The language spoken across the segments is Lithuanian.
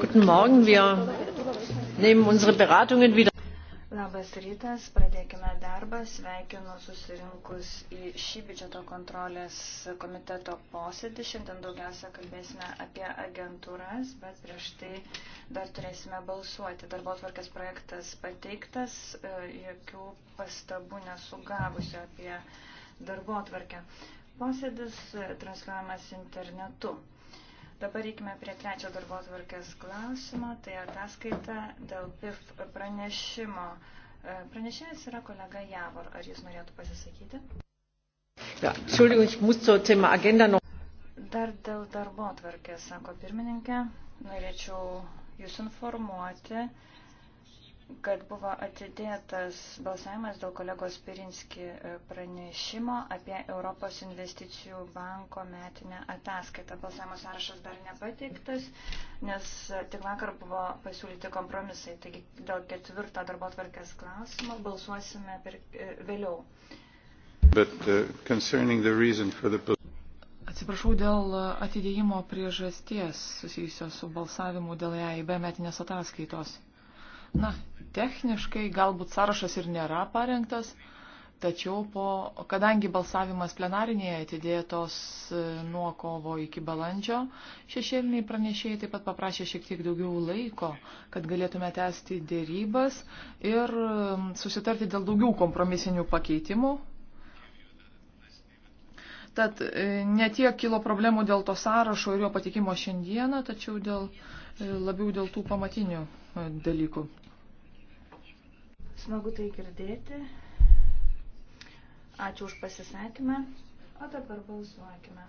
Guten Morgen, wir nehmen unsere Beratungen wieder. Labas rytas, pradėkime darbą. Sveikinu susirinkus į šį biudžeto kontrolės komiteto posėdį. Šiandien daugiausia kalbėsime apie agentūras, bet prieš tai dar turėsime balsuoti. Darbo tvarkės projektas pateiktas, e, jokių pastabų nesugavusiu apie darbo tvarkę. Posėdis transliuojamas internetu. Dabar reikime prie trečio darbo tvarkės klausimo, tai ataskaita dėl PIF pranešimo. E, Pranešėjas yra kolega Javor, ar jis norėtų pasisakyti? Ja, ich muss zur Thema Agenda noch. Dar dėl darbo tvarkės, sako pirmininkė, norėčiau jūs informuoti, kad buvo atidėtas balsavimas dėl kolegos Pirinski e, pranešimo apie Europos investicijų banko metinę ataskaitą. Balsavimo sąrašas dar nepateiktas, nes e, tik vakar buvo pasiūlyti kompromisai. Taigi dėl ketvirto darbo tvarkės klausimo balsuosime per, e, vėliau. But, uh, Atsiprašau dėl atidėjimo priežasties susijusios su balsavimu dėl EIB metinės ataskaitos. Na, techniškai galbūt sąrašas ir nėra parengtas, tačiau po, kadangi balsavimas plenarinėje atidėtos e, nuo kovo iki balandžio, šešėliniai pranešėjai taip pat paprašė šiek tiek daugiau laiko, kad galėtume tęsti dėrybas ir susitarti dėl daugiau kompromisinių pakeitimų. Tad e, ne tiek kilo problemų dėl to sąrašo ir jo patikimo šiandieną, tačiau dėl, e, labiau dėl tų pamatinių dalykų. Smagu tai girdėti. Ačiū už pasisakymą. O dabar balsuokime.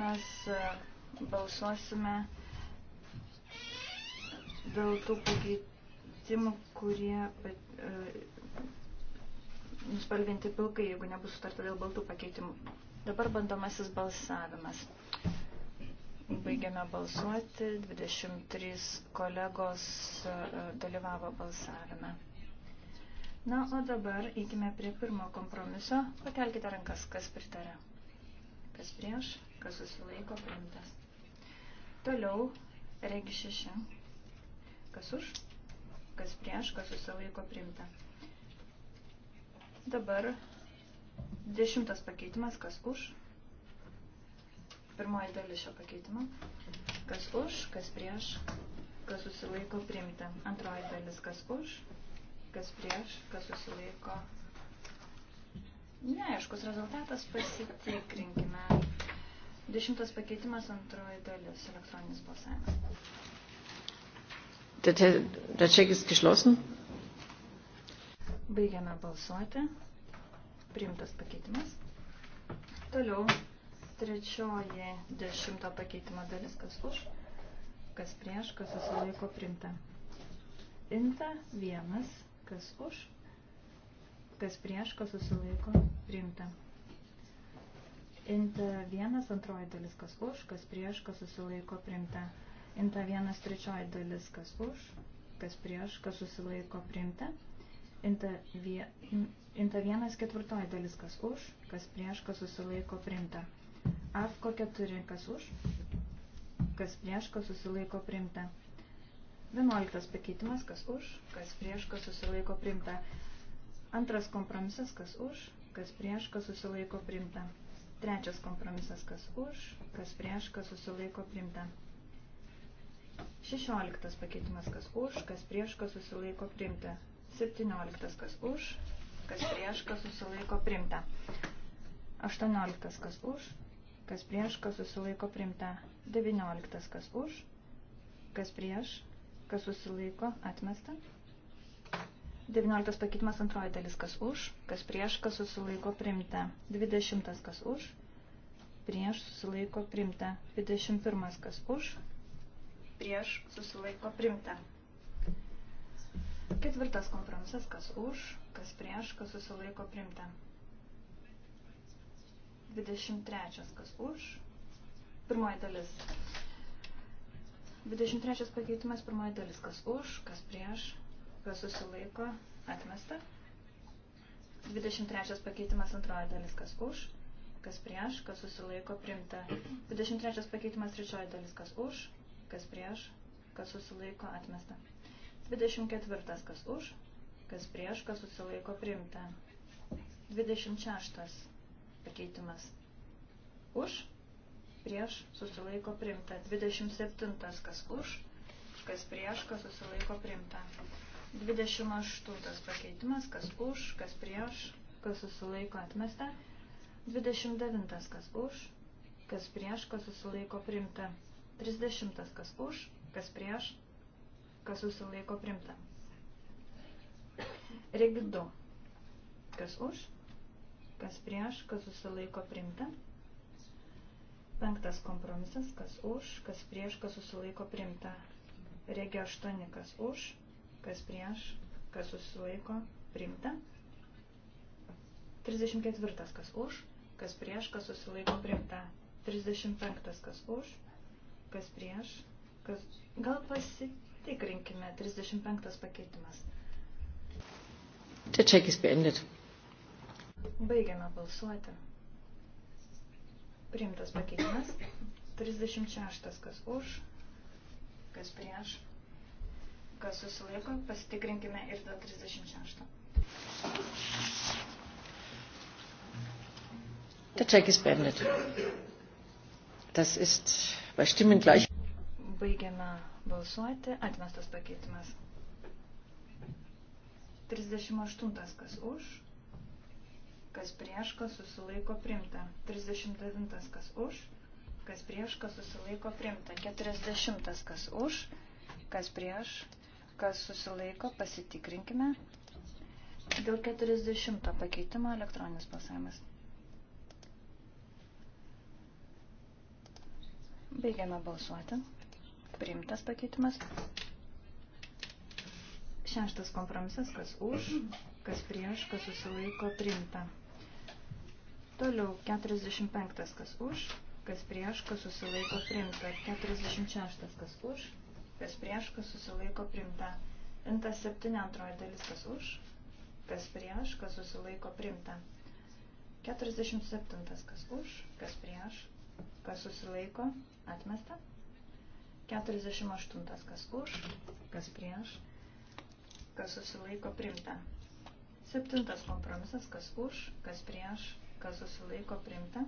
Mes e, balsuosime dėl tų pakeitimų, kurie e, nuspalvinti pilkai, jeigu nebus sutarta dėl baltų pakeitimų. Dabar bandomasis balsavimas. Baigiame balsuoti. 23 kolegos e, dalyvavo balsavime. Na, o dabar eikime prie pirmo kompromiso. Pakelkite rankas, kas pritarė. Kas prieš, kas susilaiko, priimtas. Toliau, regi šeši. Kas už, kas prieš, kas susilaiko, priimta. Dabar dešimtas pakeitimas, kas už, Pirmoji dalis šio pakeitimo. Kas už, kas prieš, kas susilaiko priimta. Antroji dalis, kas už, kas prieš, kas susilaiko. Neaiškus rezultatas pasitikrinkime. Dešimtas pakeitimas, antroji dalis, elektroninis balsavimas. Der Check ist geschlossen. Baigiame balsuoti. Priimtas pakeitimas. Toliau Trečioji dešimto pakeitimo dalis, kas už, kas prieš, kas susilaiko primta. Inta vienas, kas už, kas prieš, kas susilaiko primta. Inta vienas, antroji dalis, kas už, kas prieš, kas susilaiko primta. Inta vienas, trečioji dalis, kas už, kas prieš, kas susilaiko primta. Inta, vie, inta vienas ketvirtoji dalis, kas už, kas prieš, kas susilaiko primta. AFKO 4, kas už, kas prieš, kas susilaiko primta. 11 pakeitimas, kas už, kas prieš, kas susilaiko primta. Antras kompromisas, kas už, kas prieš, kas susilaiko primta. Trečias kompromisas, kas už, kas prieš, kas susilaiko primta. 16 pakeitimas, kas už, kas prieš, kas susilaiko primta. 17 kas už, kas prieš, kas susilaiko primta. 18 kas už, kas prieš, kas susilaiko priimta. 19. Kas už, kas prieš, kas susilaiko atmesta. 19. Pakeitimas antroji dalis, kas už, kas prieš, kas susilaiko priimta. 20. Kas už, prieš, susilaiko priimta. 21. Kas už, prieš, susilaiko priimta. Ketvirtas kompromisas, kas už, kas prieš, kas susilaiko priimta. 23 kas už. Pirmoji dalis. 23 pakeitimas, pirmoji dalis kas už, kas prieš, kas susilaiko, atmesta. 23 pakeitimas, antroji dalis kas už, kas prieš, kas susilaiko, primta. 23 pakeitimas, trečioji dalis kas už, kas prieš, kas susilaiko, atmesta. 24 kas už, kas prieš, kas susilaiko, primta. 26 pakeitimas už, prieš, susilaiko primta. 27 kas už, kas prieš, kas susilaiko primta. 28 pakeitimas, kas už, kas prieš, kas susilaiko atmesta. 29 kas už, kas prieš, kas susilaiko primta. 30 kas už, kas prieš, kas susilaiko primta. Regidu. Kas už, kas prieš, kas susilaiko primta. Penktas kompromisas, kas už, kas prieš, kas susilaiko primta. Regio aštuoni, kas už, kas prieš, kas susilaiko primta. 34. kas už, kas prieš, kas susilaiko primta. 35. kas už, kas prieš, kas... Gal pasitikrinkime 35. pakeitimas. Der Check ist beendet. Baigiame balsuoti. Priimtas pakeitimas. 36. Kas už, kas prieš, kas susilaiko, pasitikrinkime ir dėl 36. Der Check ist beendet. Das ist bei Stimmen gleich. Baigiame balsuoti. Atmestas pakeitimas. 38. Kas už, kas prieš, kas susilaiko primta. 39 kas už, kas prieš, kas susilaiko primta. 40 kas už, kas prieš, kas susilaiko, pasitikrinkime. Dėl 40 pakeitimo elektroninis balsavimas. Baigiame balsuoti. Priimtas pakeitimas. Šeštas kompromisas, kas už, kas prieš, kas susilaiko, priimta. Toliau 45 kas už, kas prieš, kas susilaiko primta. 46 kas už, kas prieš, kas susilaiko primta. 107 antroji dalis kas už, kas prieš, kas susilaiko primta. 47 kas už, kas prieš, kas susilaiko atmesta. 48 kas už, kas prieš, kas susilaiko primta. Septintas kompromisas, kas už, kas prieš, kas susilaiko priimta.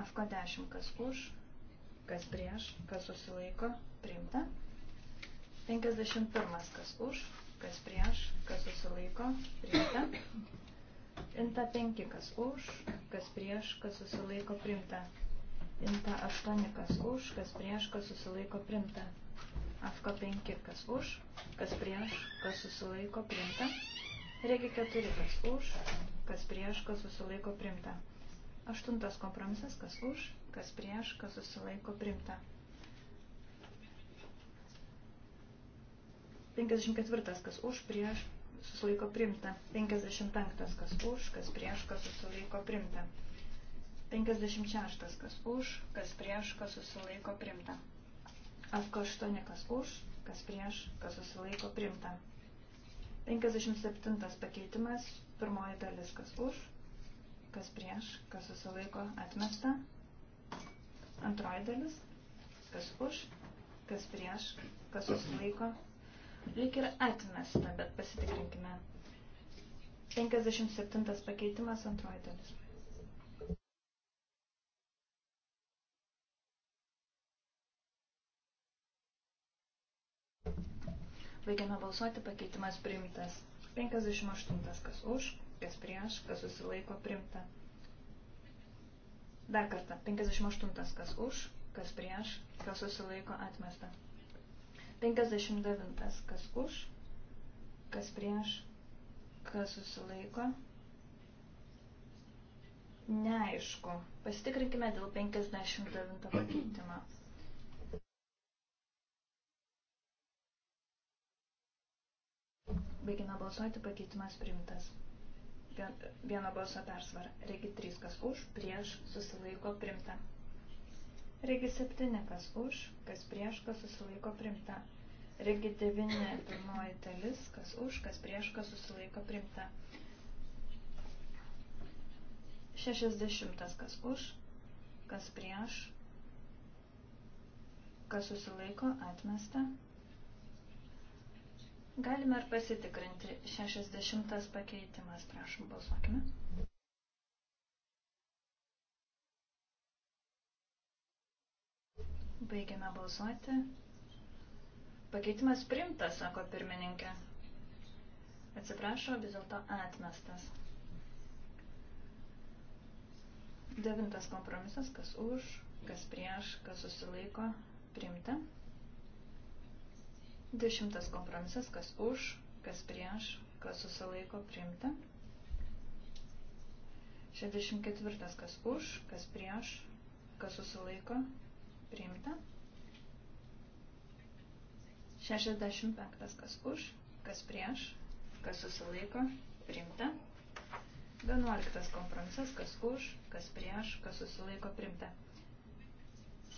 Afko 10, kas už, kas prieš, kas susilaiko priimta. 51, kas už, kas prieš, kas susilaiko priimta. Inta 5, kas už, kas prieš, kas susilaiko priimta. Inta 8, kas už, kas prieš, kas susilaiko priimta. Afko 5, kas už, kas prieš, kas susilaiko priimta. Regi 4, kas už, kas prieš, kas susilaiko primta. Aštuntas kompromisas, kas už, kas prieš, kas susilaiko primta. 54, kas už, prieš, susilaiko primta. 55, kas už, kas prieš, kas susilaiko primta. 56, kas už, kas prieš, kas susilaiko primta. Afko 8, kas už, kas prieš, kas susilaiko primta. 57 pakeitimas, pirmoji dalis, kas už, kas prieš, kas susilaiko atmesta. Antroji dalis, kas už, kas prieš, kas susilaiko. Lyg ir atmesta, bet pasitikrinkime. 57 pakeitimas, antroji dalis. Baigiame balsuoti, pakeitimas priimtas. 58. Kas už, kas prieš, kas susilaiko priimta. Dar kartą. 58. Kas už, kas prieš, kas susilaiko atmesta. 59. Kas už, kas prieš, kas susilaiko. Neaišku. Pasitikrinkime dėl 59 pakeitimo. Baigina balsuoti, pakeitimas priimtas. Vieno balso persvara. Regi 3, kas už, prieš, susilaiko primta. Regi 7, kas už, kas prieš, kas susilaiko primta. Regi 9, pirmoji dalis, kas už, kas prieš, kas susilaiko primta. 60, kas už, kas prieš, kas susilaiko atmesta. Galime ir pasitikrinti. 60 pakeitimas, prašom, balsuokime. Baigiame balsuoti. Pakeitimas primtas, sako pirmininkė. Atsiprašo, vis dėlto atmestas. Devintas kompromisas, kas už, kas prieš, kas susilaiko, primta. Dešimtas kompromisas, kas už, kas prieš, kas susilaiko priimta. 64. Kas už, kas prieš, kas susilaiko priimta. 65. Kas už, kas prieš, kas susilaiko priimta. 11. Kompromisas, kas už, kas prieš, kas susilaiko priimta.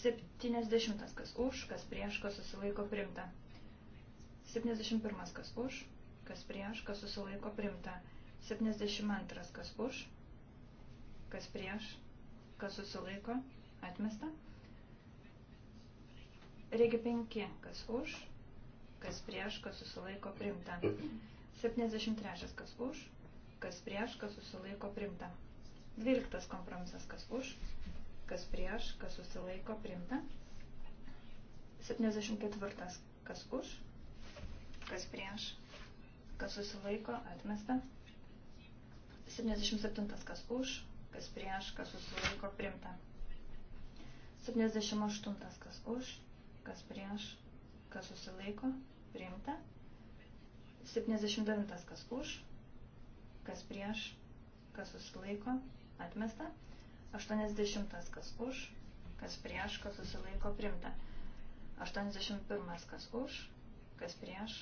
70. Kas už, kas prieš, kas susilaiko priimta. 71 kas už, kas prieš, kas susilaiko primta. 72 kas už, kas prieš, kas susilaiko atmesta. Reikia 5 kas už, kas prieš, kas susilaiko primta. 73 kas už, kas prieš, kas susilaiko primta. 12 kompromisas kas už, kas prieš, kas susilaiko primta. 74 kas už, kas prieš, kas susilaiko, atmesta. 77 kas už, kas prieš, kas susilaiko, primta. 78 kas už, kas prieš, kas susilaiko, priimta. 79 kas už, kas prieš, kas susilaiko, atmesta. 80 kas už, kas prieš, kas susilaiko, priimta. 81 kas už, kas prieš,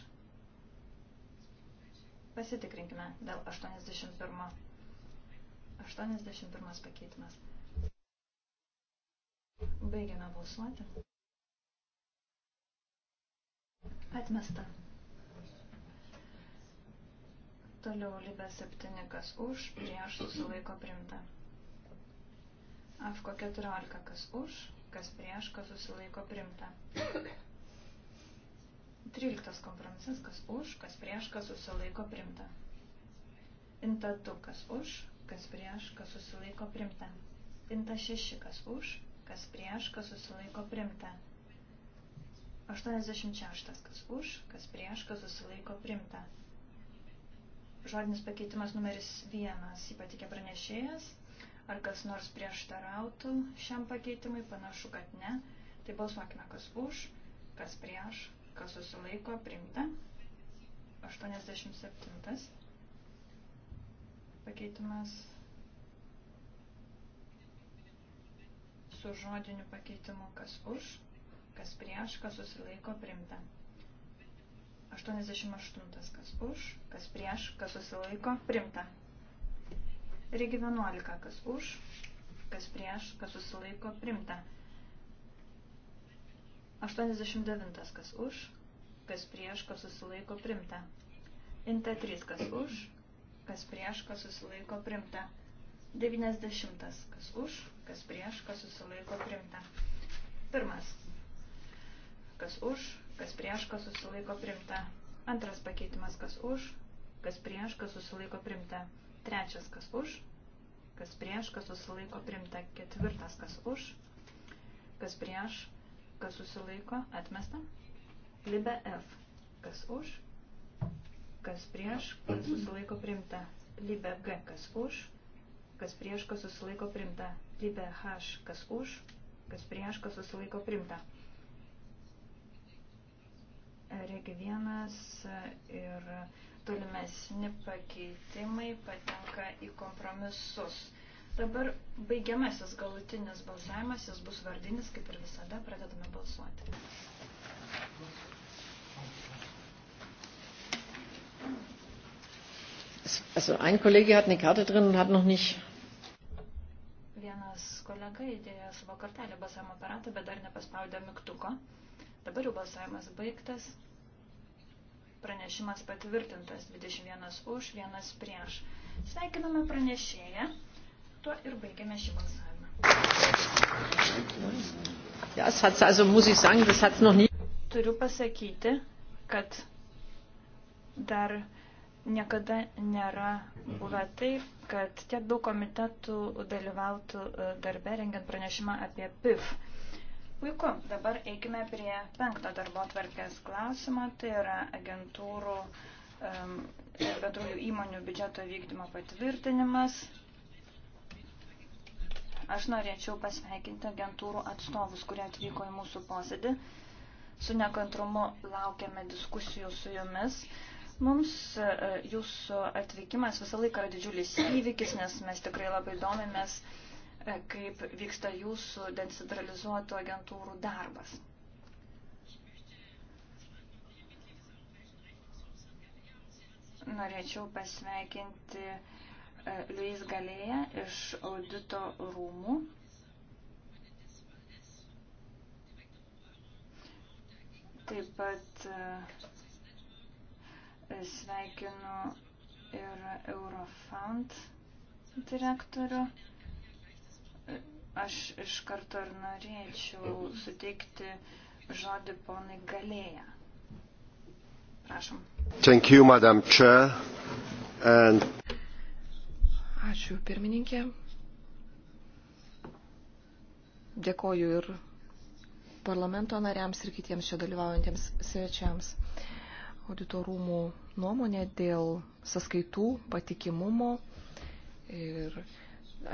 Pasitikrinkime dėl 81. 81 pakeitimas. Baigiame balsuoti. Atmesta. Toliau libė 7, kas už, prieš susilaiko primta. Afko 14, kas už, kas prieš, kas susilaiko primta. 13 kompromisas, kas už, kas prieš, kas susilaiko primta. Inta 2, kas už, kas prieš, kas susilaiko primta. Inta 6, kas už, kas prieš, kas susilaiko primta. 86, kas už, kas prieš, kas susilaiko primta. Žodinis pakeitimas numeris 1, jį patikė pranešėjas. Ar kas nors prieštarautų šiam pakeitimui? Panašu, kad ne. Tai balsuokime, kas už, kas prieš, kas susilaiko, priimta. 87 pakeitimas su žodiniu pakeitimu, kas už, kas prieš, kas susilaiko, priimta. 88 kas už, kas prieš, kas susilaiko, priimta. Regi 11 kas už, kas prieš, kas susilaiko, priimta. 89. Kas už, kas prieš, kas susilaiko primta. Inta 3. Kas už, kas prieš, kas susilaiko primta. 90. Kas už, kas prieš, kas susilaiko primta. Pirmas. Kas už, kas prieš, kas susilaiko primta. Antras pakeitimas. Kas už, kas prieš, kas susilaiko primta. Trečias. Kas už, kas prieš, kas susilaiko primta. Ketvirtas. Kas už, kas prieš, kas susilaiko, atmesta. Libe F, kas už, kas prieš, kas susilaiko primta. Libe G, kas už, kas prieš, kas susilaiko primta. Libe H, kas už, kas prieš, kas susilaiko primta. Regi vienas ir tolimesni pakeitimai patenka į kompromisus. Dabar baigiamasis galutinis balsavimas, jis bus vardinis, kaip ir visada, pradedame balsuoti. Also ein Kollege hat eine Karte drin und hat noch nicht. Vienas kolega įdėjo savo kartelį balsavimo aparatą, bet dar nepaspaudė mygtuko. Dabar jau balsavimas baigtas. Pranešimas patvirtintas 21 už, 1 prieš. Sveikiname pranešėją. Tuo ir baigiame šį balsavimą. Turiu pasakyti, kad dar niekada nėra buvę taip, kad tiek daug komitetų dalyvautų e, darbe rengiant pranešimą apie PIF. Puiku, dabar eikime prie penkto darbo tvarkės klausimo, tai yra agentūrų um, bendrųjų įmonių biudžeto vykdymo patvirtinimas. Aš norėčiau pasveikinti agentūrų atstovus, kurie atvyko į mūsų posėdį. Su nekantrumu laukiame diskusijų su jumis. Mums e, jūsų atvykimas visą laiką yra didžiulis įvykis, nes mes tikrai labai domimės, e, kaip vyksta jūsų decentralizuotų agentūrų darbas. Norėčiau pasveikinti uh, E, Luis Galėja iš audito rūmų. Taip pat e, sveikinu ir Eurofund direktorių. E, aš iš karto ir norėčiau suteikti žodį ponai Galėja. Prašom. Thank you, Madam Chair. And Ačiū, pirmininkė. Dėkoju ir parlamento nariams ir kitiems čia dalyvaujantiems svečiams. Auditorumų nuomonė dėl sąskaitų patikimumo ir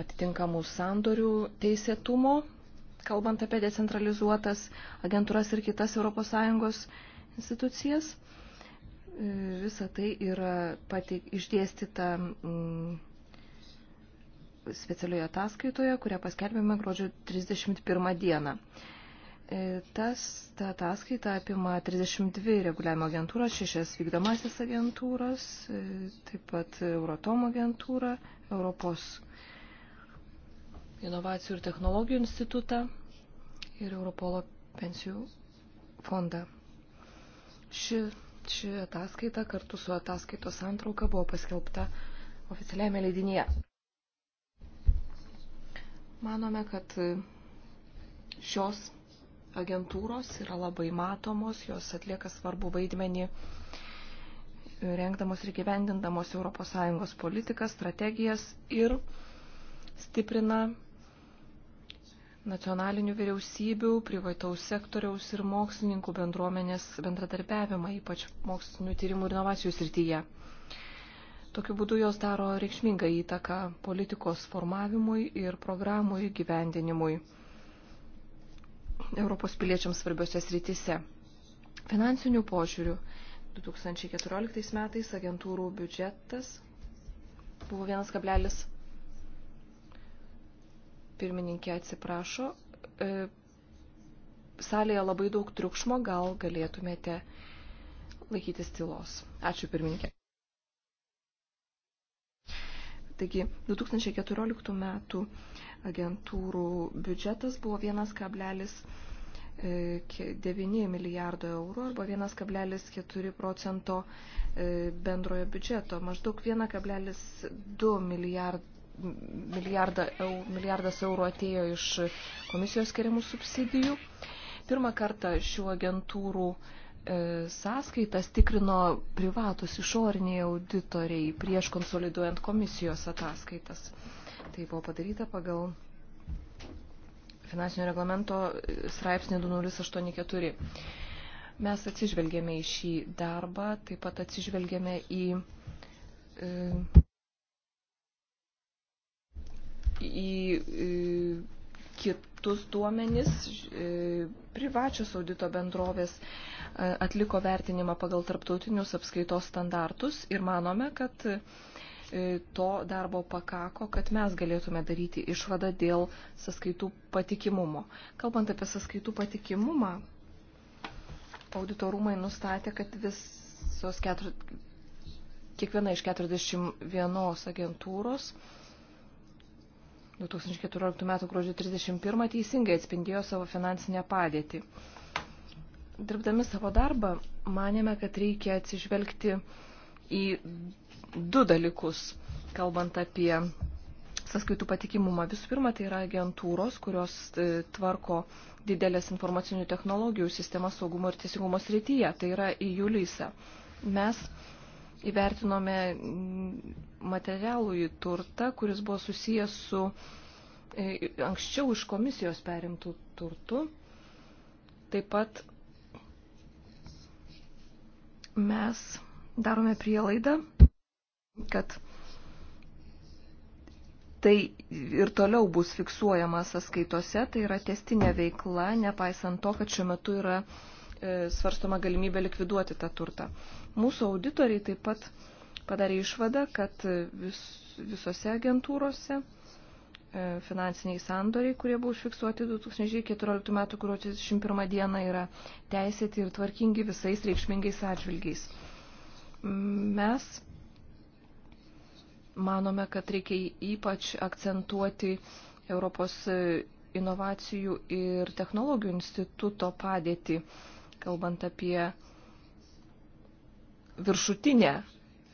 atitinkamų sandorių teisėtumo, kalbant apie decentralizuotas agentūras ir kitas ES institucijas. Visa tai yra patik, išdėstyta. Mm, specialioje ataskaitoje, kurią paskelbėme gruodžio 31 dieną. E, tas, ta ataskaita apima 32 reguliavimo agentūras, 6 vykdomasis agentūras, e, taip pat Eurotom agentūrą, Europos inovacijų ir technologijų institutą ir Europolo pensijų fondą. Ši, ši ataskaita kartu su ataskaitos antrauka buvo paskelbta oficialiame leidinėje. Manome, kad šios agentūros yra labai matomos, jos atlieka svarbu vaidmenį rengdamos ir gyvendindamos ES politikas, strategijas ir stiprina nacionalinių vyriausybių, privataus sektoriaus ir mokslininkų bendruomenės bendradarbiavimą, ypač mokslinių tyrimų ir inovacijų srityje. Tokiu būdu jos daro reikšmingą įtaką politikos formavimui ir programų įgyvendinimui Europos piliečiams svarbiose srityse. Finansinių požiūrių 2014 metais agentūrų biudžetas buvo 1 kablelis. Pirmininkė atsiprašo. E, salėje labai daug triukšmo, gal galėtumėte laikytis tylos. Ačiū pirmininkė. Taigi 2014 metų agentūrų biudžetas buvo 1,9 e, milijardo eurų arba 1,4 procento e, bendrojo biudžeto. Maždaug 1,2 milijard, milijarda, milijardas eurų atėjo iš komisijos skiriamų subsidijų. Pirmą kartą šių agentūrų uh, E, sąskaitas tikrino privatus išoriniai auditoriai prieš konsoliduojant komisijos ataskaitas. Tai buvo padaryta pagal finansinio reglamento e, straipsnį 2084. Mes atsižvelgėme į šį darbą, taip pat atsižvelgėme į, e, į, į kitus duomenis. E, privačios audito bendrovės e, atliko vertinimą pagal tarptautinius apskaitos standartus ir manome, kad e, to darbo pakako, kad mes galėtume daryti išvadą dėl sąskaitų patikimumo. Kalbant apie sąskaitų patikimumą, auditorumai nustatė, kad visos ketur... kiekviena iš 41 agentūros 2014 m. gruodžio 31 teisingai atspindėjo savo finansinę padėtį. Dirbdami savo darbą, manėme, kad reikia atsižvelgti į du dalykus, kalbant apie sąskaitų patikimumą. Visų pirma, tai yra agentūros, kurios e, tvarko didelės informacinių technologijų sistemas saugumo ir teisingumo srityje, tai yra į Julysą. Mes įvertinome materialųjį turtą, kuris buvo susijęs su e, anksčiau iš komisijos perimtų turtų. Taip pat mes darome prielaidą, kad tai ir toliau bus fiksuojama sąskaitose, tai yra testinė veikla, nepaisant to, kad šiuo metu yra e, svarstoma galimybė likviduoti tą turtą. Mūsų auditoriai taip pat padarė išvadą, kad vis, visose agentūrose e, finansiniai sandoriai, kurie buvo užfiksuoti 2014 m. gruodžio 31 dieną, yra teisėti ir tvarkingi visais reikšmingais atžvilgiais. Mes manome, kad reikia ypač akcentuoti Europos inovacijų ir technologijų instituto padėtį, kalbant apie viršutinę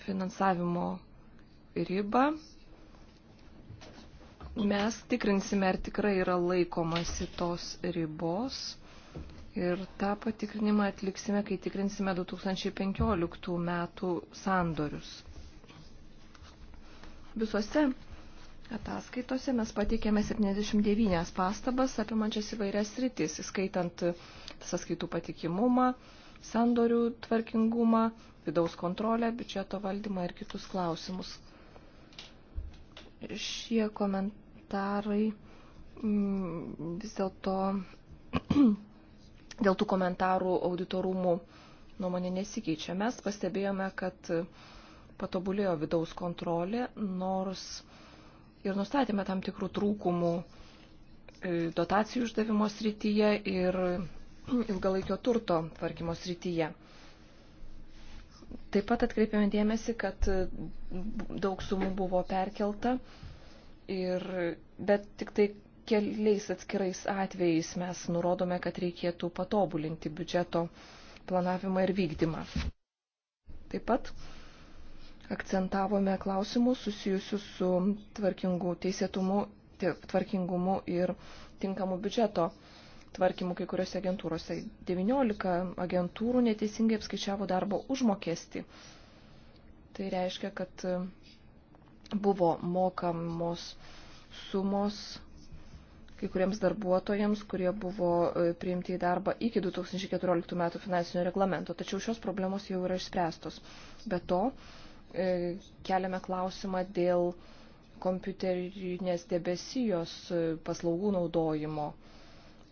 finansavimo ribą. Mes tikrinsime, ar tikrai yra laikomasi tos ribos. Ir tą patikrinimą atliksime, kai tikrinsime 2015 metų sandorius. Visose ataskaitose mes pateikėme 79 pastabas apimančias įvairias rytis, įskaitant sąskaitų patikimumą, sandorių tvarkingumą, vidaus kontrolę, biudžeto valdymą ir kitus klausimus. Šie komentarai mm, vis dėlto dėl tų komentarų auditorumų nuomonė nesikeičia. Mes pastebėjome, kad patobulėjo vidaus kontrolė, nors ir nustatėme tam tikrų trūkumų e, dotacijų uždavimo srityje ir ilgalaikio turto tvarkymo srityje. Taip pat atkreipiame dėmesį, kad e, daug sumų buvo perkelta, ir, bet tik tai keliais atskirais atvejais mes nurodome, kad reikėtų patobulinti biudžeto planavimą ir vykdymą. Taip pat akcentavome klausimus susijusius su tvarkingu teisėtumu, tvarkingumu ir tinkamu biudžeto tvarkymu kai kuriuose agentūrose. 19 agentūrų neteisingai apskaičiavo darbo užmokestį. Tai reiškia, kad e, buvo mokamos sumos kai kuriems darbuotojams, kurie buvo e, priimti į darbą iki 2014 metų finansinio reglamento. Tačiau šios problemos jau yra išspręstos. Be to, e, keliame klausimą dėl kompiuterinės debesijos paslaugų naudojimo.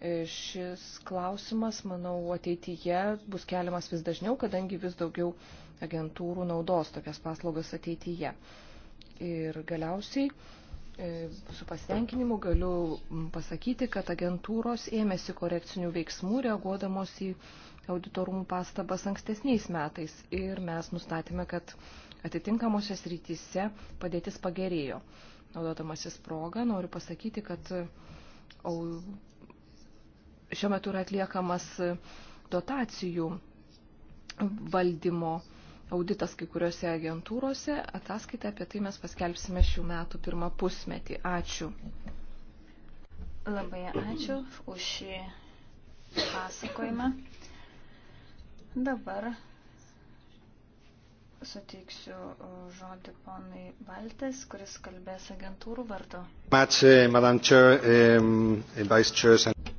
Šis klausimas, manau, ateityje bus keliamas vis dažniau, kadangi vis daugiau agentūrų naudos tokias paslaugas ateityje. Ir galiausiai e, su pasitenkinimu galiu pasakyti, kad agentūros ėmėsi korekcinių veiksmų reaguodamos į auditorumų pastabas ankstesniais metais ir mes nustatėme, kad atitinkamosios rytise padėtis pagerėjo. Naudodamasis progą noriu pasakyti, kad šiuo metu yra atliekamas e, dotacijų valdymo auditas kai kuriuose agentūrose. Ataskaitą apie tai mes paskelbsime šių metų pirmą pusmetį. Ačiū. Labai ačiū už šį pasakojimą. Dabar suteiksiu e, žodį ponui Baltės, kuris kalbės agentūrų vardu. Ačiū, Madam Chair, um, Vice Chair.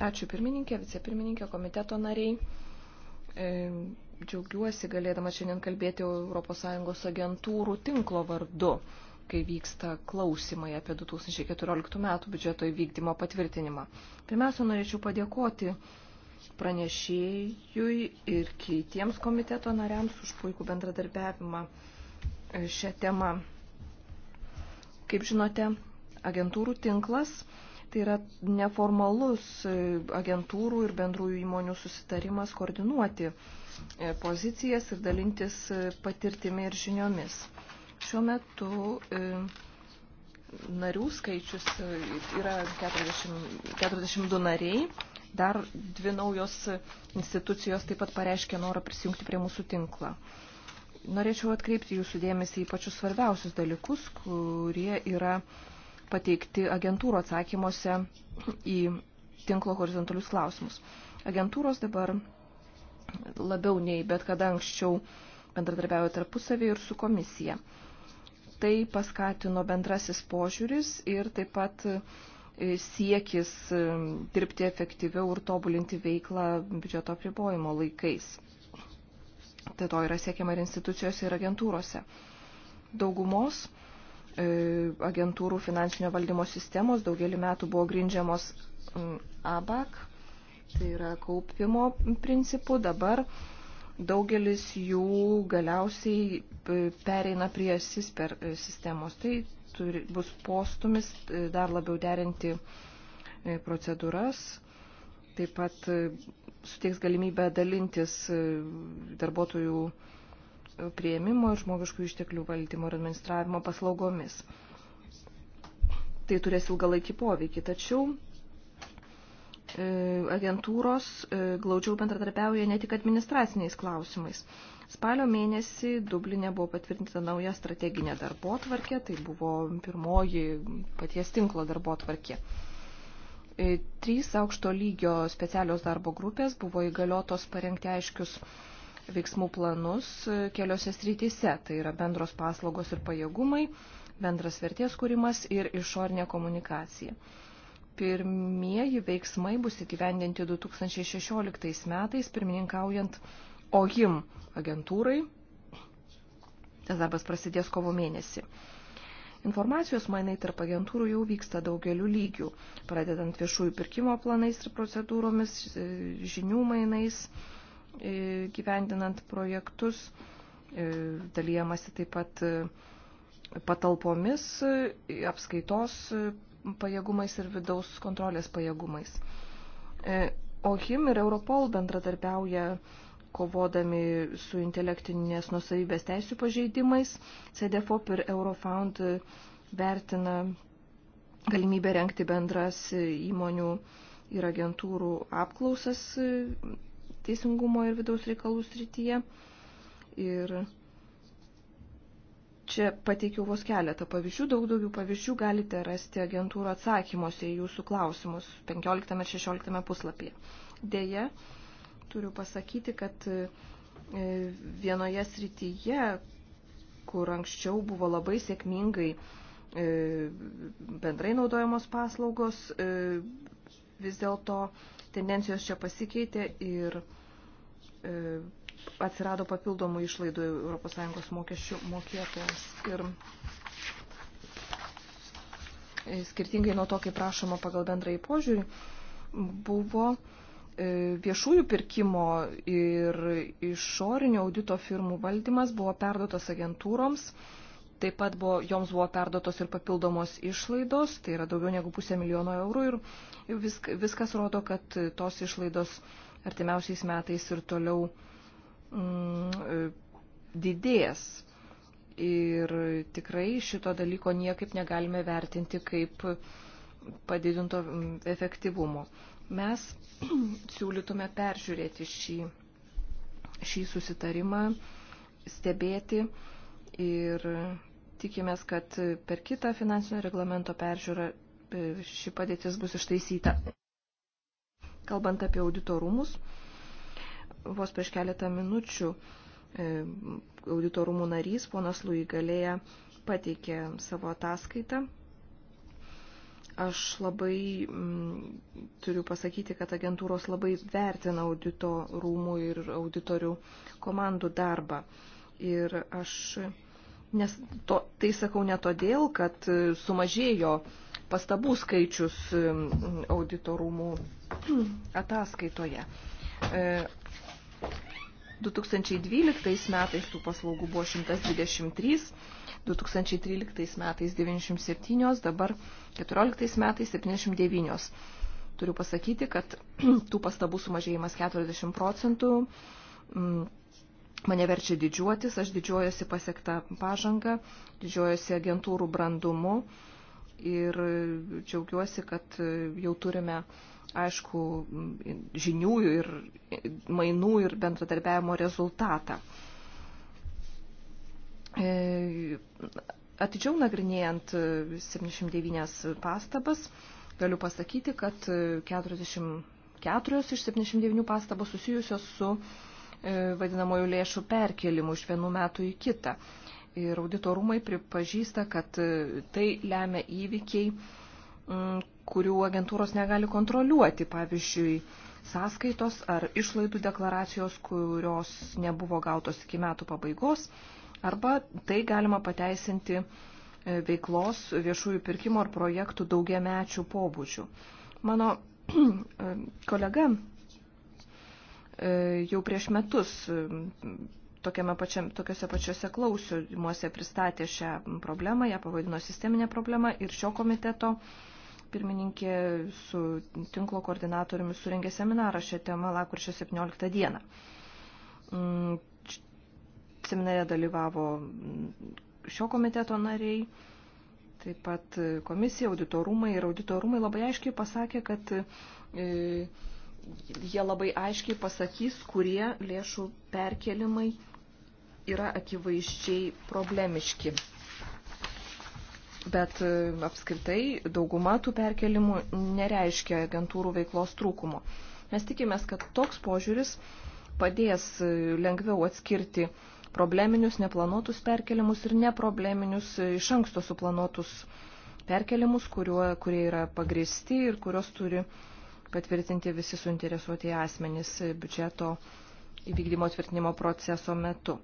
Ačiū pirmininkė, vicepirmininkė, komiteto nariai. E, džiaugiuosi galėdama šiandien kalbėti ES agentūrų tinklo vardu, kai vyksta klausimai apie 2014 metų biudžeto įvykdymo patvirtinimą. Pirmiausia, norėčiau padėkoti pranešėjui ir kitiems komiteto nariams už puikų bendradarbiavimą e, šią temą. Kaip žinote, agentūrų tinklas Tai yra neformalus e, agentūrų ir bendrųjų įmonių susitarimas koordinuoti e, pozicijas ir dalintis e, patirtimi ir žiniomis. Šiuo metu narių skaičius yra 40, 42 nariai. Dar dvi naujos institucijos taip pat pareiškė norą prisijungti prie mūsų tinklą. Norėčiau atkreipti jūsų dėmesį į pačius svarbiausius dalykus, kurie yra uh, pateikti agentūrų atsakymuose į tinklo horizontalius klausimus. Agentūros dabar labiau nei bet kada anksčiau bendradarbiauja tarpusavį ir su komisija. Tai paskatino bendrasis požiūris ir taip pat e, siekis e, dirbti efektyviau ir tobulinti veiklą biudžeto apribojimo laikais. Tai to yra siekiama ir institucijose, ir agentūrose. Daugumos E, agentūrų finansinio valdymo sistemos daugelį metų buvo grindžiamos ABAC, tai yra kaupimo principų, dabar daugelis jų galiausiai e, pereina prie SISPER e, sistemos. Tai turi, bus postumis dar labiau derinti procedūras, taip pat suteiks galimybę dalintis darbuotojų prieimimo ir žmogiškų išteklių valdymo ir administravimo paslaugomis. Tai turės ilgalaikį poveikį, tačiau e, agentūros e, glaudžiau bendradarbiauja ne tik administraciniais klausimais. Spalio mėnesį Dublinė buvo patvirtinta nauja strateginė darbo tvarkė, tai buvo pirmoji paties tinklo darbo tvarkė. E, trys aukšto lygio specialios darbo grupės buvo įgaliotos parengti aiškius veiksmų planus e, keliose srityse. Tai yra bendros paslaugos ir pajėgumai, bendras vertės kūrimas ir išornė komunikacija. Pirmieji veiksmai bus įgyvendinti 2016 metais, pirmininkaujant OIM agentūrai. Tas darbas prasidės kovo mėnesį. Informacijos mainai tarp agentūrų jau vyksta daugeliu lygių, pradedant viešųjų pirkimo planais ir procedūromis, e, žinių mainais, E, gyvendinant projektus, e, dalyjamasi taip pat e, patalpomis, apskaitos pajėgumais ir vidaus kontrolės pajėgumais. OHIM ir Europol bendradarbiauja kovodami su intelektinės nusavybės teisų pažeidimais. CDFOP ir Eurofound vertina galimybę renkti bendras įmonių ir agentūrų apklausas teisingumo ir vidaus reikalų srityje. Ir čia pateikiau vos keletą pavyzdžių, daug daugiau pavyzdžių galite rasti agentūrų atsakymuose į jūsų klausimus 15 ir 16 puslapyje. Deja, turiu pasakyti, kad e, vienoje srityje, kur anksčiau buvo labai sėkmingai e, bendrai naudojamos paslaugos, e, vis dėlto tendencijos čia pasikeitė ir e, atsirado papildomų išlaidų ES mokesčių mokėtojams. Ir e, skirtingai nuo to, kaip prašoma pagal bendrąjį požiūrį, buvo e, viešųjų pirkimo ir išorinio audito firmų valdymas buvo perduotas agentūroms, Taip pat buvo, joms buvo perdotos ir papildomos išlaidos, tai yra daugiau negu pusė milijono eurų ir visk, viskas rodo, kad tos išlaidos artimiausiais metais ir toliau mm, didės. Ir tikrai šito dalyko niekaip negalime vertinti kaip padidinto mm, efektyvumo. Mes siūlytume peržiūrėti šį, šį susitarimą, stebėti ir Tikimės, kad per kitą finansinio reglamento peržiūrą e, ši padėtis bus ištaisyta. Kalbant apie auditorumus, vos prieš keletą minučių e, auditorumų narys, ponas Lui Galėja, pateikė savo ataskaitą. Aš labai m, mm, turiu pasakyti, kad agentūros labai vertina audito rūmų ir auditorių komandų darbą. Ir aš Nes to, tai sakau ne todėl, kad e, sumažėjo pastabų skaičius e, auditorumų ataskaitoje. 2012 e, metais tų paslaugų buvo 123, 2013 metais 97, dabar 2014 metais 79. Turiu pasakyti, kad tų pastabų sumažėjimas 40 procentų mm, mane verčia didžiuotis, aš didžiuojuosi pasiektą pažangą, didžiuojuosi agentūrų brandumu ir džiaugiuosi, kad jau turime, aišku, žinių ir mainų ir bendradarbiavimo rezultatą. E, atidžiau nagrinėjant 79 pastabas, galiu pasakyti, kad 44 iš 79 pastabų susijusios su E, vadinamojų lėšų perkelimų iš vienų metų į kitą. Ir auditorumai pripažįsta, kad e, tai lemia įvykiai, kurių agentūros negali kontroliuoti, pavyzdžiui, sąskaitos ar išlaidų deklaracijos, kurios nebuvo gautos iki metų pabaigos, arba tai galima pateisinti e, veiklos viešųjų pirkimo ar projektų daugiamečių pobūdžių. Mano kolega E, jau prieš metus e, pačiam, tokiuose pačiuose klausimuose pristatė šią problemą, ją pavadino sisteminė problema ir šio komiteto pirmininkė su tinklo koordinatoriumi surengė seminarą šią temą lakurčio 17 dieną. Mm, seminare dalyvavo šio komiteto nariai, taip pat komisija, auditorumai ir auditorumai labai aiškiai pasakė, kad e, jie labai aiškiai pasakys, kurie lėšų perkelimai yra akivaizdžiai problemiški. Bet e, apskritai dauguma tų perkelimų nereiškia agentūrų veiklos trūkumo. Mes tikimės, kad toks požiūris padės e, lengviau atskirti probleminius, neplanuotus perkelimus ir neprobleminius e, iš anksto suplanuotus perkelimus, kurio, kurie yra pagristi ir kurios turi uh, patvirtinti visi suinteresuoti asmenys biudžeto įvykdymo tvirtinimo proceso metu.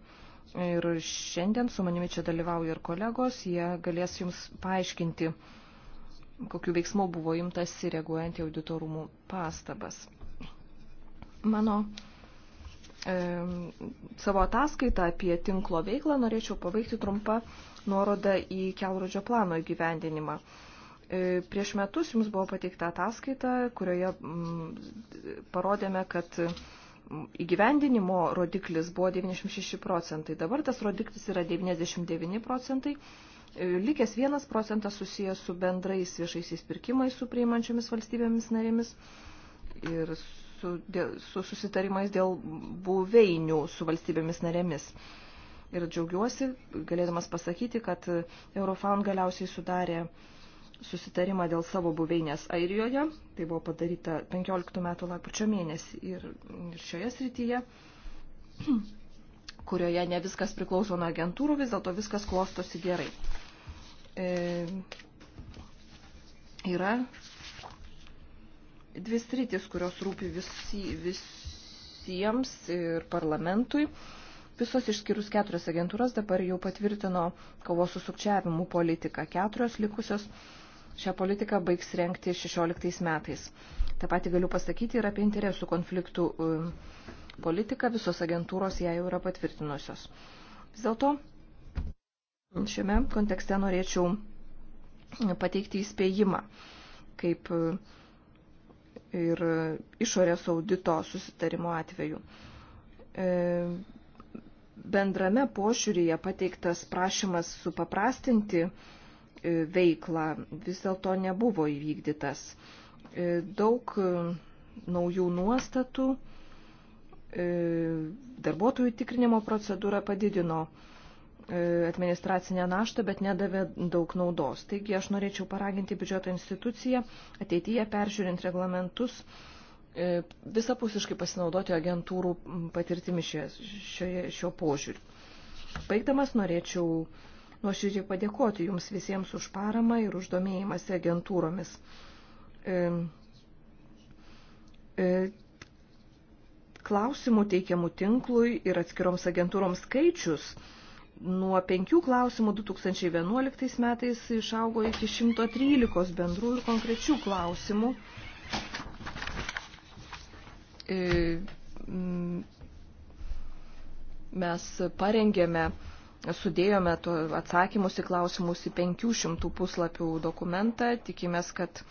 Ir šiandien su manimi čia dalyvauja ir kolegos, jie galės jums paaiškinti, kokiu veiksmu buvo imtasi reaguojant į auditorumų pastabas. Mano e, savo ataskaitą apie tinklo veiklą norėčiau pabaigti trumpą nuorodą į kelrodžio plano įgyvendinimą. E, E, prieš metus jums buvo pateikta ataskaita, kurioje mm, parodėme, kad įgyvendinimo rodiklis buvo 96 procentai, dabar tas rodiklis yra 99 procentai, e, likęs 1 procentas susijęs su bendrais viešaisiais pirkimais su priimančiomis valstybėmis narėmis ir su, dėl, su susitarimais dėl buveinių su valstybėmis narėmis. Ir džiaugiuosi, galėdamas pasakyti, kad Eurofound galiausiai sudarė uh, susitarimą dėl savo buveinės Airijoje. Tai buvo padaryta 15 metų lapkričio mėnesį ir, ir šioje srityje, kurioje ne viskas priklauso nuo agentūrų, vis dėlto viskas klostosi gerai. E, yra dvi sritis, kurios rūpi visi, visiems ir parlamentui. Visos išskyrus keturios agentūros dabar jau patvirtino kovos su sukčiavimu politiką. Keturios likusios Šią politiką baigs renkti 16 metais. Ta pati galiu pasakyti ir apie interesų konfliktų um, politiką. Visos agentūros ją jau yra patvirtinusios. Vis dėlto šiame kontekste norėčiau pateikti įspėjimą, kaip um, ir išorės audito susitarimo atveju. Um, bendrame pošiūryje pateiktas prašymas supaprastinti E, veiklą vis dėlto nebuvo įvykdytas. E, daug e, naujų nuostatų darbuotojų tikrinimo procedūra padidino administracinę naštą, bet nedavė daug naudos. Taigi aš norėčiau paraginti biudžeto instituciją ateityje peržiūrint reglamentus visapusiškai pasinaudoti agentūrų patirtimi šioje, šioje, šio požiūriu. Baigdamas norėčiau nuoširdžiai padėkoti Jums visiems už paramą ir už domėjimąsi agentūromis. E, e, klausimų teikiamų tinklui ir atskiroms agentūroms skaičius nuo penkių klausimų 2011 metais išaugo iki 113 bendrų ir konkrečių klausimų. E, mes parengėme sudėjome atsakymus į klausimus į 500 puslapių dokumentą. Tikimės, kad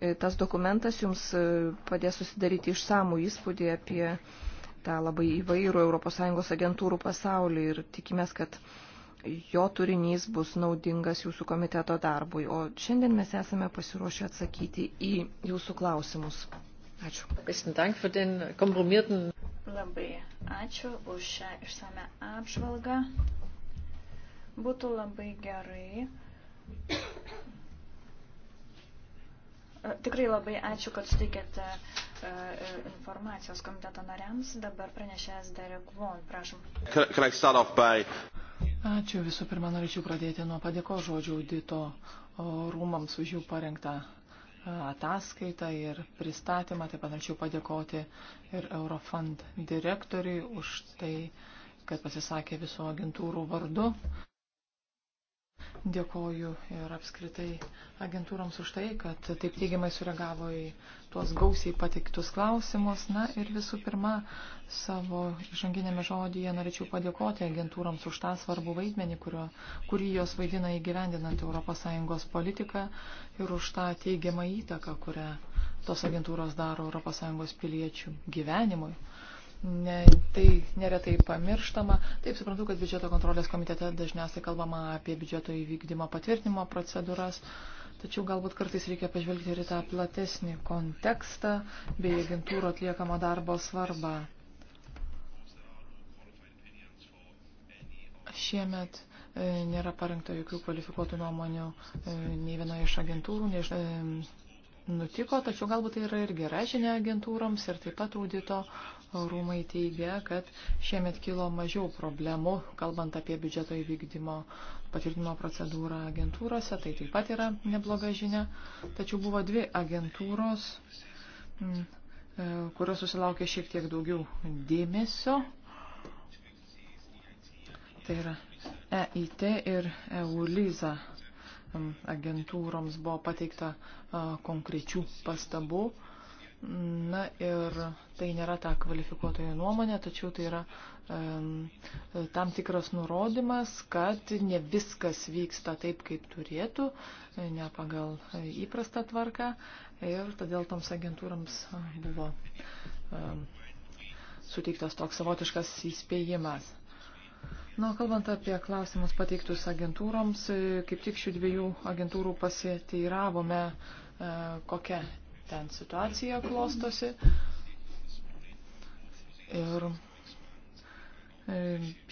e, tas dokumentas jums e, padės susidaryti išsamų įspūdį apie tą labai įvairų ES agentūrų pasaulį ir tikimės, kad jo turinys bus naudingas jūsų komiteto darbui. O šiandien mes esame pasiruošę atsakyti į jūsų klausimus. Ačiū. Labai ačiū už šią išsame apžvalgą. Būtų labai gerai. E, tikrai labai ačiū, kad suteikėte e, e, informacijos komiteto nariams. Dabar pranešęs Derek Von, prašom. Can, can I start off by... Ačiū. Visų pirma, norėčiau pradėti nuo padėko žodžių audito rūmams už jų parengtą ataskaitą ir pristatymą. Taip pat norėčiau padėkoti ir Eurofund direktoriui už tai, kad pasisakė visų agentūrų vardu. Dėkoju ir apskritai agentūroms už tai, kad taip teigiamai sureagavo į tuos gausiai patiktus klausimus. Na ir visų pirma, savo žanginėme žodyje norėčiau padėkoti agentūroms už tą svarbų vaidmenį, kurio, kurį jos vaidina įgyvendinant ES politiką ir už tą teigiamą įtaką, kurią tos agentūros daro ES piliečių gyvenimui ne, tai neretai pamirštama. Taip suprantu, kad biudžeto kontrolės komitete dažniausiai kalbama apie biudžeto įvykdymo patvirtinimo procedūras, tačiau galbūt kartais reikia pažvelgti ir į tą platesnį kontekstą bei agentūrų atliekamo darbo svarbą. Šiemet e, nėra parengta jokių kvalifikuotų nuomonių e, nei vienoje iš agentūrų, nei iš e, nutiko, tačiau galbūt tai yra ir gera žinia agentūroms ir taip pat audito rūmai teigia, kad šiemet kilo mažiau problemų, kalbant apie biudžeto įvykdymo patvirtinimo procedūrą agentūrose, tai taip pat yra nebloga žinia. Tačiau buvo dvi agentūros, mm, e, kurios susilaukė šiek tiek daugiau dėmesio. Tai yra EIT ir EULIZA mm, agentūroms buvo pateikta e, konkrečių pastabų Na ir tai nėra ta kvalifikuotojo nuomonė, tačiau tai yra um, tam tikras nurodymas, kad ne viskas vyksta taip, kaip turėtų, ne pagal įprastą tvarką. Ir todėl toms agentūrams buvo um, suteiktas toks savotiškas įspėjimas. Na, kalbant apie klausimus pateiktus agentūroms, kaip tik šių dviejų agentūrų pasiteiravome, e, kokia ten situacija klostosi. Ir e,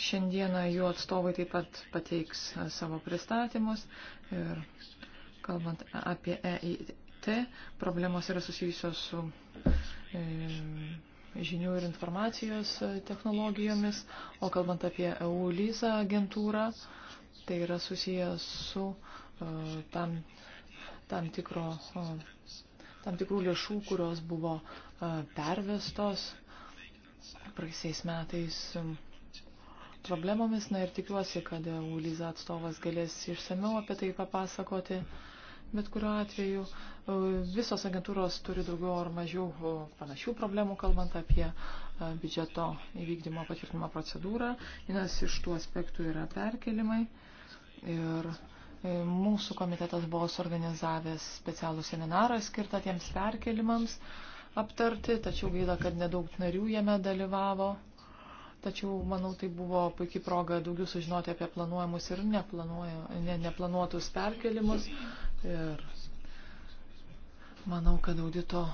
šiandieną jų atstovai taip pat pateiks e, savo pristatymus. Ir kalbant apie EIT, problemos yra susijusios su e, žinių ir informacijos technologijomis, o kalbant apie EULISA agentūrą, tai yra susijęs su tam, tam tikro tam tikrų lėšų, kurios buvo pervestos praeisiais metais problemomis. Na ir tikiuosi, kad e Ulyza atstovas galės išsameu apie tai papasakoti. Bet kuriuo atveju e, visos agentūros turi daugiau ar mažiau panašių problemų, kalbant apie biudžeto įvykdymo patvirtinimo procedūrą. Vienas iš tų aspektų yra perkelimai. Ir uh, E, mūsų komitetas buvo suorganizavęs specialų seminarą skirtą tiems perkelimams aptarti, tačiau gaila, kad nedaug narių jame dalyvavo. Tačiau, manau, tai buvo puikiai proga daugiau sužinoti apie planuojamus ir ne, neplanuotus perkelimus. Ir manau, kad audito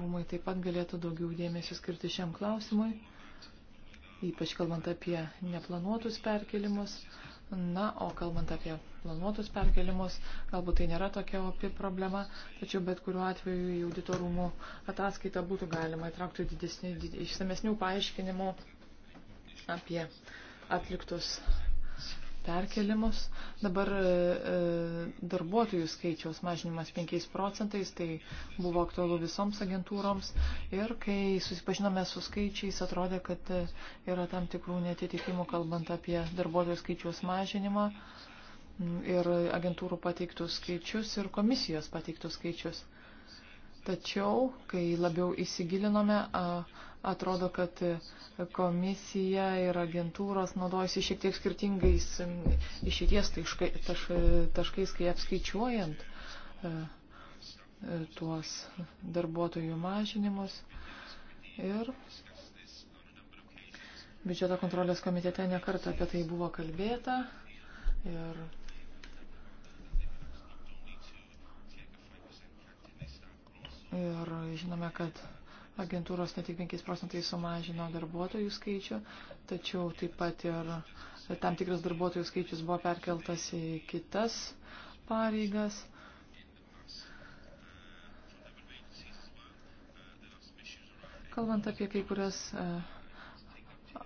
rūmai taip pat galėtų daugiau dėmesio skirti šiam klausimui, ypač kalbant apie neplanuotus perkelimus. Na, o kalbant apie planuotus perkelimus, galbūt tai nėra tokia opi problema, tačiau bet kuriuo atveju į auditorumų ataskaitą būtų galima įtraukti didesnių, did, išsamesnių paaiškinimų apie atliktus perkelimus. Dabar e, e, darbuotojų skaičiaus mažinimas 5 procentais, tai buvo aktualu visoms agentūroms. Ir kai susipažinome su skaičiais, atrodė, kad e, yra tam tikrų netitikimų, kalbant apie darbuotojų skaičiaus mažinimą. Ir agentūrų pateiktus skaičius ir komisijos pateiktus skaičius. Tačiau, kai labiau įsigilinome, Atrodo, kad komisija ir agentūros naudojasi šiek tiek skirtingais išėties taškais, kai apskaičiuojant e, e, tuos darbuotojų mažinimus. Ir biudžeto kontrolės komitete nekartą apie tai buvo kalbėta. Ir Ir žinome, kad agentūros ne tik 5 procentai sumažino darbuotojų skaičių, tačiau taip pat ir tam tikras darbuotojų skaičius buvo perkeltas į kitas pareigas. Kalbant apie kai kurias uh,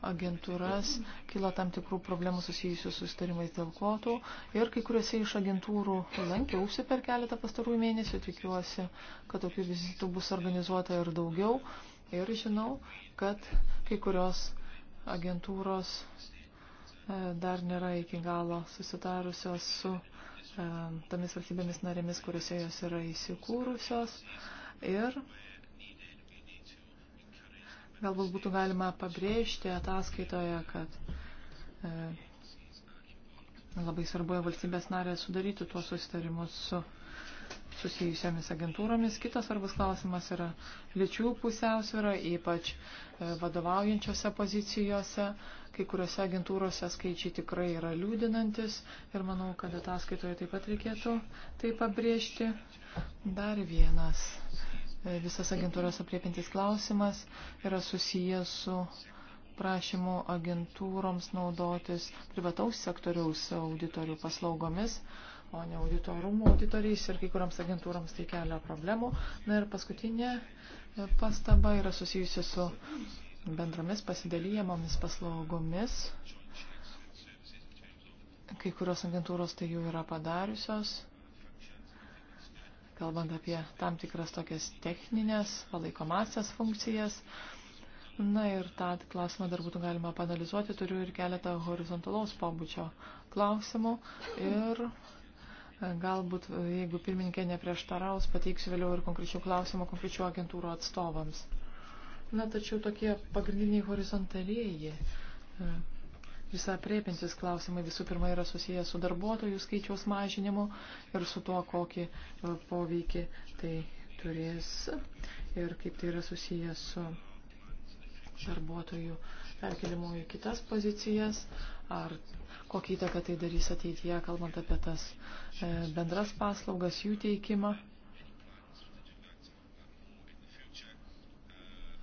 agentūras kila tam tikrų problemų susijusių su įstarimais dėl kvotų ir kai kuriuose iš agentūrų lankiausi per keletą pastarųjų mėnesių, tikiuosi, kad tokių vizitų bus organizuota ir daugiau ir žinau, kad kai kurios agentūros e, dar nėra iki galo susitarusios su e, tomis valstybėmis narėmis, kuriuose jos yra įsikūrusios ir Galbūt būtų galima pabrėžti ataskaitoje, kad e, labai svarbu valstybės narė sudaryti tuos susitarimus su susijusiamis agentūromis. Kitas svarbus klausimas yra lyčių pusiausvyrą, ypač e, vadovaujančiose pozicijose. Kai kuriuose agentūrose skaičiai tikrai yra liūdinantis ir manau, kad ataskaitoje taip pat reikėtų tai pabrėžti. Dar vienas visas agentūras apriepintis klausimas yra susijęs su prašymu agentūroms naudotis privataus sektoriaus auditorių paslaugomis, o ne auditorumų auditoriais ir kai kuriams agentūroms tai kelia problemų. Na ir paskutinė pastaba yra susijusi su bendromis pasidalyjamomis paslaugomis. Kai kurios agentūros tai jau yra padariusios kalbant apie tam tikras tokias techninės palaikomasias funkcijas. Na ir tą klausimą dar būtų galima panalizuoti, turiu ir keletą horizontalaus pobūdžio klausimų ir e, galbūt, e, jeigu pirmininkė neprieštaraus, pateiksiu vėliau ir konkrečių klausimų konkrečių agentūrų atstovams. Na, tačiau tokie pagrindiniai horizontalieji e, visą priepintis klausimai visų pirma yra susijęs su darbuotojų skaičiaus mažinimu ir su tuo, kokį e, poveikį tai turės ir kaip tai yra susijęs su darbuotojų perkelimu į kitas pozicijas, ar kokį įtaką tai darys ateityje, kalbant apie tas e, bendras paslaugas, jų teikimą.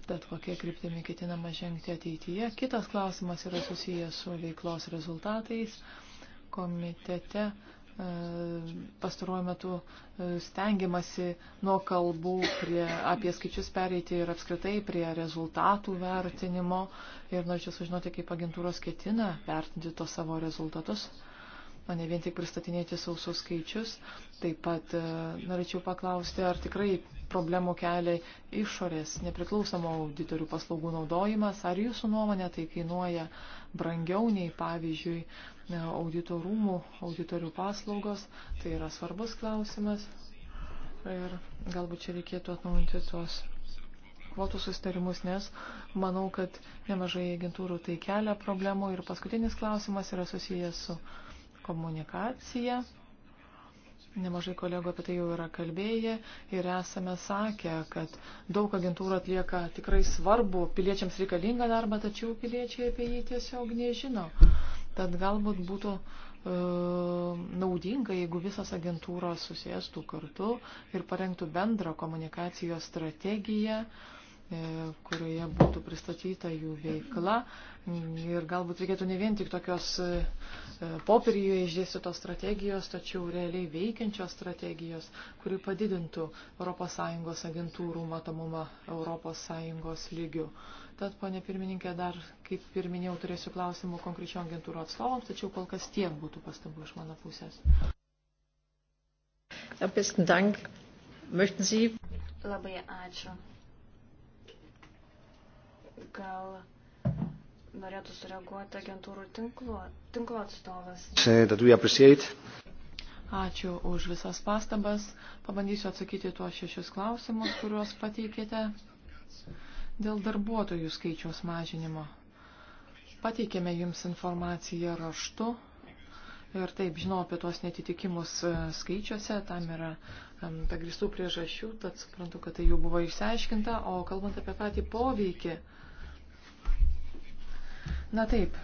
bet kokie kryptimi ketinama žengti ateityje. Kitas klausimas yra susijęs su veiklos rezultatais. Komitete e, pastaruoju metu e, stengiamasi nuo kalbų prie, apie skaičius pereiti ir apskritai prie rezultatų vertinimo. Ir norėčiau sužinoti, kaip agentūros ketina vertinti tos savo rezultatus o ne vien tik pristatinėti sausus skaičius. Taip pat e, norėčiau paklausti, ar tikrai problemų kelia išorės nepriklausomo auditorių paslaugų naudojimas, ar jūsų nuomonė tai kainuoja brangiau nei, pavyzdžiui, e, audito rūmų, auditorių paslaugos. Tai yra svarbus klausimas ir galbūt čia reikėtų atnaujinti tuos kvotų sustarimus, nes manau, kad nemažai agentūrų tai kelia problemų. Ir paskutinis klausimas yra susijęs su komunikacija. Nemažai kolegų apie tai jau yra kalbėję ir esame sakę, kad daug agentūrų atlieka tikrai svarbu piliečiams reikalingą darbą, tačiau piliečiai apie jį tiesiog nežino. Tad galbūt būtų e, naudinga, jeigu visas agentūros susėstų kartu ir parengtų bendrą komunikacijos strategiją, uh, E, kurioje būtų pristatyta jų veikla. Ir galbūt reikėtų ne vien tik tokios e, e, popieriuje išdėstytos strategijos, tačiau realiai veikiančios strategijos, kuri padidintų ES agentūrų matomumą ES lygių. Tad, ponė pirmininkė, dar, kaip ir minėjau, turėsiu klausimų konkrečiom agentūrų atstovams, tačiau kol kas tiek būtų pastabų iš mano pusės. Labai ačiū gal norėtų sureaguoti agentūrų tinklo, tinklo atstovas. Ačiū už visas pastabas. Pabandysiu atsakyti tuos šešius klausimus, kuriuos pateikėte. Dėl darbuotojų skaičiaus mažinimo. Pateikėme jums informaciją raštu Ir taip, žinau apie tuos netitikimus e, skaičiuose, tam yra pagristų priežasčių, tad suprantu, kad tai jau buvo išsiaiškinta, o kalbant apie patį poveikį. Na taip,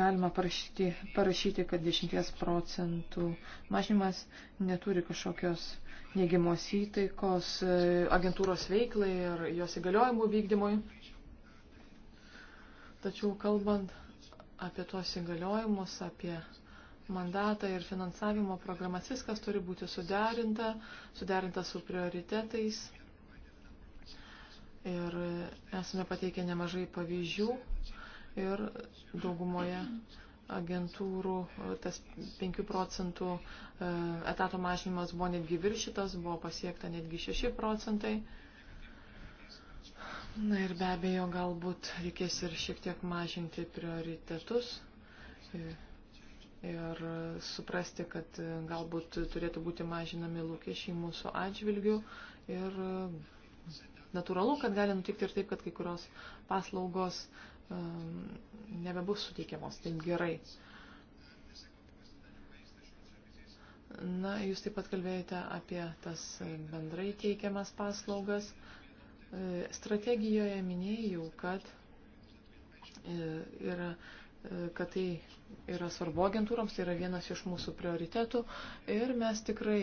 galima parašyti, parašyti kad 10 procentų mažinimas neturi kažkokios neigiamos įtaikos e, agentūros veiklai ir jos įgaliojimų vykdymui. Tačiau kalbant apie tuos įgaliojimus, apie mandatą ir finansavimo programas. Viskas turi būti suderinta, suderinta su prioritetais. Ir esame pateikę nemažai pavyzdžių ir daugumoje agentūrų tas 5 procentų e, etato mažinimas buvo netgi viršytas, buvo pasiekta netgi 6 procentai. Na ir be abejo, galbūt reikės ir šiek tiek mažinti prioritetus ir suprasti, kad galbūt turėtų būti mažinami lūkesčiai mūsų atžvilgių ir natūralu, kad gali nutikti ir taip, kad kai kurios paslaugos um, nebebus suteikiamos taip gerai. Na, jūs taip pat kalbėjote apie tas bendrai teikiamas paslaugas. E, strategijoje minėjau, kad e, yra e, kad tai yra svarbu agentūroms, tai yra vienas iš mūsų prioritetų ir mes tikrai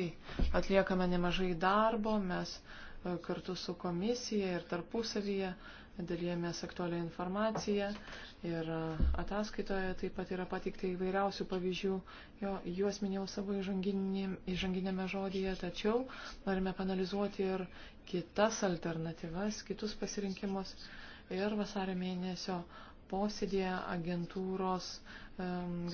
atliekame nemažai darbo, mes kartu su komisija ir tarpusavyje uh, dalyjamės aktualią informaciją ir ataskaitoje taip pat yra pateikta įvairiausių pavyzdžių, jo, juos minėjau savo įžanginėme žodyje, tačiau norime panalizuoti ir kitas alternatyvas, kitus pasirinkimus ir vasario mėnesio posėdėje agentūros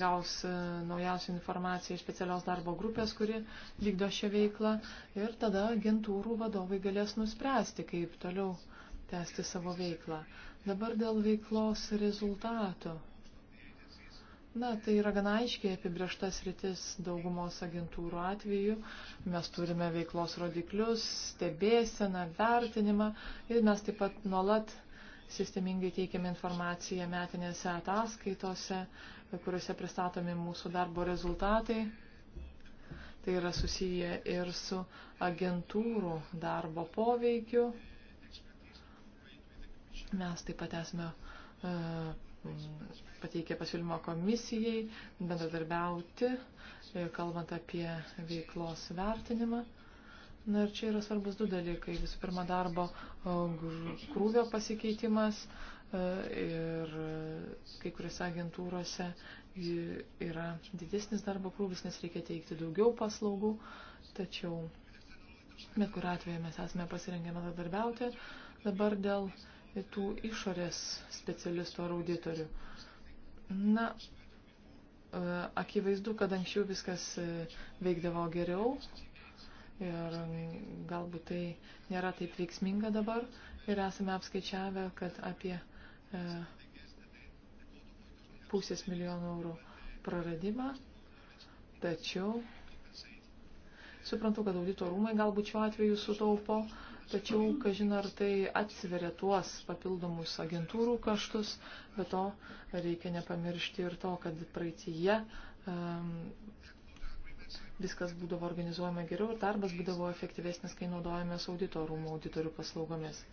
gaus e, naujausią informaciją iš specialios darbo grupės, kuri vykdo šią veiklą ir tada agentūrų vadovai galės nuspręsti, kaip toliau tęsti savo veiklą. Dabar dėl veiklos rezultatų. Na, tai yra gana aiškiai apibrieštas rytis daugumos agentūrų atveju. Mes turime veiklos rodiklius, stebėseną, vertinimą ir mes taip pat nuolat sistemingai teikiame informaciją metinėse ataskaitose, kuriuose pristatomi mūsų darbo rezultatai. Tai yra susiję ir su agentūrų darbo poveikiu. Mes taip pat esame e, pateikę pasiūlymą komisijai bendradarbiauti, e, kalbant apie veiklos vertinimą. Na ir čia yra svarbus du dalykai. Visų pirma, darbo e, krūvio pasikeitimas ir kai kuriuose agentūrose yra didesnis darbo krūvis, nes reikia teikti daugiau paslaugų. Tačiau, bet kur atveju mes esame pasirengę bendradarbiauti. Dabar dėl tų išorės specialistų ar auditorių. Na, e, akivaizdu, kad anksčiau viskas e, veikdavo geriau ir galbūt tai nėra taip veiksminga dabar ir esame apskaičiavę, kad apie e, pusės milijonų eurų praradimą, tačiau suprantu, kad audito rūmai galbūt šiuo atveju sutaupo, tačiau, kažin ar tai atsveria tuos papildomus agentūrų kaštus, bet to reikia nepamiršti ir to, kad praeitįje um, viskas būdavo organizuojama geriau ir darbas būdavo efektyvesnis, kai naudojamės auditorumo auditorių paslaugomis.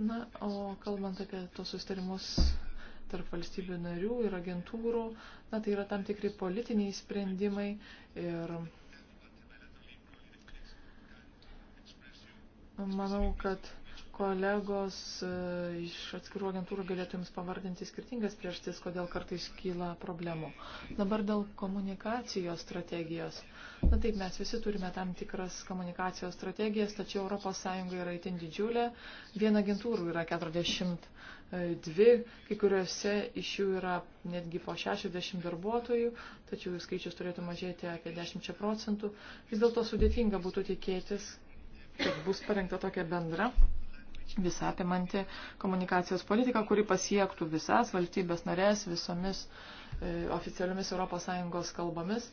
Na, o kalbant apie tos sustarimus tarp valstybių narių ir agentūrų, na, tai yra tam tikri politiniai sprendimai ir Manau, kad kolegos e, iš atskirų agentūrų galėtų jums pavardinti skirtingas priežastis, kodėl kartais kyla problemų. Dabar dėl komunikacijos strategijos. Na taip, mes visi turime tam tikras komunikacijos strategijas, tačiau ES yra itin didžiulė. Viena agentūrų yra 42, kai kuriuose iš jų yra netgi po 60 darbuotojų, tačiau jų skaičius turėtų mažėti apie 10 procentų. Vis dėlto sudėtinga būtų tikėtis, kad bus parengta tokia bendra visapimanti komunikacijos politika, kuri pasiektų visas valstybės narės visomis e, oficialiomis ES kalbomis.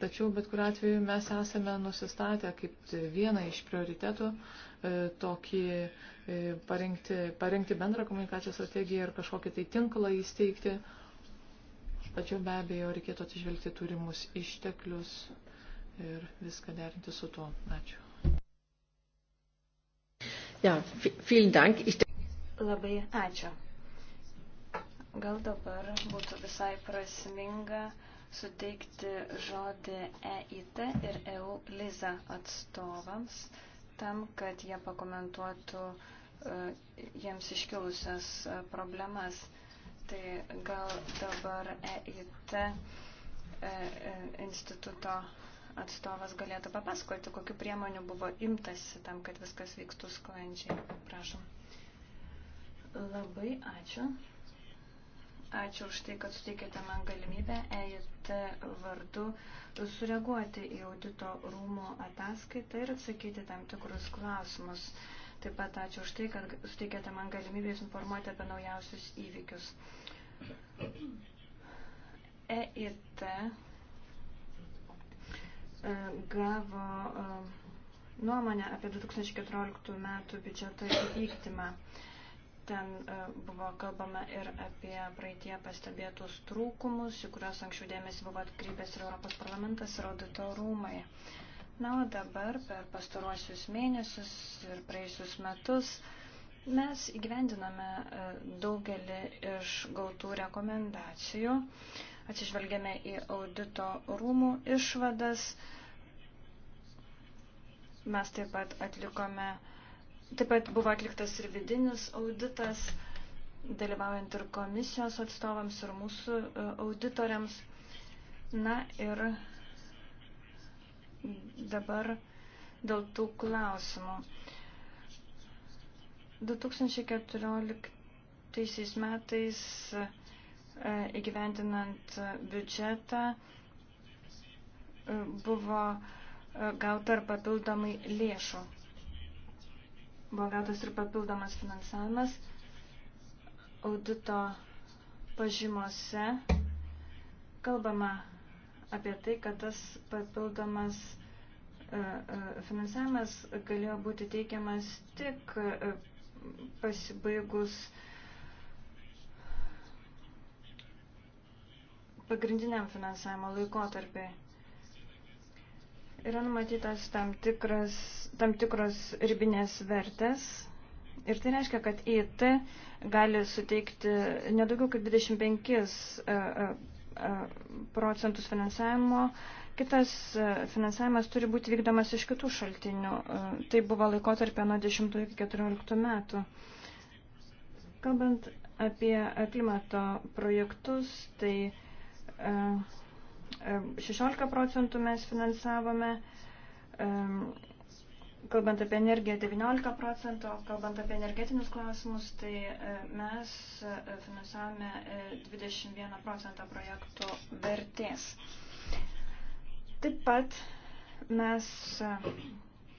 Tačiau bet kuriu atveju mes esame nusistatę kaip vieną iš prioritetų e, tokį e, parengti, parengti bendrą komunikacijos strategiją ir kažkokį tai tinklą įsteigti. Tačiau be abejo reikėtų atsižvelgti turimus išteklius ir viską derinti su tuo. Ačiū. Ja, vielen Dank. Ich... Labai ačiū. Gal dabar būtų visai prasminga suteikti žodį EIT ir EU Liza atstovams, tam, kad jie pakomentuotų e, jiems iškilusias e, problemas. Tai gal dabar EIT e, instituto atstovas galėtų papasakoti, kokiu priemoniu buvo imtasi tam, kad viskas vyktų sklandžiai. Prašom. Labai ačiū. Ačiū už tai, kad suteikėte man galimybę EIT vardu sureaguoti į audito rūmų ataskaitą ir atsakyti tam tikrus klausimus. Taip pat ačiū už tai, kad suteikėte man galimybę jūs informuoti apie naujausius įvykius. EIT E, gavo e, nuomonę apie 2014 metų biudžeto įvykdymą. Ten e, buvo kalbama ir apie praeitie pastebėtus trūkumus, į kuriuos anksčiau dėmesį buvo atkreipęs ir Europos parlamentas ir audito rūmai. Na, o dabar per pastaruosius mėnesius ir praėjusius metus mes įgyvendiname daugelį iš gautų rekomendacijų, atsižvelgėme į audito rūmų išvadas Mes taip pat atlikome, taip pat buvo atliktas ir vidinis auditas, dalyvaujant ir komisijos atstovams, ir mūsų e, auditoriams. Na ir dabar dėl tų klausimų. 2014 metais e, įgyvendinant biudžetą e, buvo gauta ir papildomai lėšų. Buvo gautas ir papildomas finansavimas audito pažymose. Kalbama apie tai, kad tas papildomas e, e, finansavimas galėjo būti teikiamas tik e, pasibaigus pagrindiniam finansavimo laikotarpiai. Yra numatytas tam, tikras, tam tikros ribinės vertės ir tai reiškia, kad IT gali suteikti nedaugiau kaip 25 e, e, e, procentus finansavimo. Kitas finansavimas turi būti vykdomas iš kitų šaltinių. Tai buvo laikotarpė nuo 10 iki 14 metų. Kalbant apie klimato projektus, tai uh, 16 procentų mes finansavome, kalbant apie energiją 19 procentų, kalbant apie energetinius klausimus, tai e, mes e, finansavome 21 e, procentą projektų vertės. Taip pat mes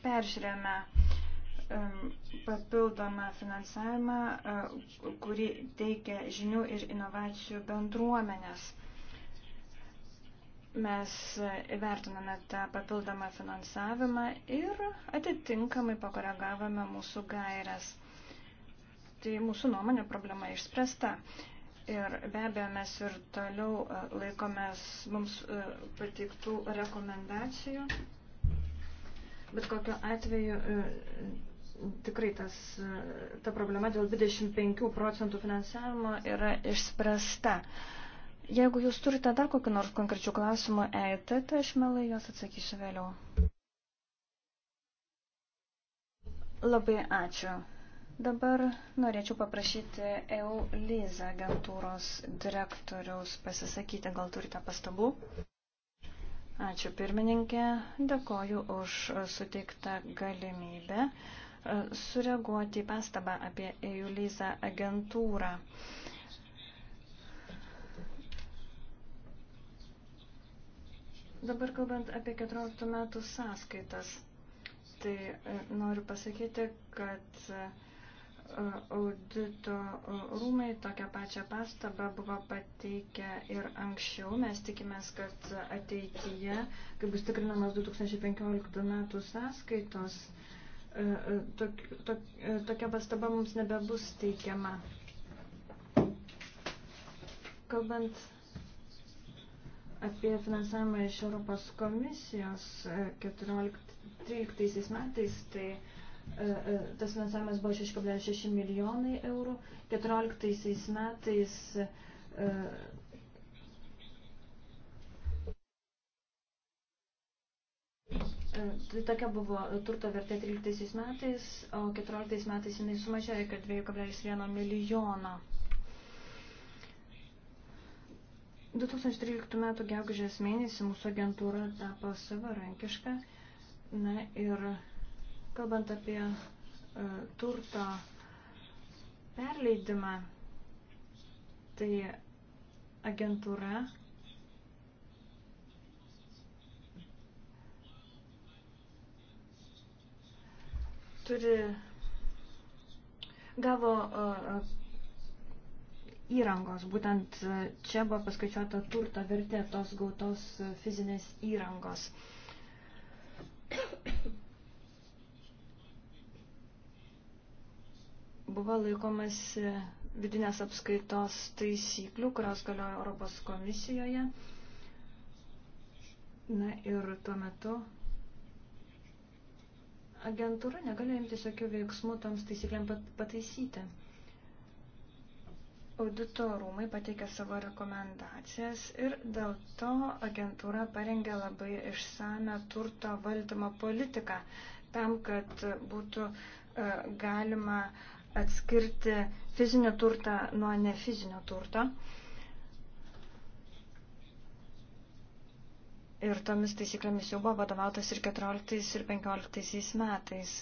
peržiūrėjome papildomą finansavimą, kurį teikia žinių ir inovacijų bendruomenės. Mes įvertiname tą papildomą finansavimą ir atitinkamai pakoregavome mūsų gairias. Tai mūsų nuomonė problema išspręsta. Ir be abejo, mes ir toliau e, laikomės mums e, pateiktų rekomendacijų. Bet kokiu atveju e, tikrai tas, ta problema dėl 25 procentų finansavimo yra išspręsta. Uh, Jeigu jūs turite dar kokį nors konkrečių klausimų EIT, tai aš melai juos atsakysiu vėliau. Labai ačiū. Dabar norėčiau paprašyti EU Liza e agentūros direktoriaus pasisakyti, gal turite pastabų? Ačiū pirmininkė, dėkoju už suteiktą galimybę e, sureaguoti į pastabą apie EU Liza e agentūrą. Dabar kalbant apie 14 metų sąskaitas, tai e, noriu pasakyti, kad e, audito rūmai tokią pačią pastabą buvo pateikę ir anksčiau. Mes tikimės, kad ateityje, kai bus tikrinamas 2015 metų sąskaitos, e, tok, tok, tokia pastaba mums nebebus teikiama. Kalbant apie finansavimą iš Europos komisijos 14-13 e, metais, tai e, e, tas finansavimas buvo 6,6 milijonai eurų, 14 metais Tai tokia buvo turto vertė 13 metais, o 14 metais jinai sumažėjo iki 2,1 milijono. 2013 m. gegužės mėnesį mūsų agentūra tapo savarankiška. Na ir kalbant apie e, turto perleidimą, tai agentūra turi gavo uh, įrangos. Būtent e, čia buvo paskaičiuota turto vertė tos gautos e, fizinės įrangos. Buvo laikomas e, vidinės apskaitos taisyklių, kurios galioja Europos komisijoje. Na ir tuo metu agentūra negalėjo imtis jokių veiksmų toms taisyklėm pataisyti. Audito rūmai pateikė savo rekomendacijas ir dėl to agentūra parengė labai išsame turto valdymo politiką tam, kad būtų e, galima atskirti fizinio turtą nuo nefizinio turto. Ir tomis taisyklėmis jau buvo vadovautas ir 14 ir 15 metais.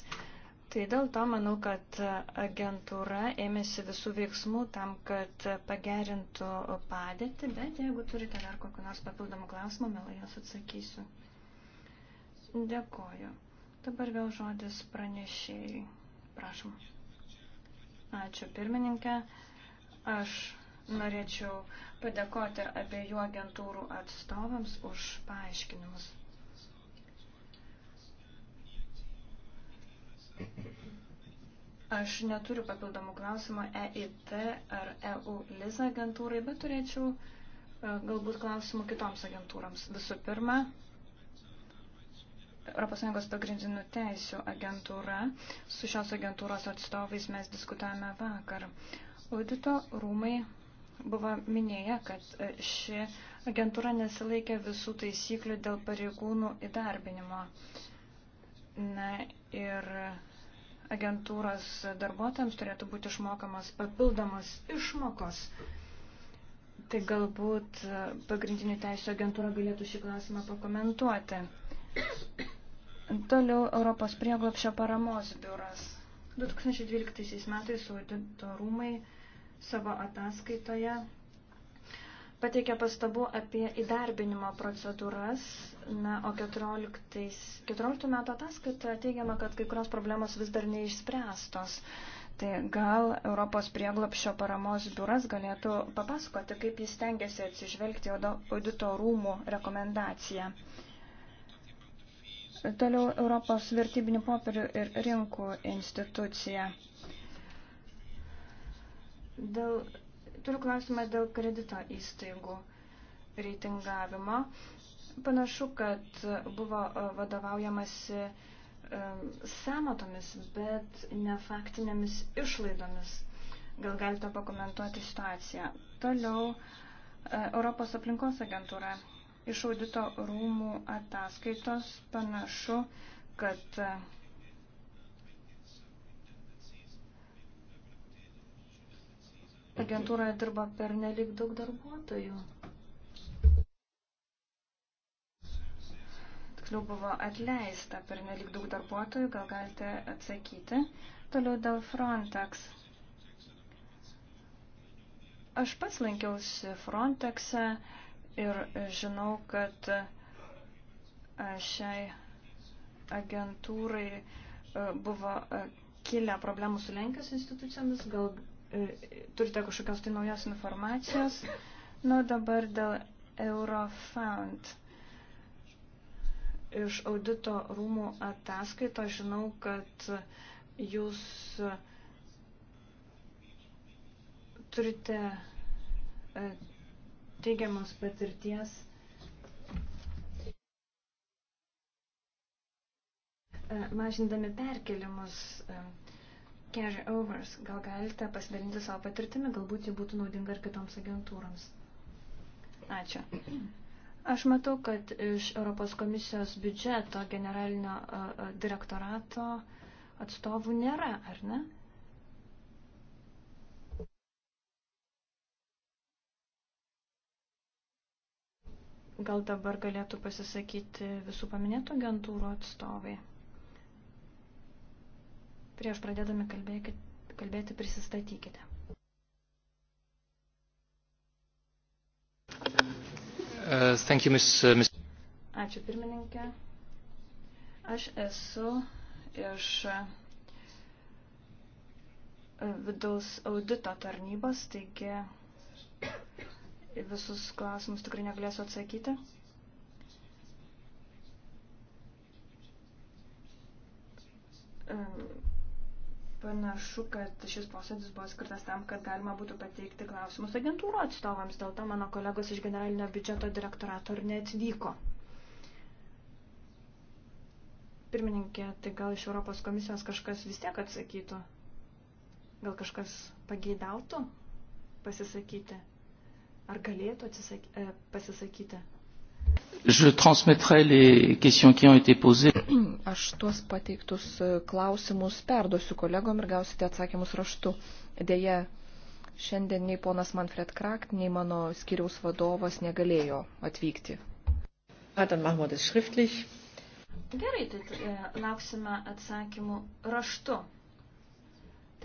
Tai dėl to manau, kad agentūra ėmėsi visų veiksmų tam, kad pagerintų padėtį, bet jeigu turite dar kokiu nors papildomu klausimu, mielai jas atsakysiu. Dėkoju. Dabar vėl žodis pranešėjai. Prašom. Ačiū pirmininkė. Aš norėčiau padėkoti abiejų agentūrų atstovams už paaiškinimus. Aš neturiu papildomų klausimų EIT ar EU LISA agentūrai, bet turėčiau e, galbūt klausimų kitoms agentūrams. Visų pirma, ES pagrindinių teisių agentūra. Su šios agentūros atstovais mes diskutavome vakar. Audito rūmai buvo minėję, kad e, ši agentūra nesilaikė visų taisyklių dėl pareigūnų įdarbinimo. Uh, Na ir agentūros darbuotojams turėtų būti išmokamos papildomos išmokos. Tai galbūt pagrindinių teisų agentūra galėtų šį klausimą pakomentuoti. Toliau Europos prieglopšio paramos biuras. 2012 metais audito rūmai savo ataskaitoje pateikė pastabų apie įdarbinimo procedūras Na, o 14, 14 metų ataskaitoje teigiama, kad kai kurios problemos vis dar neišspręstos. Tai gal Europos prieglapšio paramos biuras galėtų papasakoti, kaip jis tengiasi atsižvelgti audito rūmų rekomendaciją. Toliau Europos vertybinių popierių ir rinkų institucija. Dėl, turiu klausimą dėl kredito įstaigų reitingavimo. Panašu, kad buvo e, vadovaujamasi e, samatomis, bet ne faktinėmis išlaidomis. Gal galite pakomentuoti situaciją. Toliau e, Europos aplinkos agentūra. Iš audito rūmų ataskaitos panašu, kad agentūroje dirba per nelik daug darbuotojų. tiksliau buvo atleista per nelik daug darbuotojų, gal galite atsakyti. Toliau dėl Frontex. Aš pats lankiausi Frontexe ir žinau, kad šiai agentūrai buvo kilę problemų su Lenkijos institucijomis, gal e, turite kažkokios tai naujos informacijos. Na, nu, dabar dėl Eurofound iš audito rūmų ataskaito žinau, kad jūs turite e, teigiamas patirties e, mažindami perkelimus e, carry overs. Gal galite pasidalinti savo patirtimi, galbūt ji būtų naudinga ir kitoms agentūroms. Ačiū. Aš matau, kad iš Europos komisijos biudžeto generalinio direktorato atstovų nėra, ar ne? Gal dabar galėtų pasisakyti visų paminėtų agentūrų atstovai. Prieš pradėdami kalbėti, kalbėti prisistatykite. Uh, thank you, Ms. Uh, Ms. Ačiū pirmininkė. Aš esu iš uh, vidaus audito tarnybos, taigi visus klausimus tikrai negalėsiu atsakyti. Um, Panašu, kad šis posėdis buvo skirtas tam, kad galima būtų pateikti klausimus agentūrų atstovams, dėl to mano kolegos iš generalinio biudžeto direktorato ir neatvyko. Pirmininkė, tai gal iš Europos komisijos kažkas vis tiek atsakytų? Gal kažkas pageidautų pasisakyti? Ar galėtų atsisaky, e, pasisakyti? Je transmettrai les questions qui ont été posées. Aš tuos pateiktus e, klausimus perduosiu kolegom ir gausite atsakymus raštu. Deja, šiandien nei ponas Manfred Krakt, nei mano skiriaus vadovas negalėjo atvykti. Gerai, tai e, lauksime atsakymų raštu.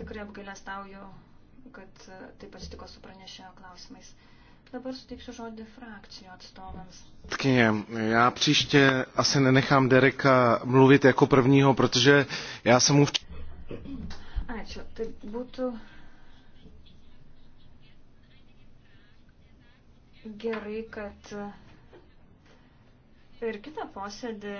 Tikrai apgailestauju, kad e, taip atsitiko su pranešėjo klausimais. Dabar suteiksiu žodį frakcijų atstovams. Tkyně, já příště asi nenechám Dereka mluvit jako prvního, protože já jsem mu včera... Ačiū. Tai būtų gerai, kad per kitą posėdį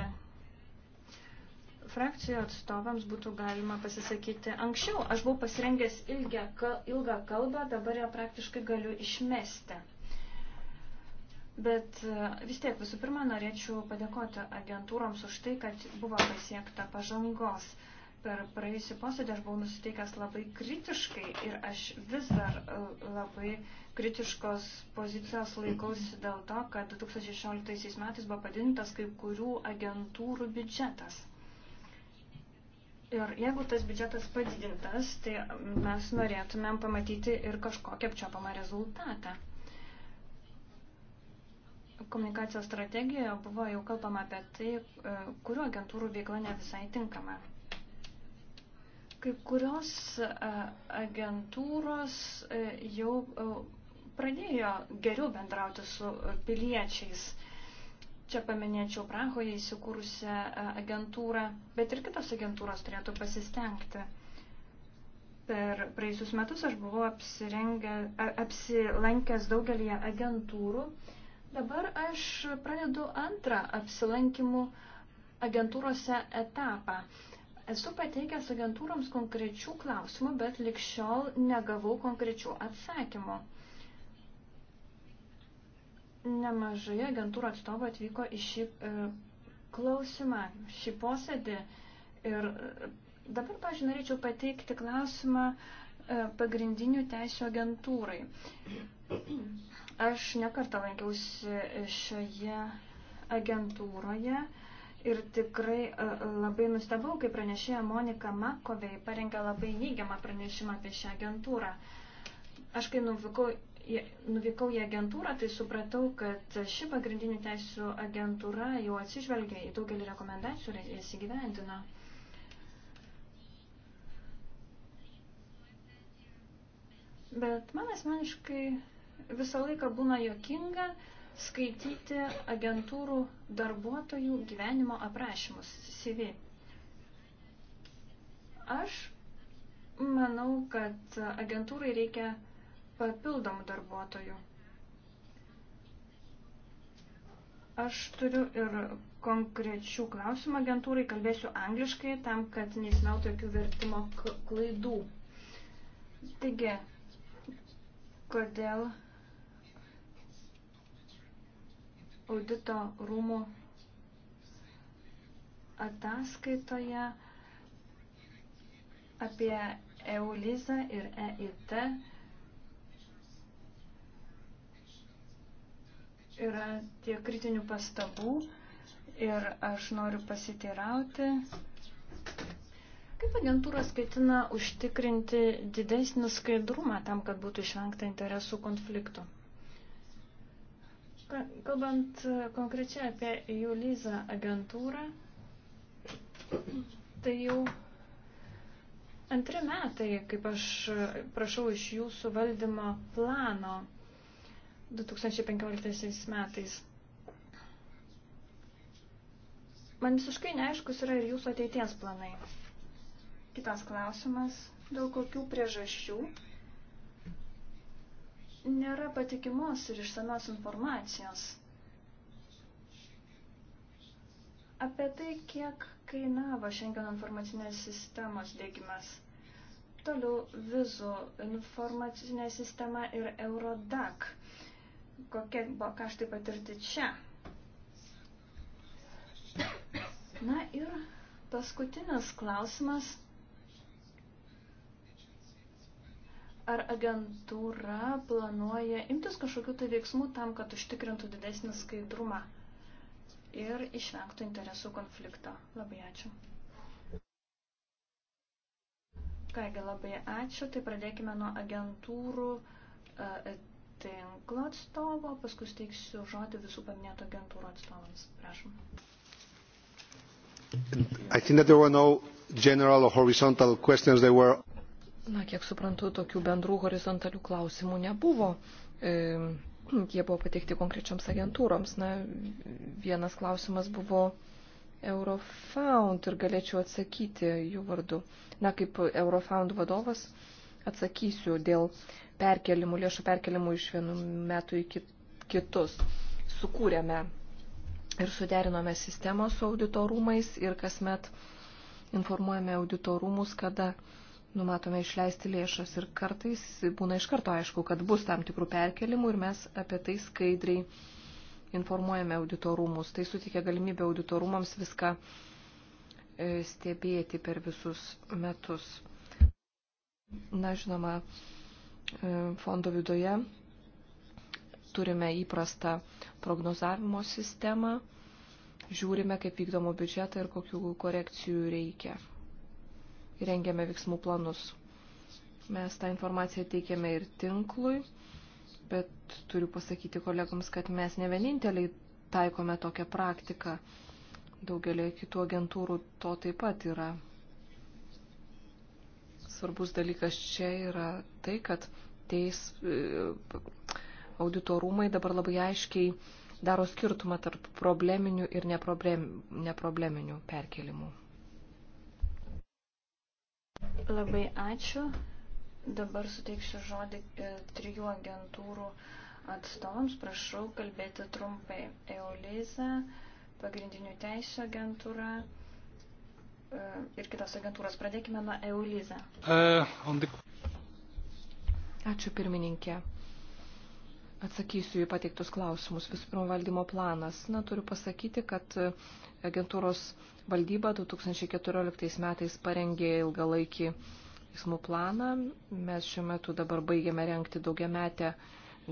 frakcijų atstovams būtų galima pasisakyti anksčiau. Aš buvau pasirengęs ilgę, ilgą kalbą, dabar ją praktiškai galiu išmesti. Bet e, vis tiek visų pirma norėčiau padėkoti agentūroms už tai, kad buvo pasiekta pažangos. Per praėjusį posėdį aš buvau nusiteikęs labai kritiškai ir aš vis dar e, labai kritiškos pozicijos laikausi dėl to, kad 2016 metais buvo padintas kai kurių agentūrų biudžetas. Ir jeigu tas biudžetas padidintas, tai mes norėtumėm pamatyti ir kažkokį apčiopamą rezultatą komunikacijos strategijoje buvo jau kalbama apie tai, e, kuriuo agentūrų veikla ne visai tinkama. Kai kurios e, agentūros e, jau pradėjo geriau bendrauti su piliečiais. Čia paminėčiau Prahoje įsikūrusią agentūrą, bet ir kitos agentūros turėtų pasistengti. Per praeisius metus aš buvau apsilankęs daugelį agentūrų Dabar aš pradedu antrą apsilankimų agentūrose etapą. Esu pateikęs agentūroms konkrečių klausimų, bet likščiol negavau konkrečių atsakymų. Nemažai agentūrų atstovų atvyko į šį e, klausimą, šį posėdį. Ir e, dabar, pažiūrėjau, norėčiau pateikti klausimą e, pagrindinių teisų agentūrai. Aš nekartą lankiausi šioje agentūroje ir tikrai e, labai nustebau, kai pranešėja Monika Makovei parengė labai neigiamą pranešimą apie šią agentūrą. Aš kai nuvykau nuvykau į agentūrą, tai supratau, kad ši pagrindinių teisų agentūra jau atsižvelgia į daugelį rekomendacijų ir jas įgyvendino. Bet man asmeniškai visą laiką būna jokinga skaityti agentūrų darbuotojų gyvenimo aprašymus CV. Aš manau, kad agentūrai reikia papildomų darbuotojų. Aš turiu ir konkrečių klausimų agentūrai, kalbėsiu angliškai tam, kad neįsmeltų jokių vertimo klaidų. Taigi, kodėl audito rūmų ataskaitoje apie EULIZą ir EIT yra tie kritinių pastabų ir aš noriu pasiteirauti, kaip agentūros ketina užtikrinti didesnį skaidrumą tam, kad būtų išvengta interesų konfliktų. Kalbant e, konkrečiai apie Julizą agentūrą, tai jau antri metai, kaip aš e, prašau iš jūsų valdymo plano 2015 metais. Man visiškai neaiškus yra ir jūsų ateities planai. Kitas klausimas, dėl kokių priežasčių nėra patikimos ir išsamios informacijos apie tai, kiek kainavo šiandien informacinės sistemos dėgymas. Toliau vizų informacinė sistema ir Eurodac. Kokie buvo kaštai patirti čia? Na ir paskutinis klausimas ar agentūra planuoja imtis kažkokių tai veiksmų tam, kad užtikrintų didesnį skaidrumą ir išvengtų interesų konflikto. Labai ačiū. Kągi, labai ačiū. Tai pradėkime nuo agentūrų e, tinklo atstovo, paskui steiksiu žodį visų paminėtų agentūrų atstovams. Prašom. I think that there were no general or horizontal questions. There were Na, kiek suprantu, tokių bendrų horizontalių klausimų nebuvo. E, jie buvo pateikti konkrečioms agentūroms. Na, vienas klausimas buvo Eurofound ir galėčiau atsakyti jų vardu. Na, kaip Eurofound vadovas atsakysiu dėl perkelimų, lėšų perkelimų iš vienų metų į kitus. Sukūrėme ir suderinome sistemą su auditorumais ir kasmet informuojame auditorumus, kada numatome išleisti lėšas ir kartais būna iš karto aišku, kad bus tam tikrų perkelimų ir mes apie tai skaidriai informuojame auditorumus. Tai sutikia galimybę auditorumams viską e, stebėti per visus metus. Na, žinoma, e, fondo viduje turime įprastą prognozavimo sistemą, žiūrime, kaip vykdomo biudžetą ir kokių korekcijų reikia rengiame veiksmų planus. Mes tą informaciją teikiame ir tinklui, bet turiu pasakyti kolegoms, kad mes ne vieninteliai taikome tokią praktiką. Daugelio kitų agentūrų to taip pat yra. Svarbus dalykas čia yra tai, kad teis, e, auditorumai dabar labai aiškiai daro skirtumą tarp probleminių ir neprobleminių perkelimų. Labai ačiū. Dabar suteiksiu žodį e, trijų agentūrų atstovams. Prašau kalbėti trumpai. Euliza, pagrindinių teisų agentūra e, ir kitos agentūros. Pradėkime nuo Euliza. E, ačiū pirmininkė. Atsakysiu į pateiktus klausimus. Visų pirma, valdymo planas. Na, turiu pasakyti, kad Agentūros valdyba 2014 metais parengė ilgalaikį veiksmų planą. Mes šiuo metu dabar baigiame renkti daugiametę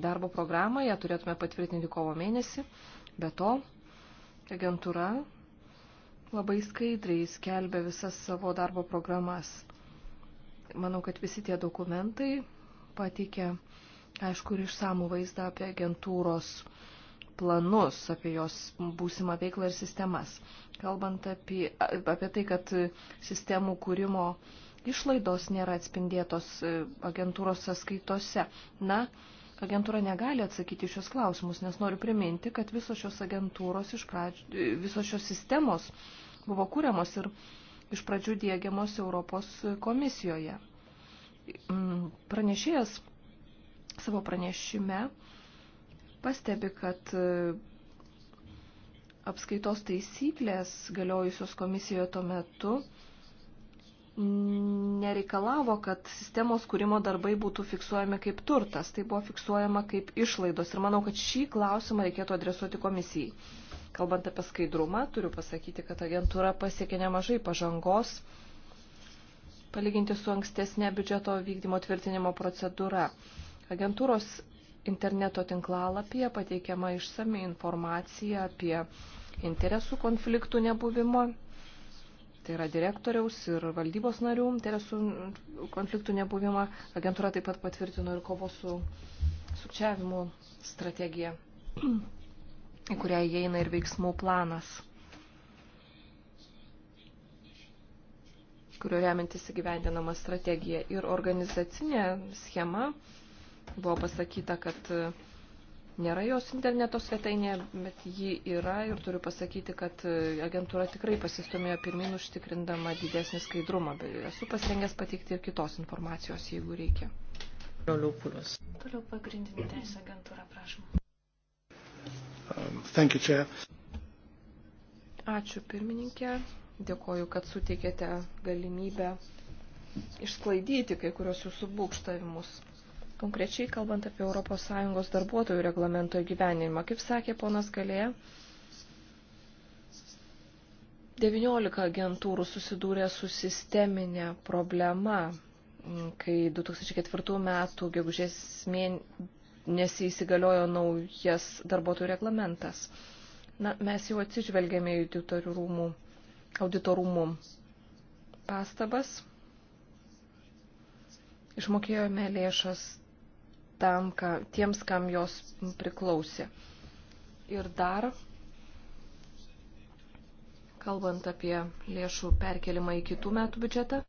darbo programą, ją turėtume patvirtinti kovo mėnesį. Be to, agentūra labai skaidriai skelbia visas savo darbo programas. Manau, kad visi tie dokumentai pateikia, aišku, ir išsamų vaizdą apie agentūros planus, apie jos būsimą veiklą ir sistemas. Kalbant apie, apie tai, kad sistemų kūrimo išlaidos nėra atspindėtos e, agentūros sąskaitose. Na, agentūra negali atsakyti šios klausimus, nes noriu priminti, kad visos šios agentūros, iš pradžių, e, visos šios sistemos buvo kūriamos ir iš pradžių dėgiamos Europos komisijoje. Mm, pranešėjas savo pranešime pastebi, kad e, apskaitos taisyklės galiojusios komisijoje tuo metu nereikalavo, kad sistemos kūrimo darbai būtų fiksuojami kaip turtas, tai buvo fiksuojama kaip išlaidos. Ir manau, kad šį klausimą reikėtų adresuoti komisijai. Kalbant apie skaidrumą, turiu pasakyti, kad agentūra pasiekė nemažai pažangos, palyginti su ankstesnė biudžeto vykdymo tvirtinimo procedūra. Agentūros interneto tinklalapyje pateikiama išsami informacija apie interesų konfliktų nebuvimą. Tai yra direktoriaus ir valdybos narių interesų konfliktų nebuvimą. Agentūra taip pat patvirtino ir kovos su sukčiavimu strategiją, į kurią įeina ir veiksmų planas, kurio remintis įgyvendinama strategija ir organizacinė schema Buvo pasakyta, kad e, nėra jos interneto svetainė, bet ji yra ir turiu pasakyti, kad e, agentūra tikrai pasistumėjo pirmin užtikrindama didesnį skaidrumą, bet esu pasirengęs pateikti ir kitos informacijos, jeigu reikia. Toliau pagrindinė teisė agentūra, prašom. Um, thank you, Chair. Ačiū pirmininkė, dėkoju, kad suteikėte galimybę išsklaidyti kai kurios jūsų būkštavimus. Konkrečiai kalbant apie ES darbuotojų reglamento įgyvenimą, kaip sakė ponas Galė, 19 agentūrų susidūrė su sisteminė problema, kai 2004 metų gegužės mėnesį įsigaliojo naujas darbuotojų reglamentas. Na, mes jau atsižvelgėme į auditorumų, auditorumų pastabas, išmokėjome lėšas tam, ka, tiems, kam jos priklausė. Ir dar, kalbant apie lėšų perkelimą į kitų metų biudžetą,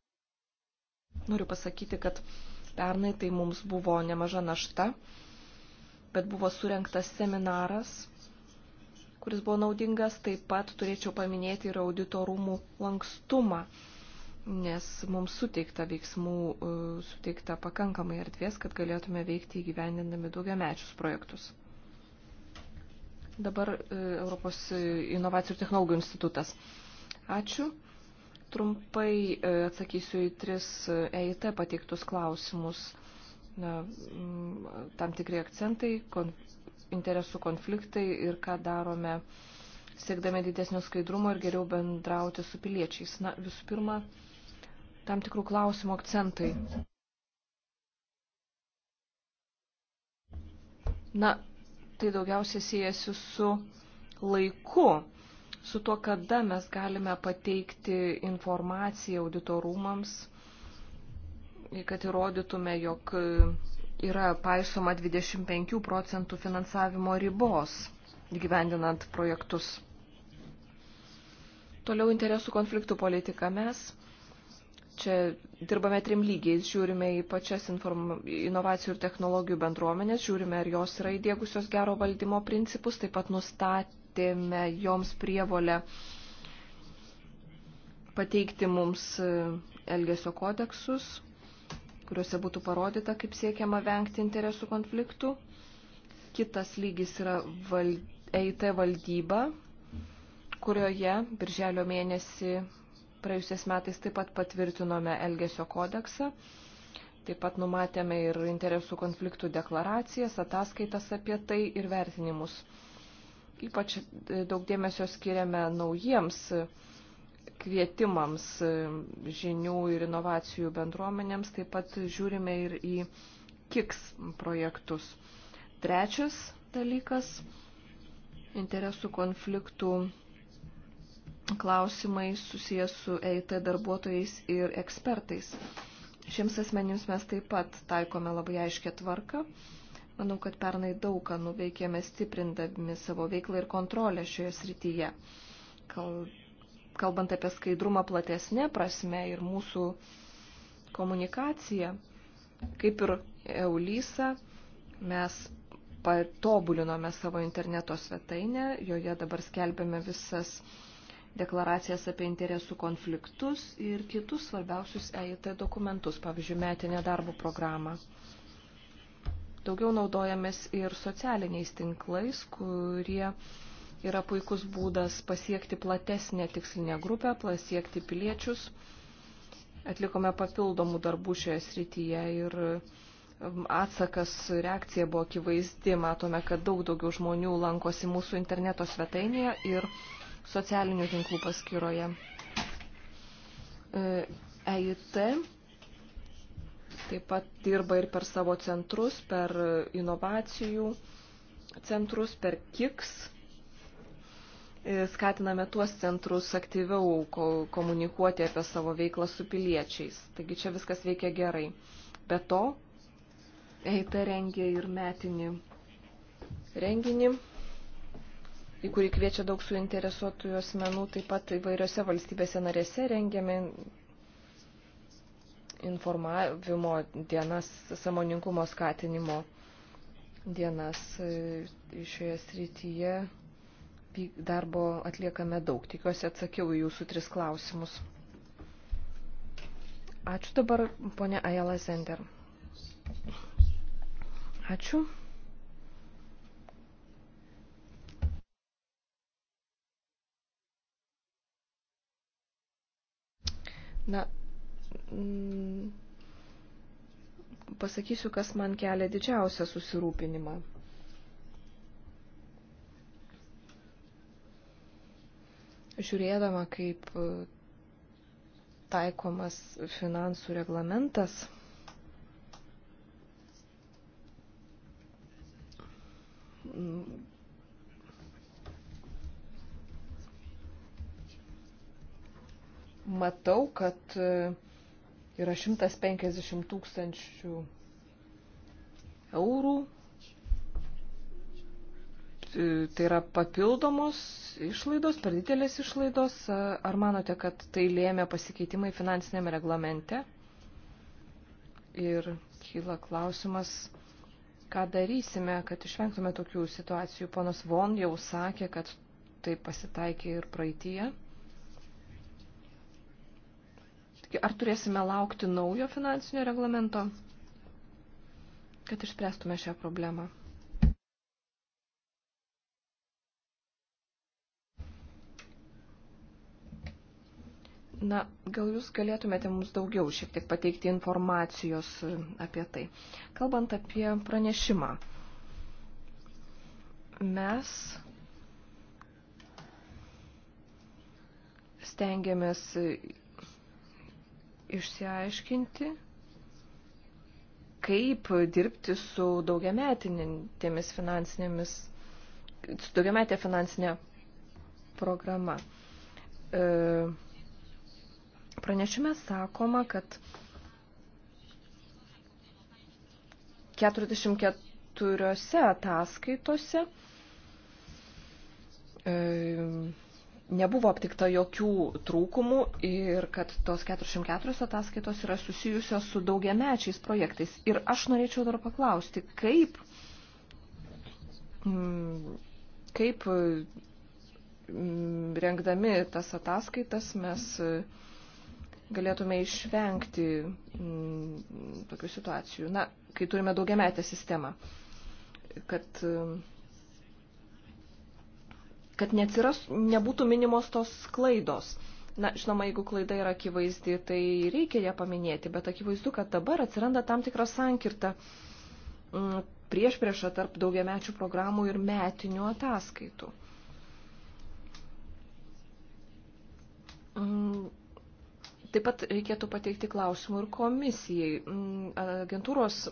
noriu pasakyti, kad pernai tai mums buvo nemaža našta, bet buvo surinktas seminaras, kuris buvo naudingas, taip pat turėčiau paminėti ir auditorumų lankstumą nes mums suteikta veiksmų, e, suteikta pakankamai erdvės, kad galėtume veikti įgyvendindami daugiamečius projektus. Dabar e, Europos inovacijų ir technologijų institutas. Ačiū. Trumpai e, atsakysiu į tris EIT pateiktus klausimus. Na, tam tikri akcentai, kon, interesų konfliktai ir ką darome siekdami didesnio skaidrumo ir geriau bendrauti su piliečiais. Na, visų pirma, tam tikrų klausimų akcentai. Na, tai daugiausiai siejasi su laiku, su tuo, kada mes galime pateikti informaciją auditorumams, kad įrodytume, jog yra paisoma 25 procentų finansavimo ribos gyvendinant projektus. Toliau interesų konfliktų politika mes čia dirbame trim lygiais. Žiūrime į pačias inform... inovacijų ir technologijų bendruomenės, žiūrime, ar jos yra įdėgusios gero valdymo principus, taip pat nustatėme joms prievolę pateikti mums e, elgesio kodeksus, kuriuose būtų parodyta, kaip siekiama vengti interesų konfliktų. Kitas lygis yra val... EIT valdyba, kurioje birželio mėnesį Praėjusiais metais taip pat patvirtinome Elgesio kodeksą, taip pat numatėme ir interesų konfliktų deklaracijas, ataskaitas apie tai ir vertinimus. Ypač e, daug dėmesio skiriame naujiems e, kvietimams e, žinių ir inovacijų bendruomenėms, taip pat žiūrime ir į KIKS projektus. Trečias dalykas - interesų konfliktų klausimai susijęs su EIT darbuotojais ir ekspertais. Šiems asmenims mes taip pat taikome labai aiškę tvarką. Manau, kad pernai daug ką nuveikėme stiprindami savo veiklą ir kontrolę šioje srityje. Kalbant apie skaidrumą platesnė prasme ir mūsų komunikaciją, kaip ir Eulysa, mes patobulinome savo interneto svetainę, joje dabar skelbėme visas deklaracijas apie interesų konfliktus ir kitus svarbiausius EIT dokumentus, pavyzdžiui, metinę darbo programą. Daugiau naudojamės ir socialiniais tinklais, kurie yra puikus būdas pasiekti platesnę tikslinę grupę, pasiekti piliečius. Atlikome papildomų darbų šioje srityje ir um, atsakas, reakcija buvo akivaizdi. Matome, kad daug daugiau žmonių lankosi mūsų interneto svetainėje ir socialinių tinklų paskyroje. EIT e taip pat dirba ir per savo centrus, per inovacijų centrus, per KIKS. E, skatiname tuos centrus aktyviau komunikuoti apie savo veiklą su piliečiais. Taigi čia viskas veikia gerai. Be to, EIT rengia ir metinį renginį į kurį kviečia daug suinteresuotųjų asmenų, taip pat įvairiose valstybėse narėse rengiame informavimo dienas, samoninkumo skatinimo dienas šioje srityje darbo atliekame daug. Tikiuosi atsakiau į jūsų tris klausimus. Ačiū dabar, ponė Ajala Zender. Ačiū. Na, mm, pasakysiu, kas man kelia didžiausią susirūpinimą. Žiūrėdama, kaip e, taikomas finansų reglamentas, matau, kad e, yra 150 tūkstančių eurų. E, tai yra papildomos išlaidos, per didelės išlaidos. E, ar manote, kad tai lėmė pasikeitimai finansinėme reglamente? Ir kyla klausimas, ką darysime, kad išvengtume tokių situacijų. Ponas Von jau sakė, kad tai pasitaikė ir praeitie. Ar turėsime laukti naujo finansinio reglamento, kad išspręstume šią problemą? Na, gal jūs galėtumėte mums daugiau šiek tiek pateikti informacijos e, apie tai. Kalbant apie pranešimą, mes stengiamės išsiaiškinti, kaip dirbti su daugiametinėmis finansinėmis, su daugiametė finansinė programa. E, pranešime sakoma, kad 44 ataskaitose e, nebuvo aptikta jokių trūkumų ir kad tos 404 ataskaitos yra susijusios su daugiamečiais projektais. Ir aš norėčiau dar paklausti, kaip, mm, kaip mm, rengdami tas ataskaitas mes galėtume išvengti mm, tokių situacijų, na, kai turime daugiametę sistemą, kad kad neatsiras, nebūtų minimos tos klaidos. Na, žinoma, jeigu klaida yra akivaizdi, tai reikia ją paminėti, bet akivaizdu, kad dabar atsiranda tam tikra sankirta prieš mm, priešą tarp daugiamečių programų ir metinių ataskaitų. Mm, taip pat reikėtų pateikti klausimų ir komisijai. Mm, agentūros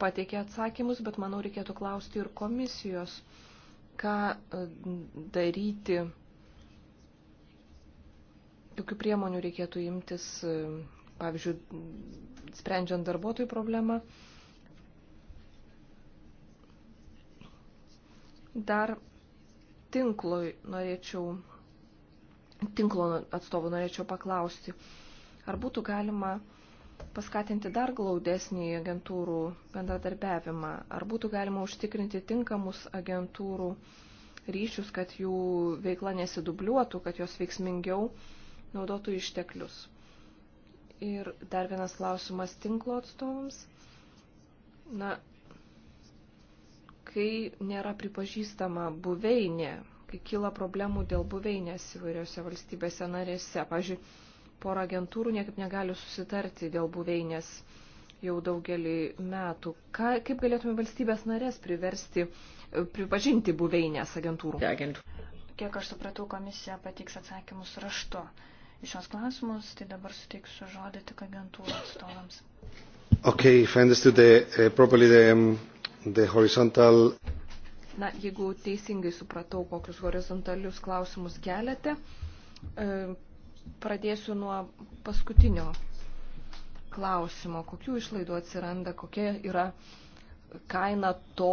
pateikė atsakymus, bet manau reikėtų klausti ir komisijos ką e, daryti, kokiu priemonių reikėtų imtis, e, pavyzdžiui, sprendžiant darbuotojų problemą. Dar tinklui norėčiau, tinklo atstovų norėčiau paklausti, ar būtų galima paskatinti dar glaudesnį agentūrų bendradarbiavimą? Ar būtų galima užtikrinti tinkamus agentūrų ryšius, kad jų veikla nesidubliuotų, kad jos veiksmingiau naudotų išteklius? Ir dar vienas klausimas tinklo atstovams. Na, kai nėra pripažįstama buveinė, kai kyla problemų dėl buveinės įvairiose valstybėse narėse, pažiūrėjau, pora agentūrų niekaip negali susitarti dėl buveinės jau daugelį metų. Ka, kaip galėtume valstybės narės priversti, e, pripažinti buveinės agentūrų? Kiek aš supratau, komisija patiks atsakymus raštu. Iš šios klausimus, tai dabar suteiksiu žodį tik agentūrų atstovams. Okay, if I understood the, uh, properly the, um, the horizontal Na, jeigu teisingai supratau, kokius horizontalius klausimus keliate, e, pradėsiu nuo paskutinio klausimo. Kokių išlaidų atsiranda, kokia yra kaina to,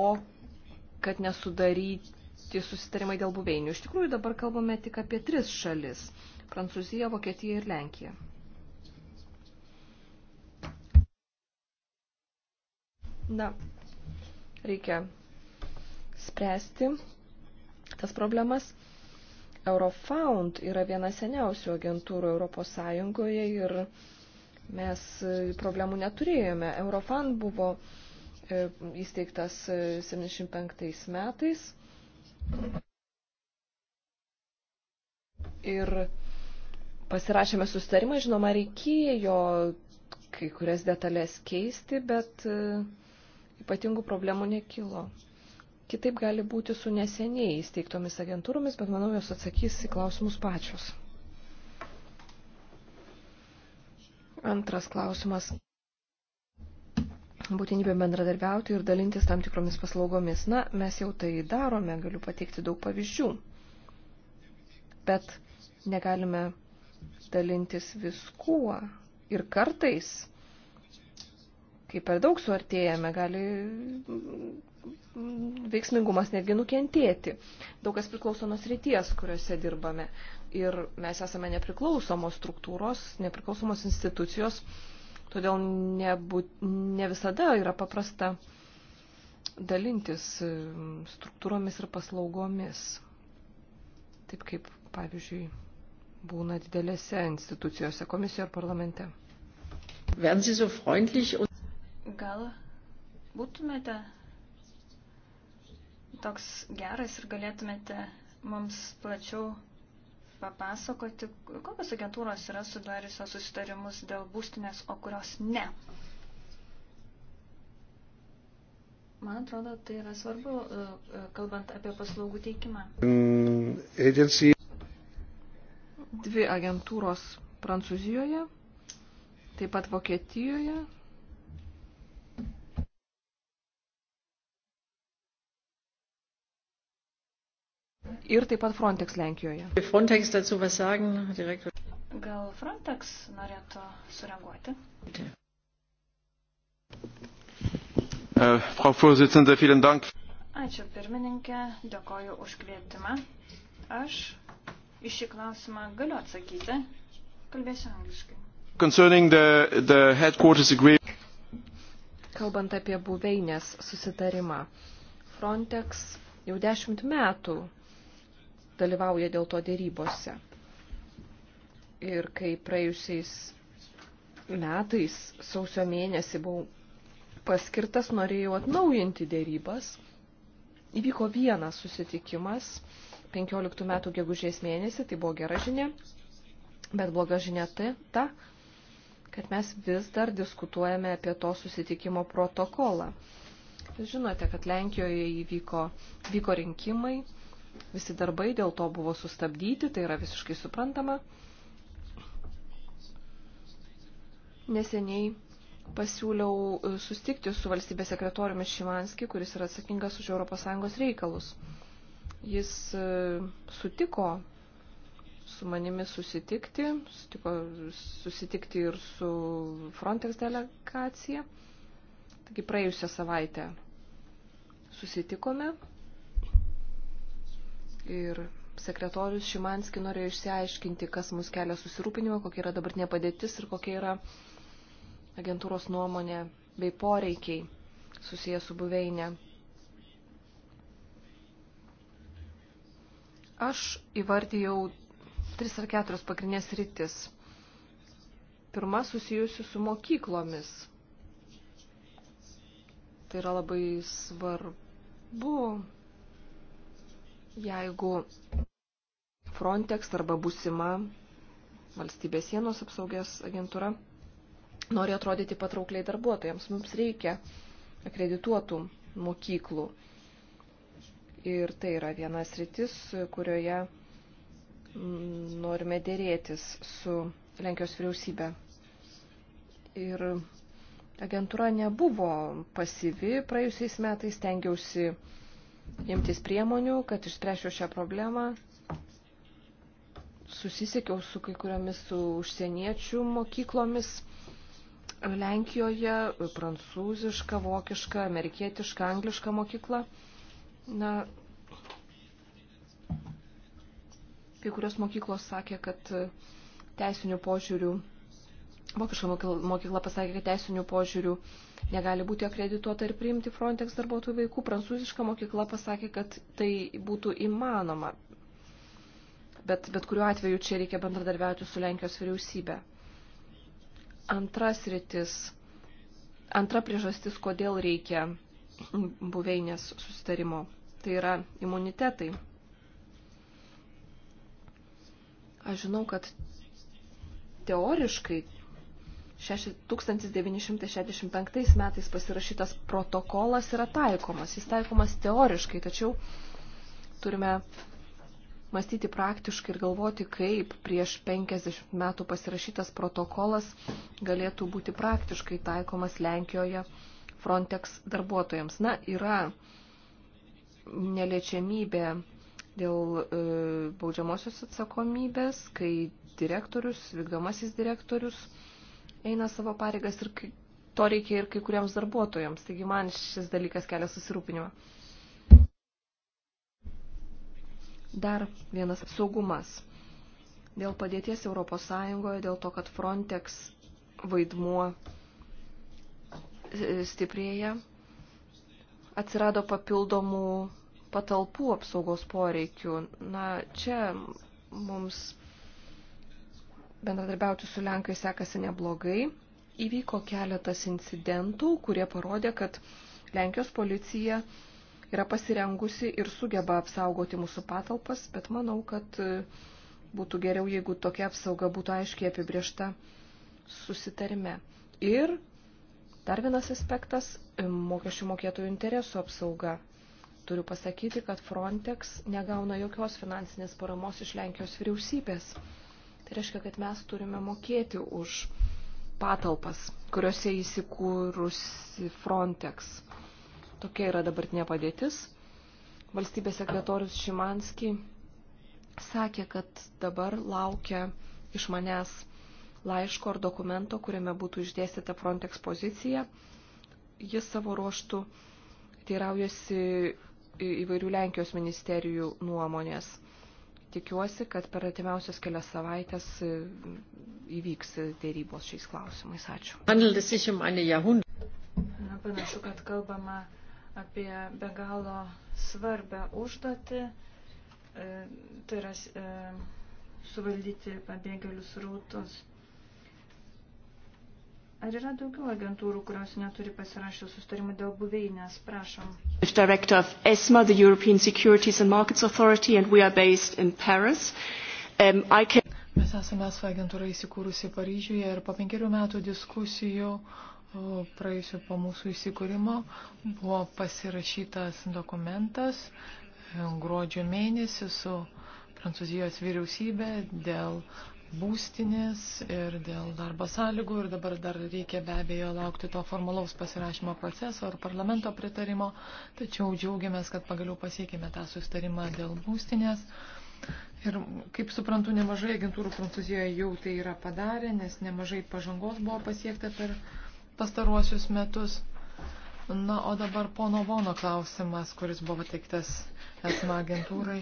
kad nesudaryti susitarimai dėl buveinių. Iš tikrųjų dabar kalbame tik apie tris šalis - Prancūziją, Vokietiją ir Lenkiją. Na, reikia spręsti tas problemas. Eurofound yra viena seniausių agentūrų Europos Sąjungoje ir mes e, problemų neturėjome. Eurofound buvo e, įsteigtas 75 e, metais. Ir pasirašėme sustarimą, žinoma, reikėjo kai kurias detalės keisti, bet ypatingų problemų nekilo. Kitaip gali būti su neseniai įsteigtomis agentūromis, bet manau, jos atsakys į klausimus pačios. Antras klausimas. Būtinybė bendradarbiauti ir dalintis tam tikromis paslaugomis. Na, mes jau tai darome, galiu pateikti daug pavyzdžių. Bet negalime dalintis viskuo. Ir kartais kai per daug suartėjame, gali veiksmingumas netgi nukentėti. Daug kas priklauso nuo srities, kuriuose dirbame. Ir mes esame nepriklausomos struktūros, nepriklausomos institucijos, todėl nebu, ne visada yra paprasta dalintis mm, struktūromis ir paslaugomis. Taip kaip, pavyzdžiui, būna didelėse institucijose, komisijoje ir parlamente. Werden Sie so freundlich und gal būtumėte toks geras ir galėtumėte mums plačiau papasakoti, kokios agentūros yra sudariusios susitarimus dėl būstinės, o kurios ne. Man atrodo, tai yra svarbu, e, kalbant apie paslaugų teikimą. Mm, agency. Dvi agentūros Prancūzijoje, taip pat Vokietijoje ir taip pat Frontex Lenkijoje. Frontex dazu was sagen, direktor. Gal Frontex norėtų sureaguoti? Uh, Frau Vorsitzende, vielen Dank. Ačiū pirmininkė, dėkoju už kvietimą. Aš iš šį klausimą galiu atsakyti. Kalbėsiu angliškai. Concerning the, the headquarters agreement. Kalbant apie buveinės susitarimą, Frontex jau dešimt metų dalyvauja dėl to dėrybose. Ir kai praėjusiais metais sausio mėnesį buvau paskirtas, norėjau atnaujinti dėrybas. Įvyko vienas susitikimas 15 metų gegužės mėnesį, tai buvo gera žinia, bet bloga žinia tai ta, kad mes vis dar diskutuojame apie to susitikimo protokolą. Žinote, kad Lenkijoje įvyko vyko rinkimai Visi darbai dėl to buvo sustabdyti, tai yra visiškai suprantama. Neseniai pasiūliau e, sustikti su valstybės sekretoriumi Šimanski, kuris yra atsakingas už ES reikalus. Jis e, sutiko su manimi susitikti, sutiko susitikti ir su Frontex delegacija. Taigi praėjusią savaitę susitikome ir sekretorius Šimanski norėjo išsiaiškinti, kas mus kelia susirūpinimą, kokia yra dabartinė padėtis ir kokia yra agentūros nuomonė bei poreikiai susijęs su buveinė. Aš įvardijau tris ar keturios pagrindinės rytis. Pirma susijusi su mokyklomis. Tai yra labai svarbu Jeigu Frontex arba būsima valstybės sienos apsaugės agentūra nori atrodyti patraukliai darbuotojams, mums reikia akredituotų mokyklų. Ir tai yra vienas rytis, kurioje mm, norime dėrėtis su Lenkijos vyriausybė. Ir agentūra nebuvo pasyvi, praėjusiais metais tengiausi imtis priemonių, kad išspręšiu šią problemą. Susisiekiau su kai kuriomis su užsieniečių mokyklomis Lenkijoje, prancūziška, vokiška, amerikietiška, angliška mokykla. Na, kai kurios mokyklos sakė, kad teisinių požiūrių, vokiška mokykla pasakė, kad teisinių požiūrių uh, negali būti akredituota ir priimti Frontex darbuotojų vaikų. Prancūziška mokykla pasakė, kad tai būtų įmanoma. Bet, bet kuriuo atveju čia reikia bendradarbiauti su Lenkijos vyriausybė. Antras rytis, antra priežastis, kodėl reikia buveinės susitarimo, tai yra imunitetai. Aš žinau, kad teoriškai 1965 metais pasirašytas protokolas yra taikomas. Jis taikomas teoriškai, tačiau turime mąstyti praktiškai ir galvoti, kaip prieš 50 metų pasirašytas protokolas galėtų būti praktiškai taikomas Lenkijoje Frontex darbuotojams. Na, yra neliečiamybė dėl e, baudžiamosios atsakomybės, kai direktorius, vykdomasis direktorius, eina savo pareigas ir to reikia ir kai kuriems darbuotojams. Taigi man šis dalykas kelia susirūpinimą. Dar vienas saugumas. Dėl padėties Europos Sąjungoje, dėl to, kad Frontex vaidmuo e, stiprėja, atsirado papildomų patalpų apsaugos poreikių. Na, čia mums bendradarbiauti su Lenkai sekasi neblogai. Įvyko keletas incidentų, kurie parodė, kad Lenkijos policija yra pasirengusi ir sugeba apsaugoti mūsų patalpas, bet manau, kad e, būtų geriau, jeigu tokia apsauga būtų aiškiai apibriešta susitarime. Ir dar vienas aspektas - mokesčių mokėtojų interesų apsauga. Turiu pasakyti, kad Frontex negauna jokios finansinės paramos iš Lenkijos vyriausybės. Tai reiškia, kad mes turime mokėti už patalpas, kuriuose įsikūrusi Frontex. Tokia yra dabartinė padėtis. Valstybės sekretorius Šimanski sakė, kad dabar laukia iš manęs laiško ar dokumento, kuriame būtų išdėstyta Frontex pozicija. Jis savo ruoštų teiraujasi įvairių Lenkijos ministerijų nuomonės. Tikiuosi, kad per atimiausias kelias savaitės e, įvyks dėrybos šiais klausimais. Ačiū. Um Na, panašu, kad kalbama apie be galo svarbę užduotį, e, tai yra e, suvaldyti pabėgėlius rautus. Ar yra daugiau agentūrų, kurios neturi pasirašę sustarimą dėl buveinės? Prašom. Director of ESMA, the European Securities and Markets Authority, and we are based in Paris. Um, I can... Mes esame ESMA agentūra įsikūrusi Paryžiuje ir po penkerių metų diskusijų praėjusiu po mūsų įsikūrimo buvo pasirašytas dokumentas e, gruodžio mėnesį su Prancūzijos vyriausybė dėl būstinės ir dėl darbo sąlygų ir dabar dar reikia be abejo laukti to formalaus pasirašymo proceso ir parlamento pritarimo, tačiau džiaugiamės, kad pagaliau pasiekėme tą sustarimą dėl būstinės. Ir kaip suprantu, nemažai agentūrų Prancūzijoje jau tai yra padarę, nes nemažai pažangos buvo pasiekta per pastaruosius metus. Na, o dabar pono Vono klausimas, kuris buvo teiktas esma agentūrai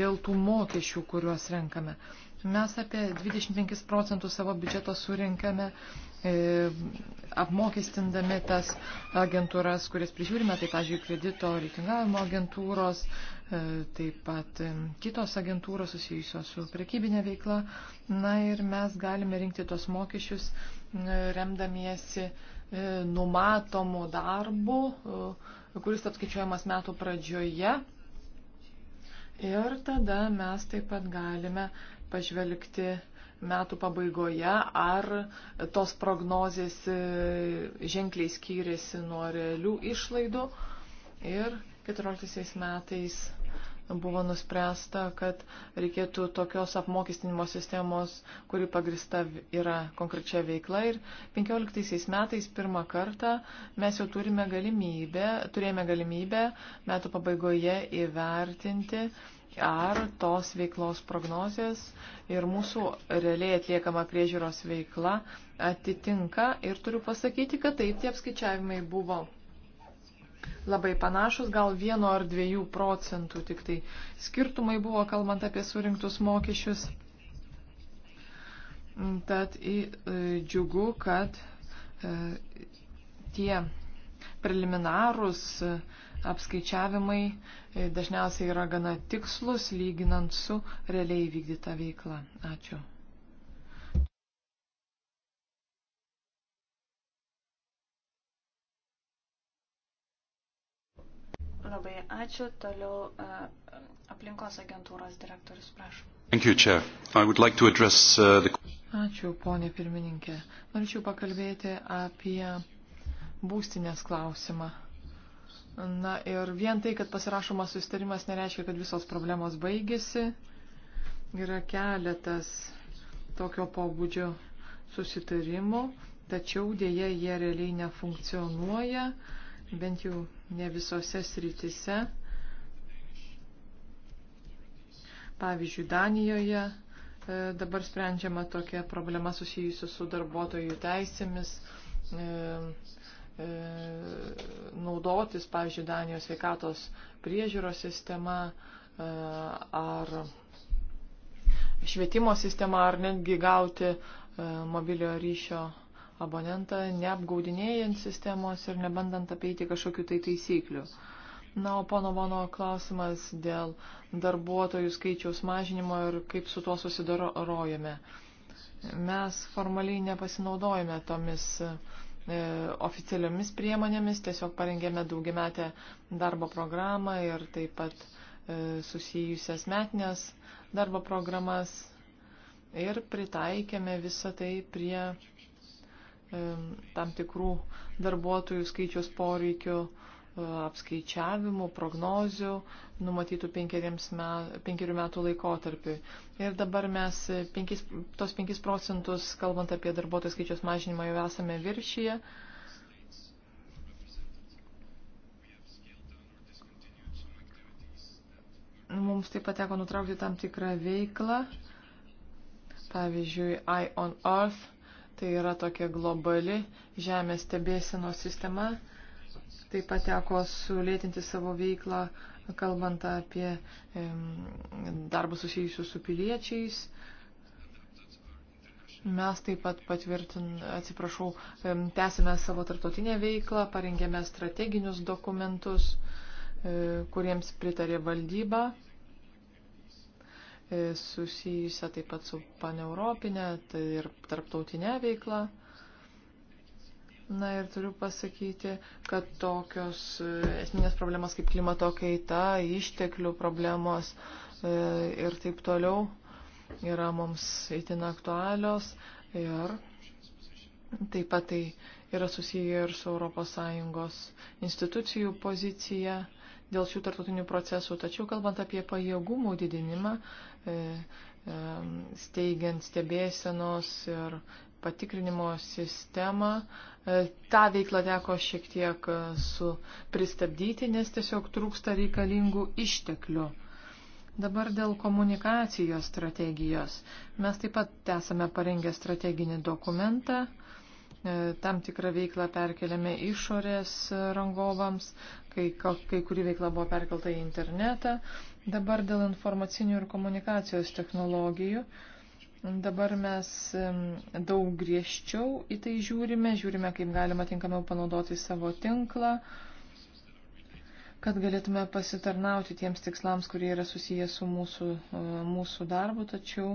dėl tų mokesčių, kuriuos renkame. Uh, Mes apie 25 procentų savo biudžeto surinkame e, apmokestindami tas agentūras, kurias prižiūrime, tai, pažiūrėjau, kredito reitingavimo agentūros, e, taip pat e, kitos agentūros susijusios su prekybinė veikla. Na ir mes galime rinkti tos mokesčius remdamiesi numatomu darbu, kuris apskaičiuojamas metų pradžioje. Ir tada mes taip pat galime uh, pažvelgti metų pabaigoje, ar tos prognozijas e, ženkliai skyrėsi nuo realių išlaidų. Ir 14 metais buvo nuspręsta, kad reikėtų tokios apmokestinimo sistemos, kuri pagrista yra konkrečia veikla. Ir 15 metais pirmą kartą mes jau turime galimybę, turėjome galimybę metų pabaigoje įvertinti ar tos veiklos prognozijas ir mūsų realiai atliekama priežiūros veikla atitinka ir turiu pasakyti, kad taip tie apskaičiavimai buvo labai panašus, gal vieno ar dviejų procentų tik tai skirtumai buvo, kalbant apie surinktus mokesčius. Tad į, e, džiugu, kad e, tie preliminarūs apskaičiavimai e, dažniausiai yra gana tikslus, lyginant su realiai vykdyta veikla. Ačiū. Labai ačiū. Toliau e, aplinkos agentūros direktorius, prašau. Thank you, Chair. I would like to address uh, the... Ačiū, ponė pirmininkė. Norėčiau pakalbėti apie būstinės klausimą. Na ir vien tai, kad pasirašomas sustarimas, nereiškia, kad visos problemos baigėsi. Yra keletas tokio pobūdžio susitarimų, tačiau dėje jie realiai nefunkcionuoja, bent jau ne visose sritise. Pavyzdžiui, Danijoje e, dabar sprendžiama tokia problema susijusi su darbuotojų teisėmis. E, E, naudotis, pavyzdžiui, Danijos sveikatos priežiūros sistema e, ar švietimo sistema, ar netgi gauti e, mobiliojo ryšio abonentą, neapgaudinėjant sistemos ir nebandant apeiti kažkokių tai taisyklių. Na, o pono mano klausimas dėl darbuotojų skaičiaus mažinimo ir kaip su tuo susidarojame. Mes formaliai nepasinaudojame tomis uh, E, oficialiomis priemonėmis, tiesiog parengėme daugiametę darbo programą ir taip pat e, susijusias metinės darbo programas ir pritaikėme visą tai prie e, tam tikrų darbuotojų skaičius poreikių apskaičiavimų, prognozių numatytų me, penkerių metų laikotarpiu. Ir dabar mes penkis, tos 5 procentus, kalbant apie darbuotojų skaičiaus mažinimą, jau esame viršyje. Mums taip pat teko nutraukti tam tikrą veiklą, pavyzdžiui, Eye on Earth, tai yra tokia globali žemės stebėsino sistema, Taip pat teko sulėtinti savo veiklą, kalbant apie darbus susijusius su piliečiais. Mes taip pat patvirtin, atsiprašau, tęsime savo tartotinę veiklą, parengėme strateginius dokumentus, e, kuriems pritarė valdyba, e, susijusią taip pat su paneuropinė tai ir tarptautinė veikla. Na ir turiu pasakyti, kad tokios e, esminės problemos kaip klimato kaita, išteklių problemos e, ir taip toliau yra mums itin aktualios ir taip pat tai yra susiję ir su ES institucijų pozicija dėl šių tartutinių procesų. Tačiau kalbant apie pajėgumų didinimą, e, steigiant stebėsenos ir patikrinimo sistemą, E, tą veiklą teko šiek tiek e, su pristabdyti, nes tiesiog trūksta reikalingų išteklių. Dabar dėl komunikacijos strategijos. Mes taip pat esame parengę strateginį dokumentą, e, tam tikrą veiklą perkeliame išorės rangovams, kai, kai kuri veikla buvo perkelta į internetą. Dabar dėl informacinių ir komunikacijos technologijų. Dabar mes daug griežčiau į tai žiūrime, žiūrime, kaip galima tinkamiau panaudoti savo tinklą, kad galėtume pasitarnauti tiems tikslams, kurie yra susiję su mūsų, e, mūsų darbu, tačiau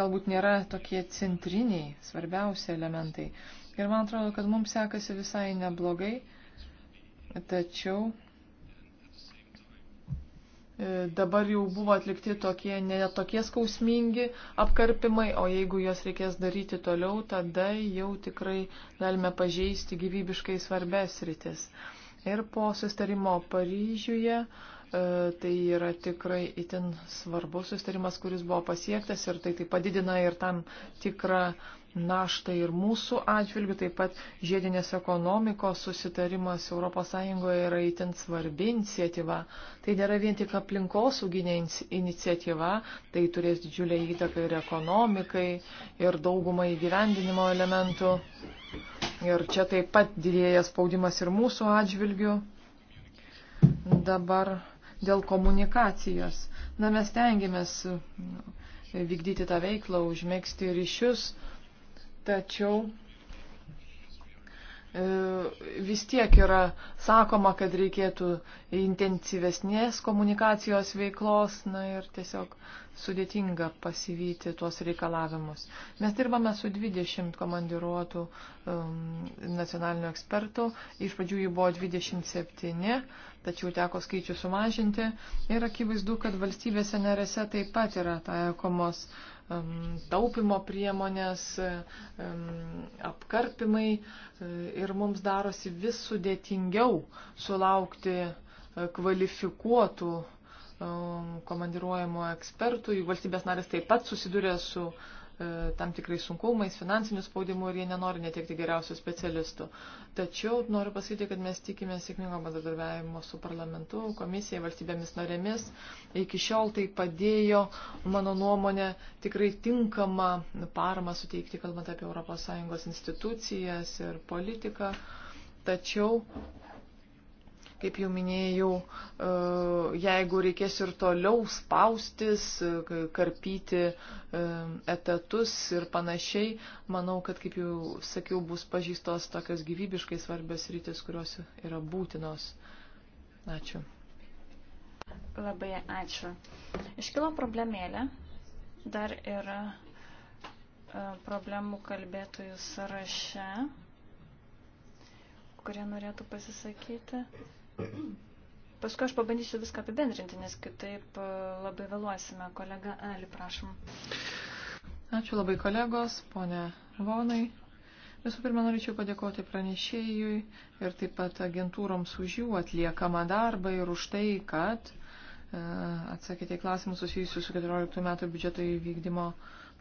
galbūt nėra tokie centriniai, svarbiausi elementai. Ir man atrodo, kad mums sekasi visai neblogai, tačiau E, dabar jau buvo atlikti tokie netokie skausmingi apkarpimai, o jeigu juos reikės daryti toliau, tada jau tikrai galime pažeisti gyvybiškai svarbės rytis. Ir po sustarimo Paryžiuje e, tai yra tikrai itin svarbus sustarimas, kuris buvo pasiektas ir tai, tai padidina ir tam tikrą naštą ir mūsų atžvilgių, taip pat žiedinės ekonomikos susitarimas ES yra įtin svarbi iniciatyva. Tai nėra vien tik aplinkosauginė iniciatyva, tai turės didžiulę įtaką ir ekonomikai, ir daugumą įgyvendinimo elementų. Ir čia taip pat didėja spaudimas ir mūsų atžvilgių. Dabar dėl komunikacijos. Na, mes tengiamės vykdyti tą veiklą, užmėgsti ryšius Tačiau e, vis tiek yra sakoma, kad reikėtų intensyvesnės komunikacijos veiklos na, ir tiesiog sudėtinga pasivyti tuos reikalavimus. Mes dirbame su 20 komandiruotų um, nacionalinių ekspertų. Iš pradžių jų buvo 27, tačiau teko skaičių sumažinti. Ir akivaizdu, kad valstybėse nerese taip pat yra ta ekomos uh, taupimo priemonės, apkarpimai e, ir mums darosi vis sudėtingiau sulaukti e, kvalifikuotų komandiruojamų ekspertų, juk valstybės narės taip pat susiduria su uh, E, tam tikrais sunkumais, finansiniu spaudimu ir jie nenori netekti geriausių specialistų. Tačiau noriu pasakyti, kad mes tikime sėkmingo bendradarbiavimo su parlamentu, komisija, valstybėmis narėmis. Iki šiol tai padėjo, mano nuomonė, tikrai tinkamą paramą suteikti, kalbant apie ES institucijas ir politiką. Tačiau Kaip jau minėjau, e, jeigu reikės ir toliau spaustis, e, karpyti e, etatus ir panašiai, manau, kad, kaip jau sakiau, bus pažįstos tokios gyvybiškai svarbios rytis, kurios yra būtinos. Ačiū. Labai ačiū. Iškilo problemėlė. Dar yra problemų kalbėtojų sąraše, kurie norėtų pasisakyti. Paskui aš pabandysiu viską apibendrinti, nes kitaip e, labai vėluosime. Kolega Ali, prašom. Ačiū labai kolegos, ponė Vonai. Visų pirma, norėčiau padėkoti pranešėjui ir taip pat agentūroms už jų atliekamą darbą ir už tai, kad e, atsakėte į klausimus susijusius su 14 metų biudžeto įvykdymo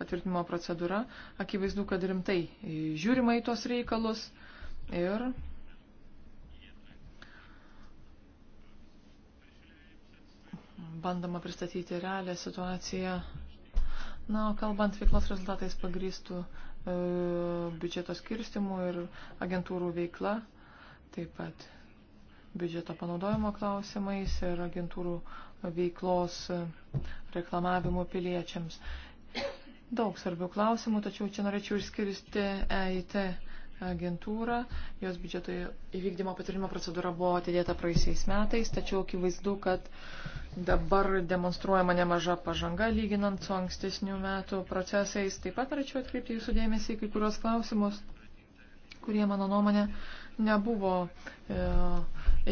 patvirtinimo procedūra. Akivaizdu, kad rimtai žiūrima į tos reikalus ir bandoma pristatyti realią situaciją. Na, o kalbant veiklos rezultatais pagrįstų e, biudžeto skirstimų ir agentūrų veikla, taip pat biudžeto panaudojimo klausimais ir agentūrų veiklos e, reklamavimu piliečiams. Daug svarbių klausimų, tačiau čia norėčiau išskirsti EIT agentūrą. Jos biudžeto įvykdymo patvirtinimo procedūra buvo atidėta praeisiais metais, tačiau akivaizdu, kad dabar demonstruojama nemaža pažanga lyginant su ankstesnių metų procesais. Taip pat norėčiau atkreipti jūsų dėmesį į kai kurios klausimus, kurie, mano nuomonė, nebuvo e,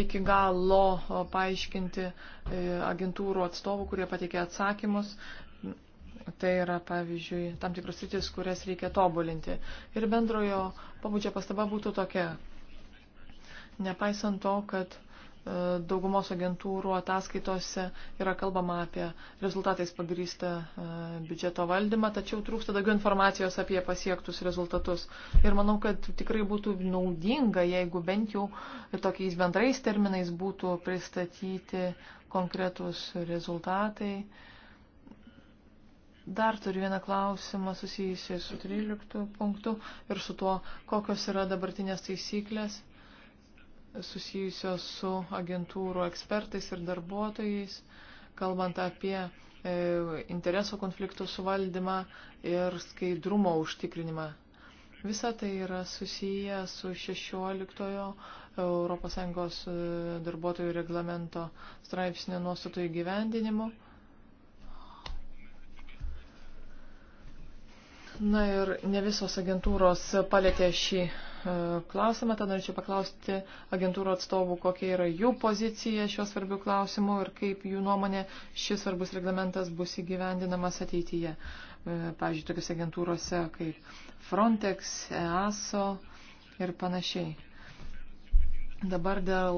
iki galo e, paaiškinti e, agentūrų atstovų, kurie pateikė atsakymus. Tai yra, pavyzdžiui, tam tikros rytis, kurias reikia tobulinti. Ir bendrojo pabudžio pastaba būtų tokia. Nepaisant to, kad e, daugumos agentūrų ataskaitose yra kalbama apie rezultatais pagrįstą e, biudžeto valdymą, tačiau trūksta daugiau informacijos apie pasiektus rezultatus. Ir manau, kad tikrai būtų naudinga, jeigu bent jau tokiais bendrais terminais būtų pristatyti konkretus rezultatai Dar turiu vieną klausimą susijusi su 13 punktu ir su tuo, kokios yra dabartinės taisyklės susijusios su agentūrų ekspertais ir darbuotojais, kalbant apie e, intereso konfliktų suvaldymą ir skaidrumo užtikrinimą. Visa tai yra susiję su 16 ES e, darbuotojų reglamento straipsnio nuostatų įgyvendinimu. Na ir ne visos agentūros palėtė šį e, klausimą, tad norėčiau paklausti agentūrų atstovų, kokia yra jų pozicija šiuo svarbiu klausimu ir kaip jų nuomonė šis svarbus reglamentas bus įgyvendinamas ateityje. E, pavyzdžiui, tokiuose agentūrose kaip Frontex, EASO ir panašiai. Dabar dėl,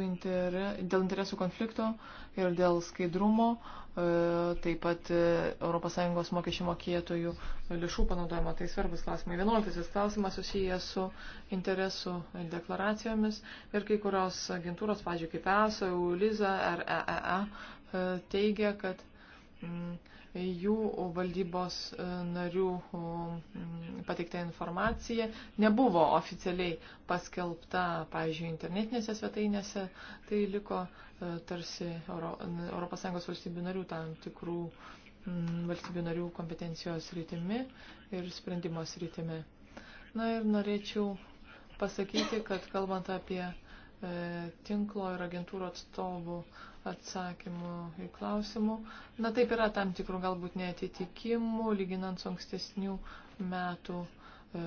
inter... dėl interesų konflikto ir dėl skaidrumo, e, taip pat e, ES mokesčių mokėtojų lėšų panaudojimo, tai svarbus klausimai. Vienuoliktasis klausimas susijęs su interesų deklaracijomis ir kai kurios agentūros, pažiūrėjau, kaip ESO, EULIZA ar EEE, e, teigia, kad mm, jų valdybos e, narių pateikta informacija nebuvo oficialiai paskelbta, pavyzdžiui, internetinėse svetainėse, tai liko e, tarsi ES valstybių narių tam tikrų valstybių narių kompetencijos rytimi ir sprendimo rytimi. Na ir norėčiau pasakyti, kad kalbant apie e, tinklo ir agentūrų atstovų atsakymų į klausimų. Na taip yra tam tikrų galbūt netitikimų, lyginant su ankstesnių metų e,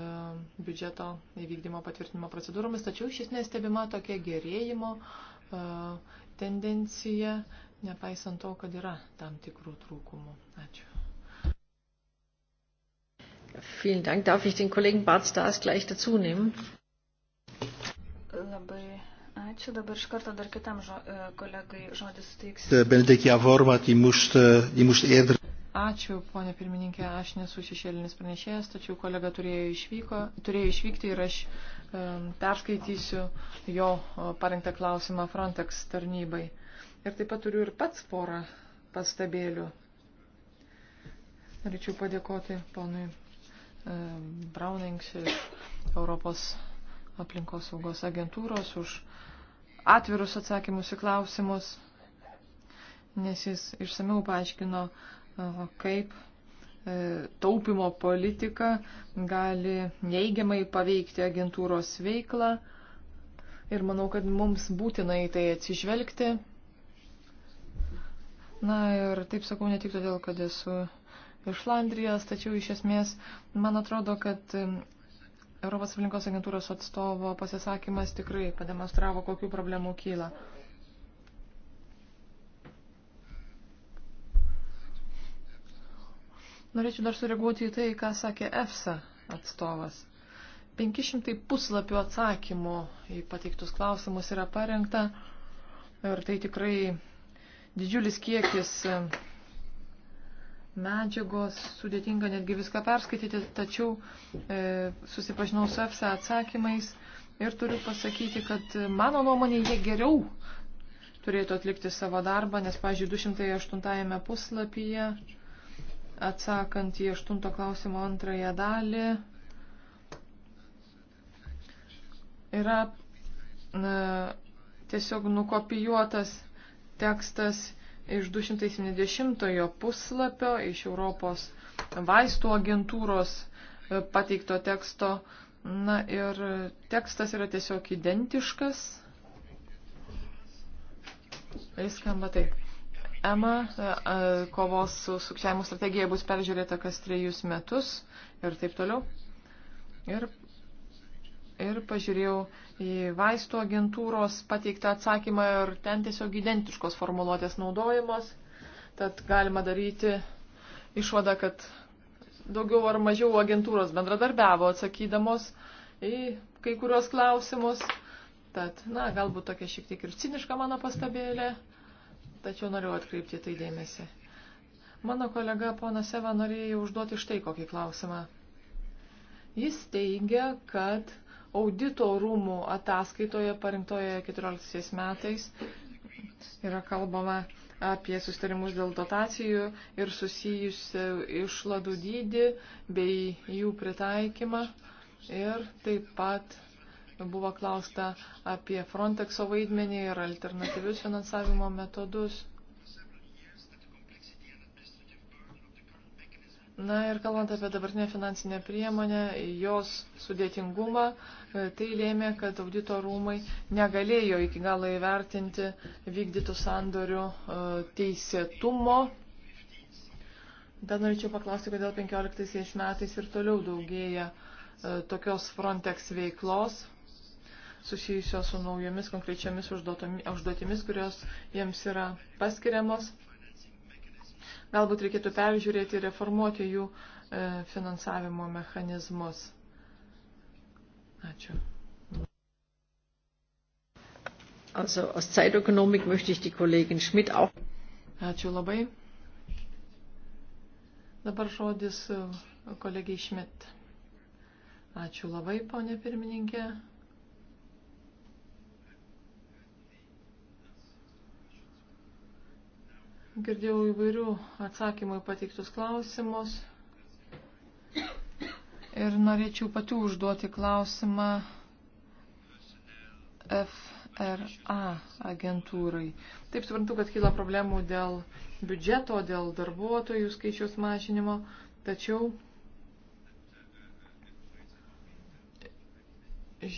biudžeto įvykdymo patvirtinimo procedūromis, tačiau iš esmės stebima tokia gerėjimo e, tendencija, nepaisant to, kad yra tam tikrų trūkumų. Ačiū. Vielen Dank. Darf ich den Kollegen Bart Stars gleich dazu nehmen? Labai Ačiū, dabar iš karto dar kitam žo, e, kolegai žodis suteiksiu. E, Ačiū, ponė pirmininkė, aš nesu šešėlinis pranešėjas, tačiau kolega turėjo, išvyko, turėjo išvykti ir aš um, perskaitysiu jo parengtą klausimą Frontex tarnybai. Ir taip pat turiu ir pats porą pastabėlių. Norėčiau padėkoti ponui um, Braunings iš Europos aplinkos saugos agentūros už atvirus atsakymus į klausimus, nes jis išsameu paaiškino, kaip e, taupimo politika gali neigiamai paveikti agentūros veiklą. Ir manau, kad mums būtina į tai atsižvelgti. Na ir taip sakau ne tik todėl, kad esu iš Landrijos, tačiau iš esmės man atrodo, kad Europos aplinkos agentūros atstovo pasisakymas tikrai pademonstravo, kokių problemų kyla. Norėčiau dar sureaguoti į tai, ką sakė EFSA atstovas. 500 puslapių atsakymų į pateiktus klausimus yra parengta ir tai tikrai didžiulis kiekis medžiagos, sudėtinga netgi viską perskaityti, tačiau e, susipažinau su EFSA atsakymais ir turiu pasakyti, kad mano nuomonė jie geriau turėtų atlikti savo darbą, nes, pažiūrėjau, 208 puslapyje, atsakant į 8 klausimo antrąją dalį, yra na, tiesiog nukopijuotas tekstas iš 270 puslapio, iš Europos vaistų agentūros e, pateikto teksto. Na ir tekstas yra tiesiog identiškas. Jis skamba taip. EMA e, e, kovos su sukčiavimu strategija bus peržiūrėta kas trejus metus ir taip toliau. Ir, ir pažiūrėjau vaistų agentūros pateiktą atsakymą ir ten tiesiog identiškos formuluotės naudojamos. Tad galima daryti išvadą, kad daugiau ar mažiau agentūros bendradarbiavo atsakydamos į kai kurios klausimus. Tad, na, galbūt tokia šiek tiek ir ciniška mano pastabėlė, tačiau noriu atkreipti tai dėmesį. Mano kolega ponas Eva norėjo užduoti štai kokį klausimą. Jis teigia, kad audito rūmų ataskaitoje parinktoje 14 metais yra kalbama apie sustarimus dėl dotacijų ir susijusių išladų dydį bei jų pritaikymą. Ir taip pat buvo klausta apie Frontexo vaidmenį ir alternatyvius finansavimo metodus. Na ir kalbant apie dabartinę finansinę priemonę, jos sudėtingumą, e, tai lėmė, kad audito rūmai negalėjo iki galo įvertinti vykdytų sandorių e, teisėtumo. Dar norėčiau paklausti, kodėl 15 metais ir toliau daugėja e, tokios Frontex veiklos susijusios su naujomis konkrečiomis užduotimis, kurios jiems yra paskiriamos. Galbūt reikėtų peržiūrėti ir reformuoti jų e, finansavimo mechanizmus. Ačiū. Also aus Zeitökonomik möchte ich die Kollegin Schmidt auch. Ačiū labai. Dabar žodis e, kolegiai Šmit. Ačiū labai, ponė pirmininkė. Girdėjau įvairių atsakymų į pateiktus klausimus. Ir norėčiau pati užduoti klausimą FRA agentūrai. Taip suprantu, kad kyla problemų dėl biudžeto, dėl darbuotojų skaičiaus mažinimo, tačiau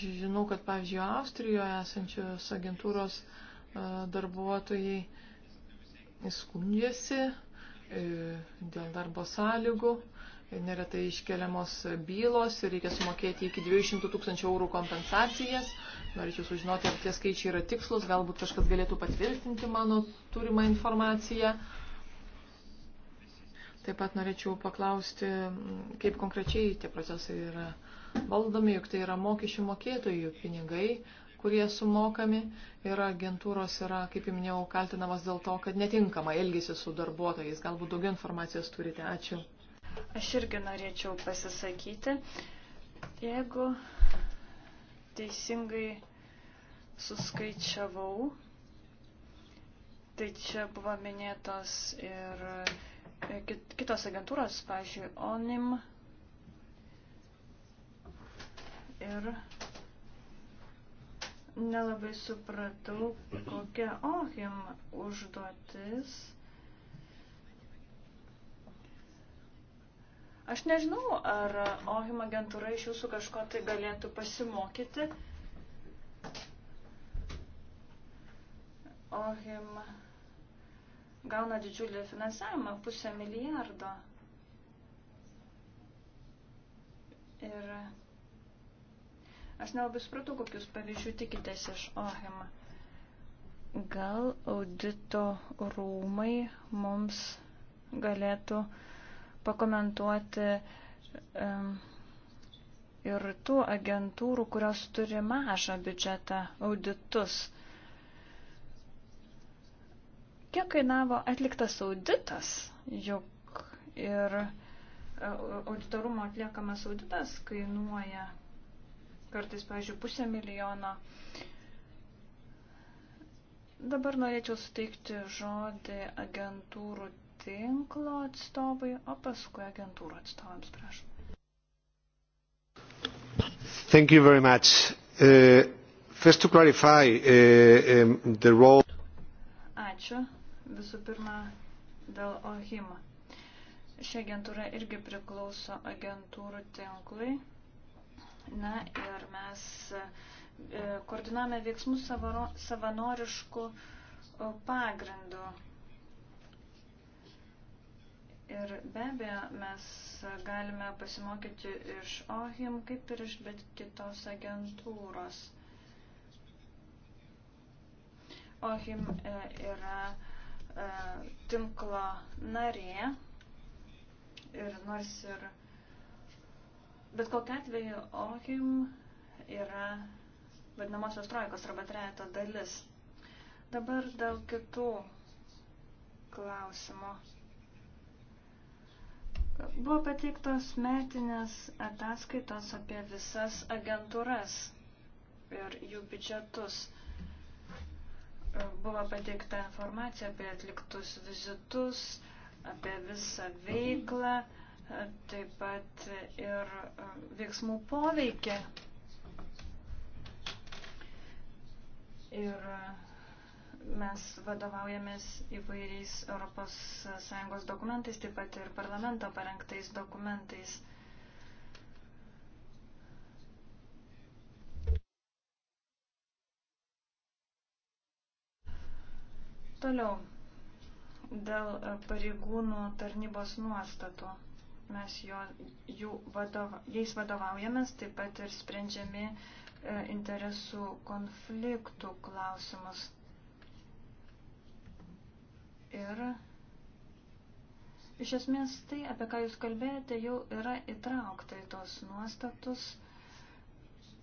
žinau, kad pavyzdžiui, Austrijoje esančios agentūros e, darbuotojai skundžiasi e, dėl darbo sąlygų, neretai iškeliamos bylos ir reikia sumokėti iki 200 tūkstančių eurų kompensacijas. Norėčiau sužinoti, ar tie skaičiai yra tikslus, galbūt kažkas galėtų patvirtinti mano turimą informaciją. Taip pat norėčiau paklausti, kaip konkrečiai tie procesai yra valdomi, juk tai yra mokesčių mokėtojų pinigai, kurie sumokami ir agentūros yra, kaip jau minėjau, kaltinamas dėl to, kad netinkama elgesi su darbuotojais. Galbūt daugiau informacijos turite. Ačiū. Aš irgi norėčiau pasisakyti. Jeigu teisingai suskaičiavau, tai čia buvo minėtos ir e, kitos agentūros, pavyzdžiui, ONIM ir nelabai supratau, kokia Ohim užduotis. Aš nežinau, ar Ohim agentūra iš jūsų kažko tai galėtų pasimokyti. Ohim gauna didžiulį finansavimą, pusę milijardo. Ir Aš nelabai supratau, kokius pavyzdžių tikitės iš Ohima. Gal audito rūmai mums galėtų pakomentuoti um, ir tų agentūrų, kurios turi mažą biudžetą auditus. Kiek kainavo atliktas auditas, juk ir e, auditorumo atliekamas auditas kainuoja kartais, pavyzdžiui, pusę milijono. Dabar norėčiau suteikti žodį agentūrų tinklo atstovai, o paskui agentūrų atstovams, prašom. Thank you very much. Uh, first to clarify uh, um, the role. Ačiū. Visų pirma, dėl OHIMA. Ši agentūra irgi priklauso agentūrų tinklui. Na ir mes e, koordinuojame veiksmus savanoriškų e, pagrindų. Ir be abejo, mes galime pasimokyti iš OHIM, kaip ir iš bet kitos agentūros. OHIM e, yra tinklo narė ir nors ir Bet kokia atveju OHIM yra vadinamosios trojkos arba trejato dalis. Dabar dėl kitų klausimų. Buvo pateiktos metinės ataskaitos apie visas agentūras ir jų biudžetus. Buvo pateikta informacija apie atliktus vizitus, apie visą veiklą. Mm taip pat ir e, veiksmų poveikį. Ir e, mes vadovaujamės įvairiais ES dokumentais, taip pat ir parlamento parengtais dokumentais. Toliau, dėl e, pareigūnų tarnybos nuostatų mes jo, jų vadova, jais vadovaujamės, taip pat ir sprendžiami e, interesų konfliktų klausimus. Ir iš esmės tai, apie ką jūs kalbėjote, jau yra įtraukta į tos nuostatus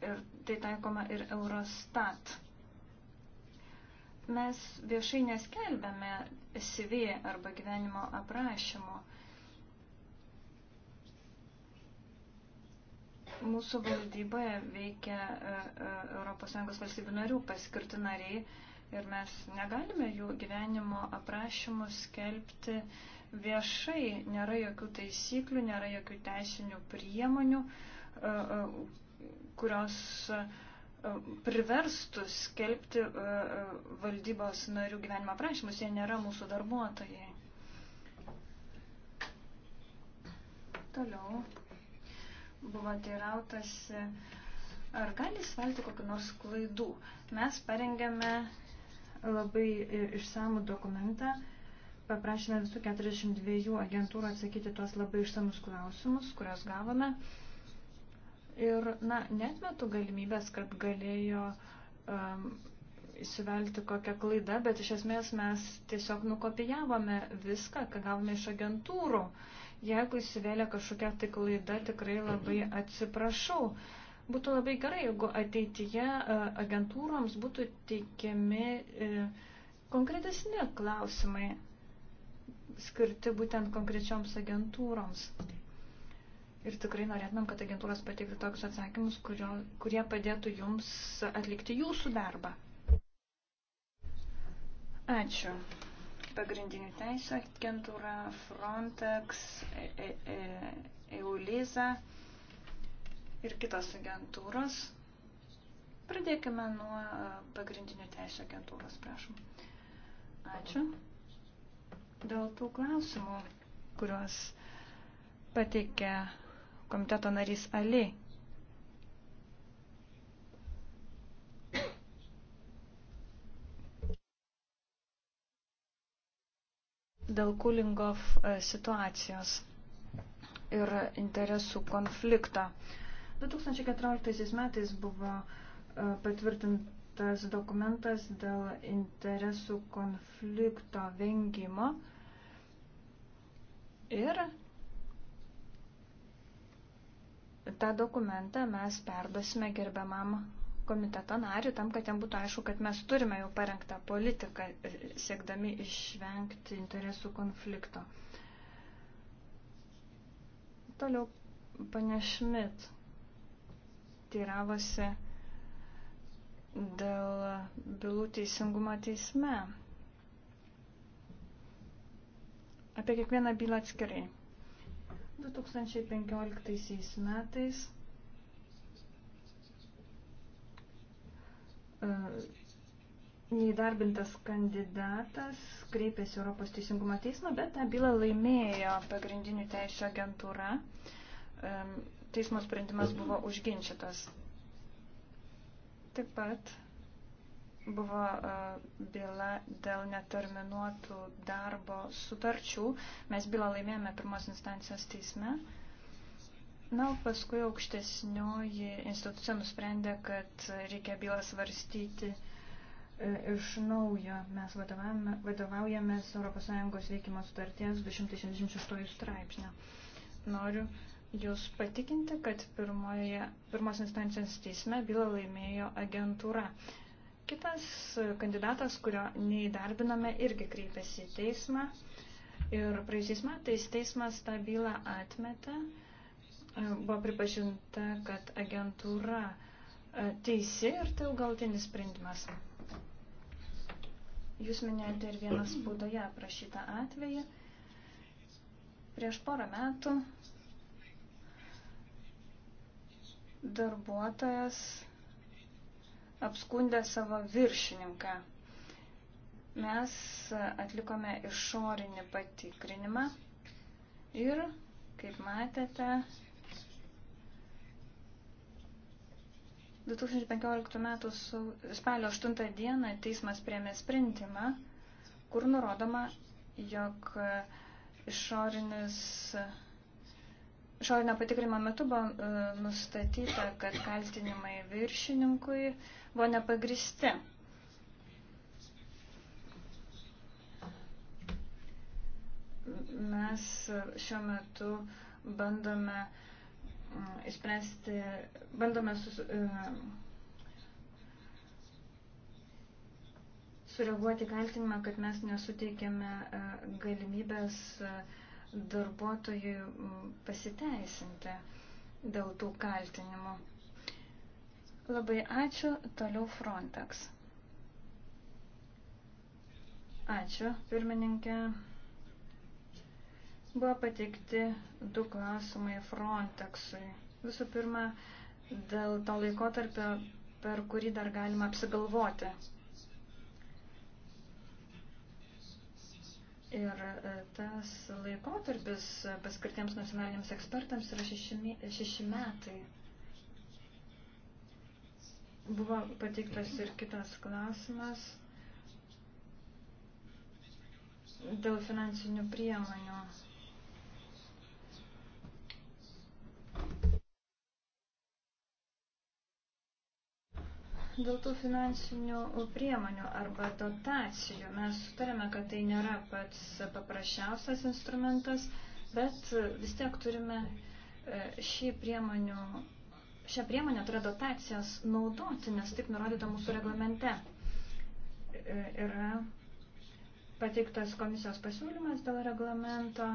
ir tai taikoma ir Eurostat mes viešai neskelbėme CV arba gyvenimo aprašymo. Mūsų valdyboje veikia ES e, valstybių narių paskirti nariai ir mes negalime jų gyvenimo aprašymų skelbti viešai. Nėra jokių taisyklių, nėra jokių teisinių priemonių, e, e, kurios priverstų skelbti valdybos narių gyvenimo aprašymus. Jie nėra mūsų darbuotojai. Toliau buvo teirautasi, ar gali jis valgyti kokiu nors klaidų. Mes parengėme labai e, išsamų dokumentą, paprašėme visų 42 agentūrų atsakyti tuos labai išsamus klausimus, kuriuos gavome. Ir, na, netmetu galimybės, kad galėjo um, įsivelti kokią klaidą, bet iš esmės mes tiesiog nukopijavome viską, ką gavome iš agentūrų. Uh, Jeigu įsivėlė kažkokia tai klaida, tikrai labai atsiprašau. Būtų labai gerai, jeigu ateityje e, agentūroms būtų teikiami e, konkretesni klausimai skirti būtent konkrečioms agentūroms. Ir tikrai norėtumėm, kad agentūros pateiktų tokius atsakymus, kurio, kurie padėtų jums atlikti jūsų darbą. Ačiū pagrindinių teisų agentūra, Frontex, e, e, e, EULIZA ir kitos agentūros. Pradėkime nuo pagrindinių teisų agentūros, prašom. Ačiū. Dėl tų klausimų, kuriuos pateikė komiteto narys Ali dėl Kulingov e, situacijos ir interesų konflikto. 2014 metais buvo e, patvirtintas dokumentas dėl interesų konflikto vengimo ir tą dokumentą mes perduosime gerbiamam komiteto narį, tam, kad jam būtų aišku, kad mes turime jau parengtą politiką, e, siekdami išvengti interesų konflikto. Toliau pane Šmit tyravosi dėl bylų teisingumo teisme. Apie kiekvieną bylą atskirai. 2015 metais E, neįdarbintas kandidatas kreipėsi Europos teisingumo teismą, bet tą bylą laimėjo pagrindinių teisų agentūra. E, teismo sprendimas buvo užginčytas. Taip pat buvo e, byla dėl neterminuotų darbo sutarčių. Mes bylą laimėjome pirmos instancijos teisme. Na, paskui aukštesnioji institucija nusprendė, kad reikia bylą svarstyti e, iš naujo. Mes vadovaujamės ES veikimo sutarties 266 straipsnio. Noriu Jūs patikinti, kad pirmoje, pirmos instancijos teisme bylą laimėjo agentūra. Kitas kandidatas, kurio neįdarbiname, irgi kreipėsi į teismą. Ir praeisiais metais teismas tą bylą atmetė. Buvo pripažinta, kad agentūra e, teisi ir tai galtinis sprendimas. Jūs minėjote ir vieną spaudoje aprašytą atvejį. Prieš porą metų darbuotojas apskundė savo viršininką. Mes atlikome išorinį patikrinimą ir, kaip matėte, 2015 m. spalio 8 d. teismas priemė sprendimą, kur nurodoma, jog e, išorinis, išorinio patikrimo metu buvo e, nustatyta, kad kaltinimai viršininkui buvo nepagristi. Mes šiuo metu bandome uh, išspręsti, bandome sus, sureaguoti kaltinimą, kad mes nesuteikėme galimybės darbuotojui pasiteisinti dėl tų kaltinimų. Labai ačiū, toliau Frontex. Ačiū, pirmininkė. Buvo pateikti du klausimai Frontexui. Visų pirma, dėl to laikotarpio, per kurį dar galima apsigalvoti. Ir e, tas laikotarpis paskirtiems nacionaliniams ekspertams yra šeši, šeši metai. Buvo pateiktas ir kitas klausimas dėl finansinių priemonių. Dėl tų finansinių priemonių arba dotacijų mes sutarėme, kad tai nėra pats paprasčiausias instrumentas, bet vis tiek turime e, šį priemonių, šią priemonę, tai yra dotacijas, naudoti, nes taip nurodyta mūsų reglamente. E, yra pateiktas komisijos pasiūlymas dėl reglamento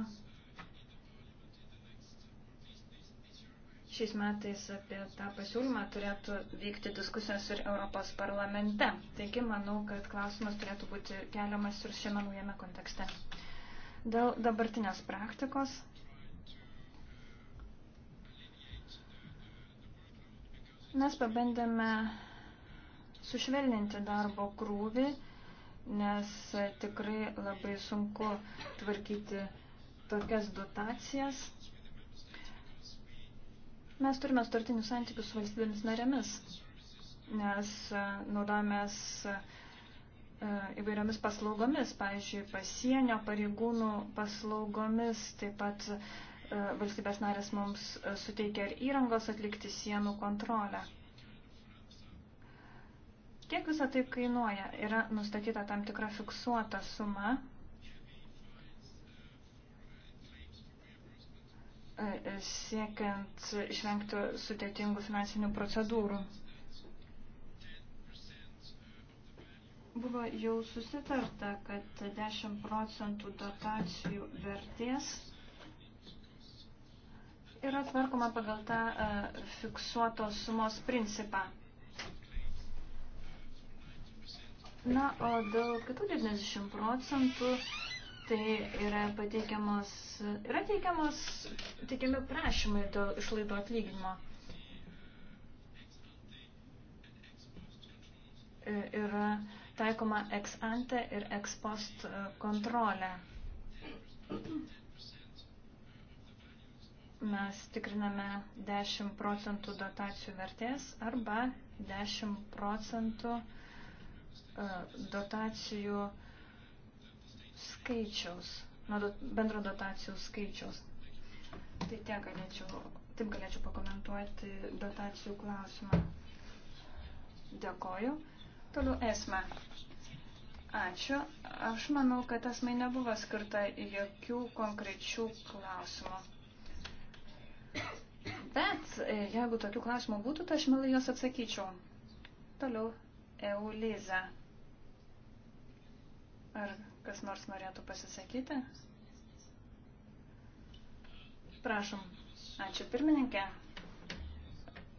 šiais metais apie tą pasiūlymą turėtų vykti diskusijos ir Europos parlamente. Taigi manau, kad klausimas turėtų būti keliamas ir šiame naujame kontekste. Dėl dabartinės praktikos. Mes pabandėme sušvelninti darbo krūvį, nes tikrai labai sunku tvarkyti tokias dotacijas Mes turime startinius santykius su valstybėmis narėmis, nes e, naudojamės e, įvairiomis paslaugomis, pavyzdžiui, pasienio pareigūnų paslaugomis, taip pat e, valstybės narės mums suteikia ir įrangos atlikti sienų kontrolę. Kiek visą tai kainuoja? Yra nustatyta tam tikra fiksuota suma siekiant išvengti sudėtingų finansinių procedūrų. Buvo jau susitarta, kad 10 procentų dotacijų vertės yra tvarkoma pagal tą e, fiksuotos sumos principą. Na, o dėl kitų 90 procentų tai yra pateikiamos, yra teikiamos, teikiami prašymai dėl išlaidų atlyginimo. E, yra taikoma ex ante ir ex post kontrolė. Mes tikriname 10 procentų dotacijų vertės arba 10 procentų e, dotacijų vertės skaičiaus, nuo bendro dotacijų skaičiaus. Tai tiek galėčiau, taip galėčiau pakomentuoti dotacijų klausimą. Dėkoju. Toliau esmė. Ačiū. Aš manau, kad esmai nebuvo skirta jokių konkrečių klausimų. Bet e, jeigu tokių klausimų būtų, tai aš mielai jos atsakyčiau. Toliau Euliza. Ar Kas nors norėtų pasisakyti? Prašom. Ačiū pirmininkė.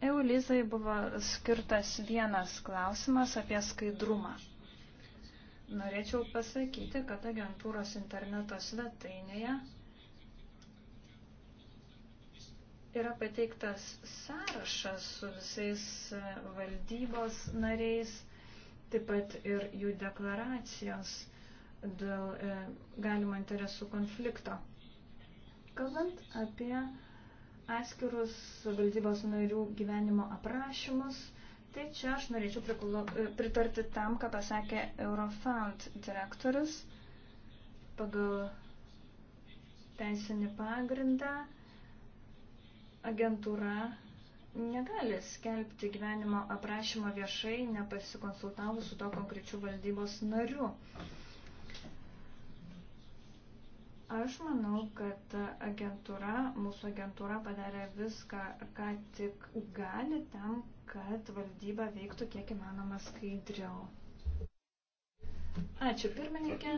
Eulizai buvo skirtas vienas klausimas apie skaidrumą. Norėčiau pasakyti, kad agentūros interneto svetainėje yra pateiktas sąrašas su visais valdybos nariais, taip pat ir jų deklaracijos dėl e, galimo interesų konflikto. Kalbant apie atskirus valdybos narių gyvenimo aprašymus, tai čia aš norėčiau prikulo, e, pritarti tam, ką pasakė Eurofund direktorius pagal teisinį pagrindą agentūra negali skelbti gyvenimo aprašymo viešai, nepasikonsultavus su to konkrečiu valdybos nariu. Uh, Aš manau, kad agentūra, mūsų agentūra padarė viską, ką tik gali tam, kad valdyba veiktų kiek įmanoma skaidriau. Ačiū pirmininkė.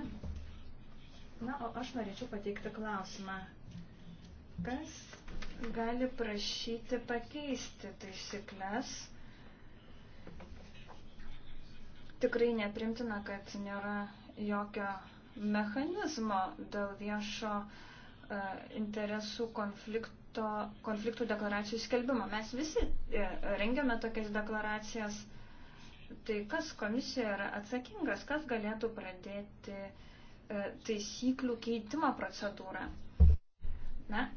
Na, o aš norėčiau pateikti klausimą. Kas gali prašyti pakeisti taisyklės? Tikrai neprimtina, kad nėra jokio mechanizmo dėl viešo e, interesų konflikto, konfliktų deklaracijų skelbimo. Mes visi e, rengiame tokias deklaracijas. Tai kas komisija yra atsakingas, kas galėtų pradėti e, taisyklių keitimo procedūrą? Na,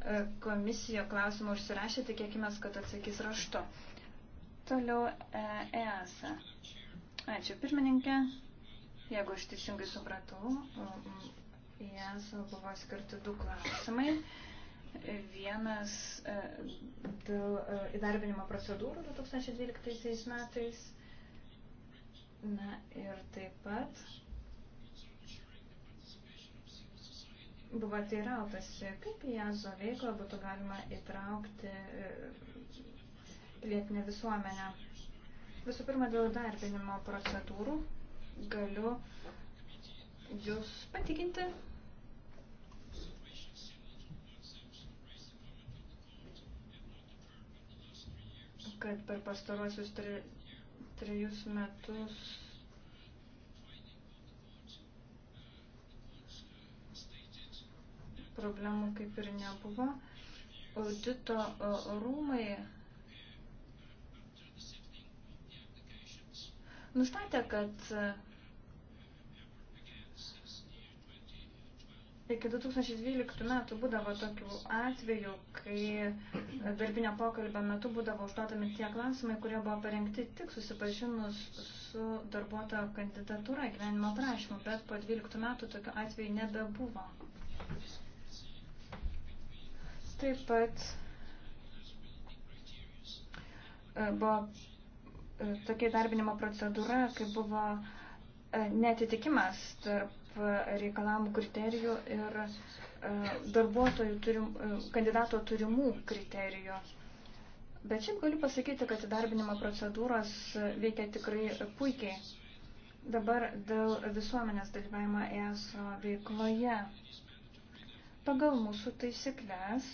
komisija klausimą užsirašė, tikėkime, kad atsakys raštu. Toliau EASA. Ačiū pirmininkė. Jeigu aš teisingai supratau, mm, mm, jas buvo skirti du klausimai. Vienas e, dėl e, įdarbinimo procedūrų 2012 metais. Na ir taip pat buvo teirautasi, kaip į JAZO veiklą būtų galima įtraukti e, pilietinę visuomenę. Visų pirma, dėl darbinimo procedūrų galiu jūs patikinti. kad per pastaruosius tre, trejus metus problemų kaip ir nebuvo. Audito e, rūmai nustatė, kad e, iki 2012 metų būdavo tokių atvejų, kai darbinio pokalbio metu būdavo užduodami tie klausimai, kurie buvo parengti tik susipažinus su darbuotojo kandidatūra gyvenimo prašymu, bet po 12 metų tokių atvejų nebebuvo. Taip pat e, buvo tokia įdarbinimo procedūra, kai buvo e, netitikimas tarp e, reikalamų kriterijų ir e, darbuotojų turim, kandidato turimų kriterijų. Bet šiaip galiu pasakyti, kad įdarbinimo procedūros veikia tikrai puikiai. Dabar dėl visuomenės dalyvavimo ESO veikloje. Pagal mūsų taisyklės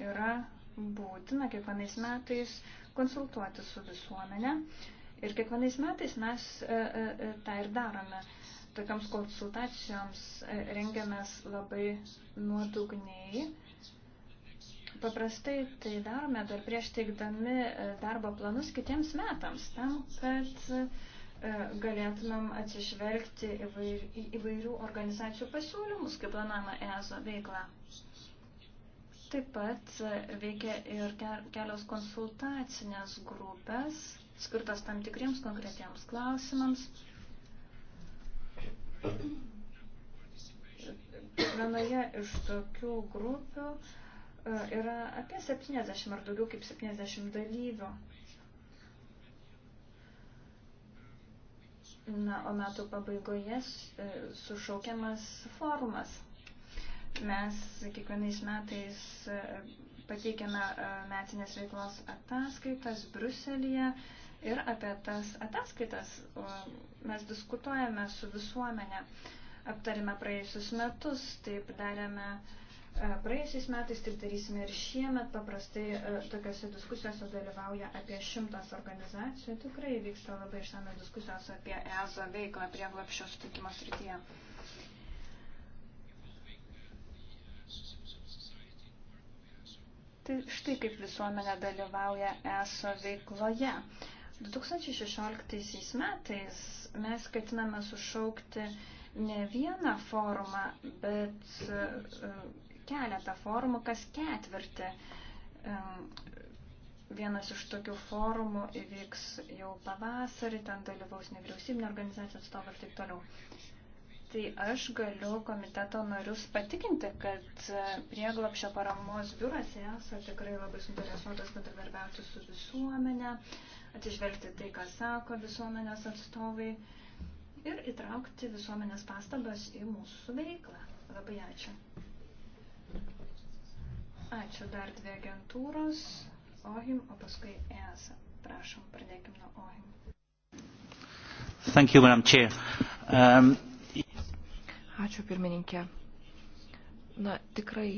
yra būtina kiekvienais metais konsultuoti su visuomenė. Ir kiekvienais metais mes e, e, e, tą ir darome. Tokiams konsultacijoms rengiamės labai nuodugniai. Paprastai tai darome dar prieš teikdami darbo planus kitiems metams, tam, kad galėtumėm atsižvelgti įvairių organizacijų pasiūlymus, kaip planuojama ESO veikla. Taip pat veikia ir kelios konsultacinės grupės, skirtos tam tikriems konkretiems klausimams. Vienoje iš tokių grupių e, yra apie 70 ar daugiau kaip 70 dalyvių. Na, o metų pabaigoje e, sušaukiamas forumas. Mes kiekvienais metais e, pateikiame e, metinės veiklos ataskaitas Bruselėje ir apie tas ataskaitas mes diskutuojame su visuomenė, aptarime praėjusius metus, taip darėme e, praėjusiais metais, taip darysime ir šiemet, paprastai tokiuose diskusijose dalyvauja apie šimtas organizacijų, tikrai vyksta labai išsame diskusijos apie EZO veiklą prieglapščio sutikimo srityje. tai štai kaip visuomenė dalyvauja ESO veikloje. 2016 metais mes ketiname sušaukti ne vieną forumą, bet e, keletą forumų kas ketvirtį. E, vienas iš tokių forumų įvyks jau pavasarį, ten dalyvaus nevyriausybinio organizacijos atstovai ir taip toliau. Tai aš galiu komiteto narius patikinti, kad prieglapšio paramos biuras ESA tikrai labai suinteresuotas bendradarbiauti su visuomenė, atsižvelgti tai, ką sako visuomenės atstovai ir įtraukti visuomenės pastabas į mūsų veiklą. Labai ačiū. Ačiū dar dvi agentūros, OHIM, o paskui ESA. Prašom, pradėkim nuo OHIM. Thank you, Madam Chair. Um, Ačiū pirmininkė. Na, tikrai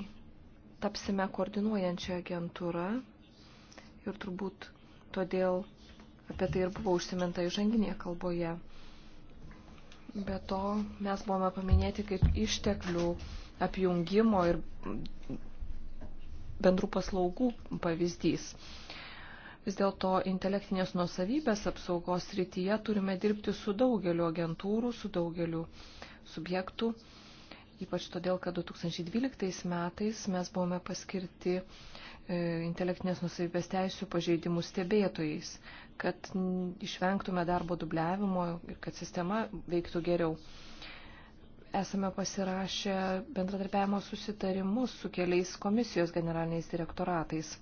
tapsime koordinuojančią agentūrą ir turbūt todėl apie tai ir buvo užsiminta įžanginėje kalboje. Be to, mes buvome paminėti kaip išteklių apjungimo ir bendrų paslaugų pavyzdys. Vis dėlto intelektinės nuosavybės apsaugos rytyje turime dirbti su daugeliu agentūrų, su daugeliu uh, subjektų, ypač todėl, kad 2012 metais mes buvome paskirti e, intelektinės nusavybės teisų pažeidimų stebėtojais, kad išvengtume darbo dubliavimo ir kad sistema veiktų geriau. Esame pasirašę bendradarbiavimo susitarimus su keliais komisijos generaliniais direktoratais.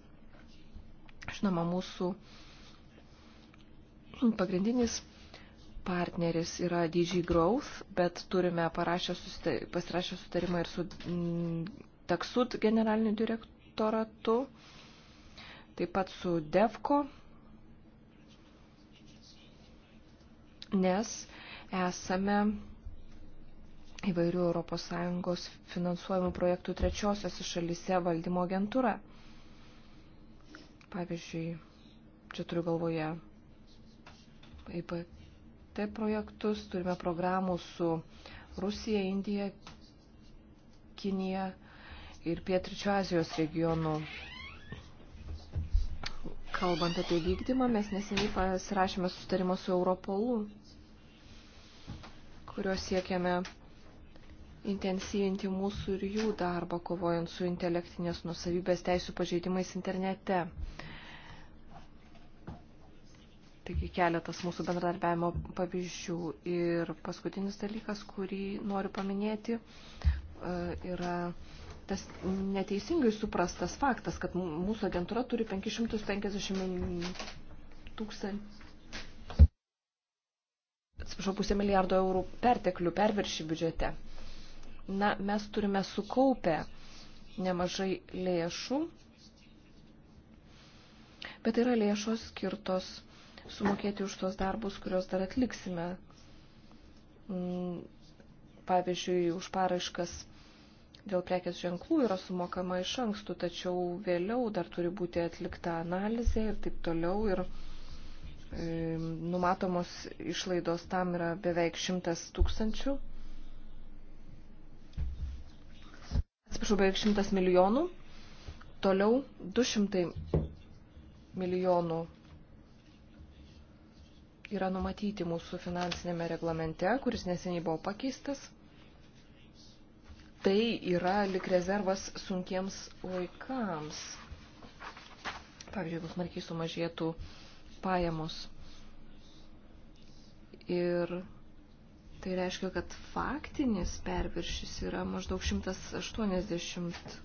Žinoma, mūsų pagrindinis partneris yra DG Growth, bet turime pasirašę sutarimą ir su mm, Taksut generaliniu direktoratu, taip pat su DEVCO, nes esame įvairių ES finansuojamų projektų trečiosiose šalise valdymo agentūra. Pavyzdžiui, čia turiu galvoje IPK ICT projektus, turime programų su Rusija, Indija, Kinija ir Pietričio Azijos regionu. Kalbant apie vykdymą, mes neseniai pasirašėme sustarimą su Europolu, kurio siekiame intensyvinti mūsų ir jų darbą, kovojant su intelektinės nusavybės teisų pažeidimais internete. Taigi keletas mūsų bendradarbiavimo pavyzdžių. Ir paskutinis dalykas, kurį noriu paminėti, e, yra tas neteisingai suprastas faktas, kad mūsų agentūra turi 550 tūkstančių. Atsiprašau, pusę milijardo eurų perteklių perviršį biudžete. Na, mes turime sukaupę nemažai lėšų, bet yra lėšos skirtos sumokėti už tuos darbus, kuriuos dar atliksime. Mm, pavyzdžiui, už paraškas dėl prekės ženklų yra sumokama iš ankstų, tačiau vėliau dar turi būti atlikta analizė ir taip toliau. Ir e, numatomos išlaidos tam yra beveik 100 tūkstančių. Atsiprašau, beveik 100 milijonų. Toliau 200 milijonų yra numatyti mūsų finansinėme reglamente, kuris neseniai buvo pakeistas. Tai yra lik rezervas sunkiems laikams. Pavyzdžiui, jeigu smarkiai sumažėtų pajamos. Ir tai reiškia, kad faktinis perviršis yra maždaug 180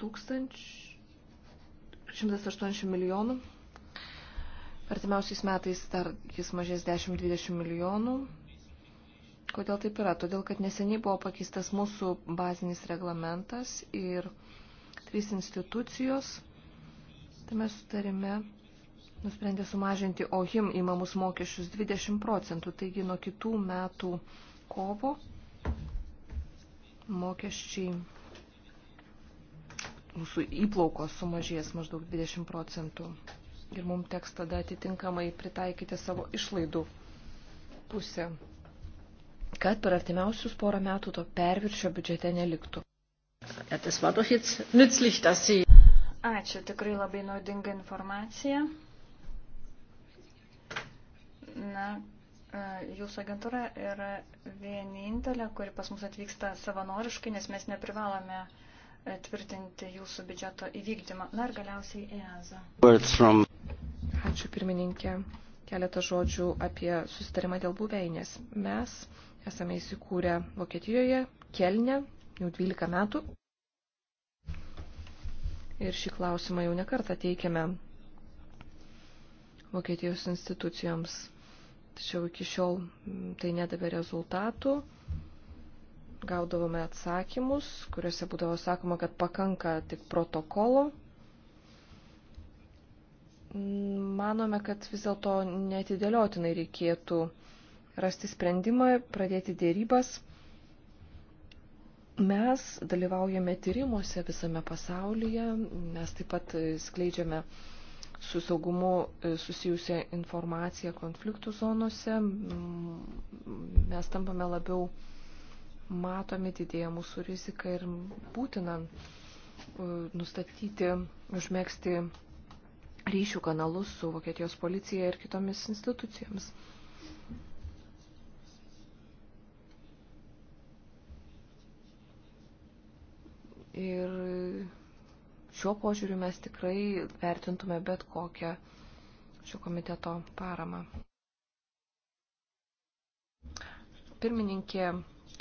tūkstančių, 180 milijonų Artimiausiais metais dar jis mažės 10-20 milijonų. Kodėl taip yra? Todėl, kad neseniai buvo pakeistas mūsų bazinis reglamentas ir trys institucijos tame sutarime nusprendė sumažinti OHIM įmamus mokesčius 20 procentų, taigi nuo kitų metų kovo mokesčiai mūsų įplaukos sumažės maždaug 20 procentų ir mums teks tada atitinkamai pritaikyti savo išlaidų pusę, kad per artimiausius porą metų to perviršio biudžete neliktų. Ačiū, tikrai labai naudinga informacija. Na, e, jūsų agentūra yra vienintelė, kuri pas mus atvyksta savanoriškai, nes mes neprivalome e, tvirtinti jūsų biudžeto įvykdymą. Na ir galiausiai EASA. Ačiū pirmininkė. Keletą žodžių apie susitarimą dėl buveinės. Mes esame įsikūrę Vokietijoje, Kelne, jau 12 metų. Ir šį klausimą jau nekartą teikiame Vokietijos institucijoms. Tačiau iki šiol mm, tai nedavė rezultatų. Gaudavome atsakymus, kuriuose būdavo sakoma, kad pakanka tik protokolo manome, kad vis dėlto netidėliotinai reikėtų rasti sprendimą, pradėti dėrybas. Mes dalyvaujame tyrimuose visame pasaulyje, mes taip pat skleidžiame su saugumu susijusią informaciją konfliktų zonose, mes tampame labiau matomi, didėja mūsų rizika ir būtina uh, nustatyti, užmėgsti ryšių kanalus su Vokietijos policija ir kitomis institucijomis. Ir šiuo požiūriu mes tikrai vertintume bet kokią šio komiteto paramą. Pirmininkė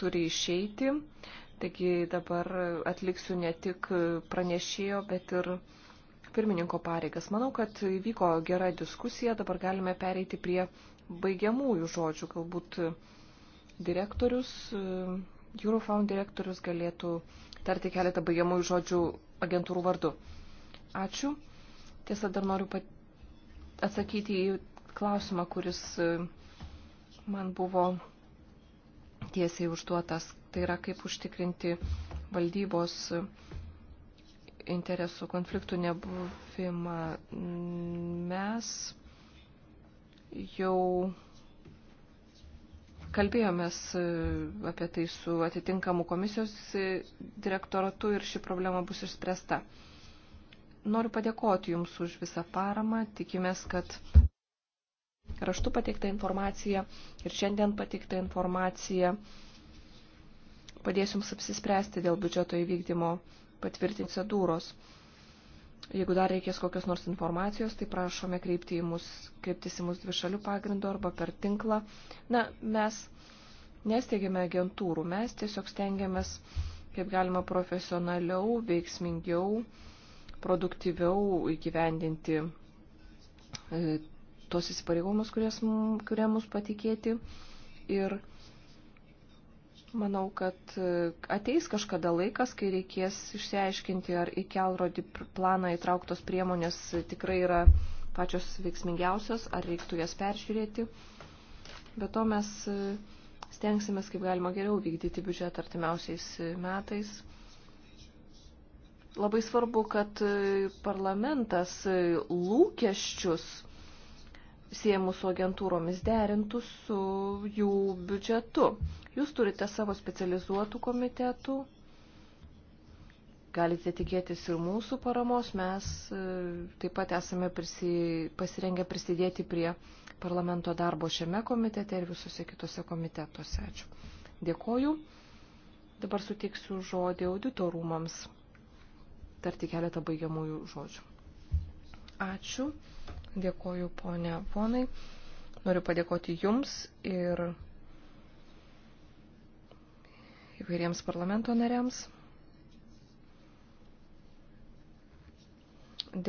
turi išeiti, taigi dabar atliksiu ne tik pranešėjo, bet ir pirmininko pareigas. Manau, kad vyko gera diskusija, dabar galime pereiti prie baigiamųjų žodžių. Galbūt direktorius, e, Eurofound direktorius galėtų tarti keletą baigiamųjų žodžių agentūrų vardu. Ačiū. Tiesa, dar noriu pat... atsakyti į klausimą, kuris e, man buvo tiesiai užduotas. Tai yra, kaip užtikrinti valdybos interesų konfliktų nebuvimą. Mes jau kalbėjomės apie tai su atitinkamu komisijos direktoratu ir ši problema bus išspręsta. Noriu padėkoti Jums už visą paramą. Tikimės, kad raštu pateikta informacija ir šiandien pateikta informacija padės Jums apsispręsti dėl biudžeto įvykdymo patvirtinti procedūros. Jeigu dar reikės kokios nors informacijos, tai prašome kreipti į mus, kreiptis į mus dvišalių pagrindų arba per tinklą. Na, mes nesteigiame agentūrų, mes tiesiog stengiamės, kaip galima profesionaliau, veiksmingiau, produktyviau įgyvendinti e, tuos įsipareigomus, kurie mus patikėti. Ir Manau, kad e, ateis kažkada laikas, kai reikės išsiaiškinti, ar į kelrodį planą įtrauktos priemonės tikrai yra pačios veiksmingiausios, ar reiktų jas peržiūrėti. Be to mes e, stengsime, kaip galima geriau vykdyti biudžetą artimiausiais e, metais. Labai svarbu, kad parlamentas lūkesčius siejamų su agentūromis derintų su jų biudžetu. Jūs turite savo specializuotų komitetų, galite tikėtis ir mūsų paramos, mes e, taip pat esame prisi, pasirengę prisidėti prie parlamento darbo šiame komitete ir visose kitose komitetuose. Ačiū. Dėkoju. Dabar suteiksiu žodį auditorumams. Tarti keletą baigiamųjų žodžių. Ačiū. Dėkoju, ponia ponai. Noriu padėkoti jums ir įvairiems parlamento nariams.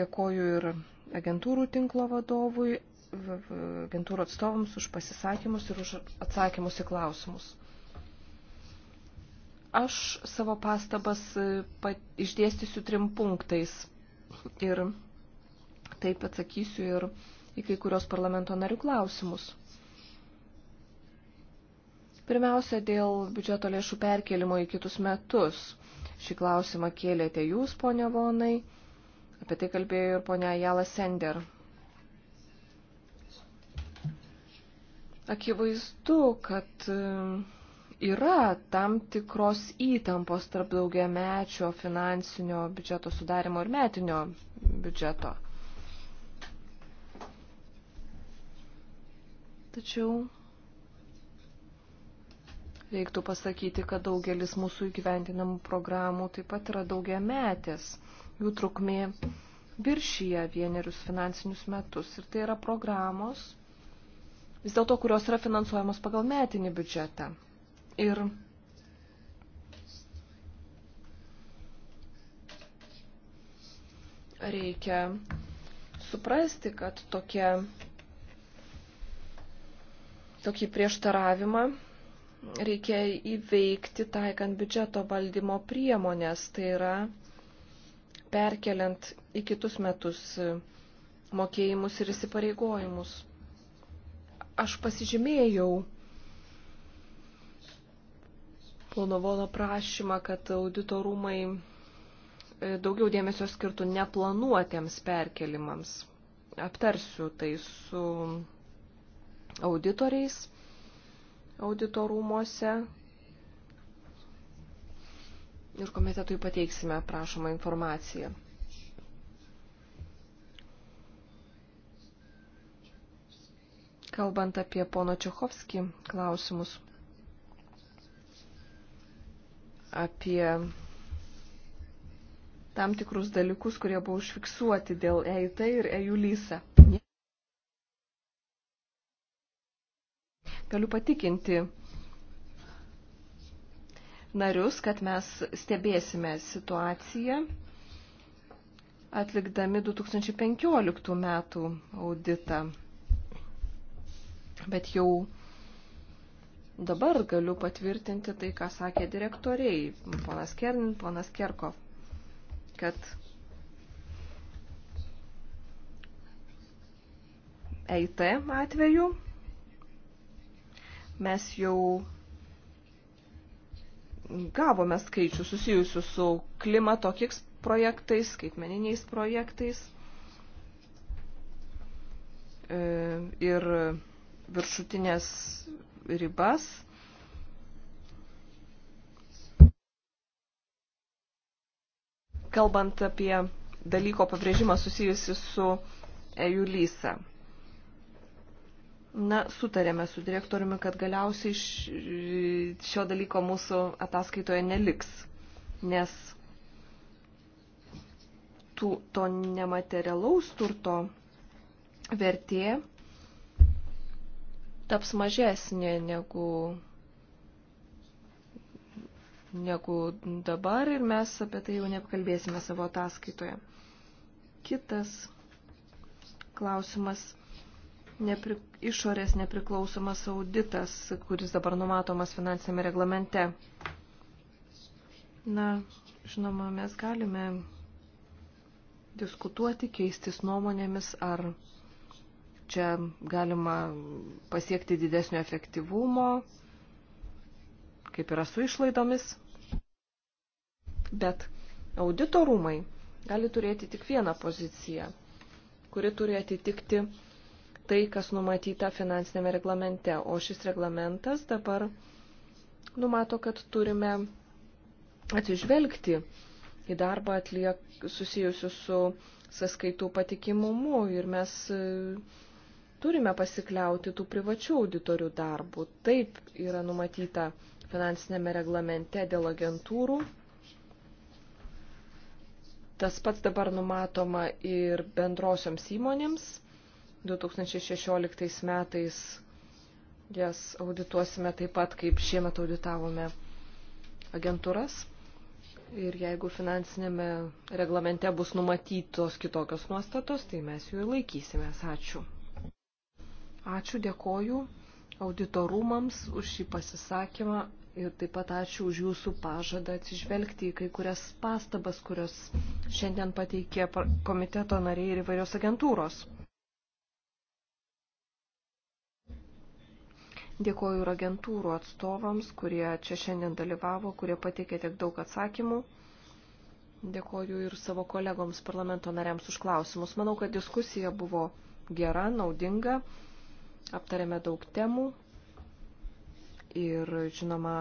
Dėkoju ir agentūrų tinklo vadovui, agentūrų atstovams už pasisakymus ir už atsakymus į klausimus. Aš savo pastabas išdėstysiu trim punktais ir taip atsakysiu ir į kai kurios parlamento narių klausimus. Pirmiausia, dėl biudžeto lėšų perkelimo į kitus metus. Šį klausimą kėlėte jūs, ponia Vonai, apie tai kalbėjo ir ponia Jala Sender. Akivaizdu, kad e, yra tam tikros įtampos tarp daugiamečio finansinio biudžeto sudarimo ir metinio biudžeto. Tačiau reiktų pasakyti, kad daugelis mūsų įgyvendinamų programų taip pat yra daugiametės. Jų trukmė viršyje vienerius finansinius metus. Ir tai yra programos, vis dėlto, kurios yra finansuojamos pagal metinį biudžetą. Ir reikia suprasti, kad tokia tokį prieštaravimą reikia įveikti taikant biudžeto valdymo priemonės, tai yra perkeliant į kitus metus mokėjimus ir įsipareigojimus. Aš pasižymėjau pono Vono prašymą, kad auditorumai e, daugiau dėmesio skirtų neplanuotiems perkelimams. Aptarsiu tai su auditoriais auditorumuose. Ir komitetui pateiksime prašomą informaciją. Kalbant apie pono Čiuchovskį klausimus, apie tam tikrus dalykus, kurie buvo užfiksuoti dėl EIT ir EULISA. Galiu patikinti narius, kad mes stebėsime situaciją atlikdami 2015 metų auditą. Bet jau dabar galiu patvirtinti tai, ką sakė direktoriai, ponas Kernin, ponas Kerkov, kad EIT atveju Mes jau gavome skaičių susijusių su klimato kiks projektais, skaitmeniniais projektais. E, ir viršutinės ribas. Kalbant apie dalyko pabrėžimą susijusi su EULISA. Na, sutarėme su direktoriumi, kad galiausiai šio dalyko mūsų ataskaitoje neliks, nes tų, to nematerialaus turto vertė taps mažesnė negu, negu dabar ir mes apie tai jau neapkalbėsime savo ataskaitoje. Kitas klausimas nepri, išorės nepriklausomas auditas, kuris dabar numatomas finansinėme reglamente. Na, žinoma, mes galime diskutuoti, keistis nuomonėmis, ar čia galima pasiekti didesnio efektyvumo, kaip yra su išlaidomis. Bet auditorumai gali turėti tik vieną poziciją, kuri turi atitikti tai, kas numatyta finansinėme reglamente. O šis reglamentas dabar numato, kad turime atsižvelgti į darbą atliek, susijusiu su sąskaitų patikimumu ir mes e, turime pasikliauti tų privačių auditorių darbų. Taip yra numatyta finansinėme reglamente dėl agentūrų. Tas pats dabar numatoma ir bendrosioms įmonėms. 2016 metais jas audituosime taip pat, kaip šiemet auditavome agentūras. Ir jeigu finansinėme reglamente bus numatytos kitokios nuostatos, tai mes jų ir laikysimės. Ačiū. Ačiū, dėkoju auditorumams už šį pasisakymą ir taip pat ačiū už jūsų pažadą atsižvelgti į kai kurias pastabas, kurios šiandien pateikė komiteto nariai ir įvairios agentūros. Dėkoju ir agentūrų atstovams, kurie čia šiandien dalyvavo, kurie pateikė tiek daug atsakymų. Dėkoju ir savo kolegoms parlamento nariams už klausimus. Manau, kad diskusija buvo gera, naudinga, aptarėme daug temų ir, žinoma,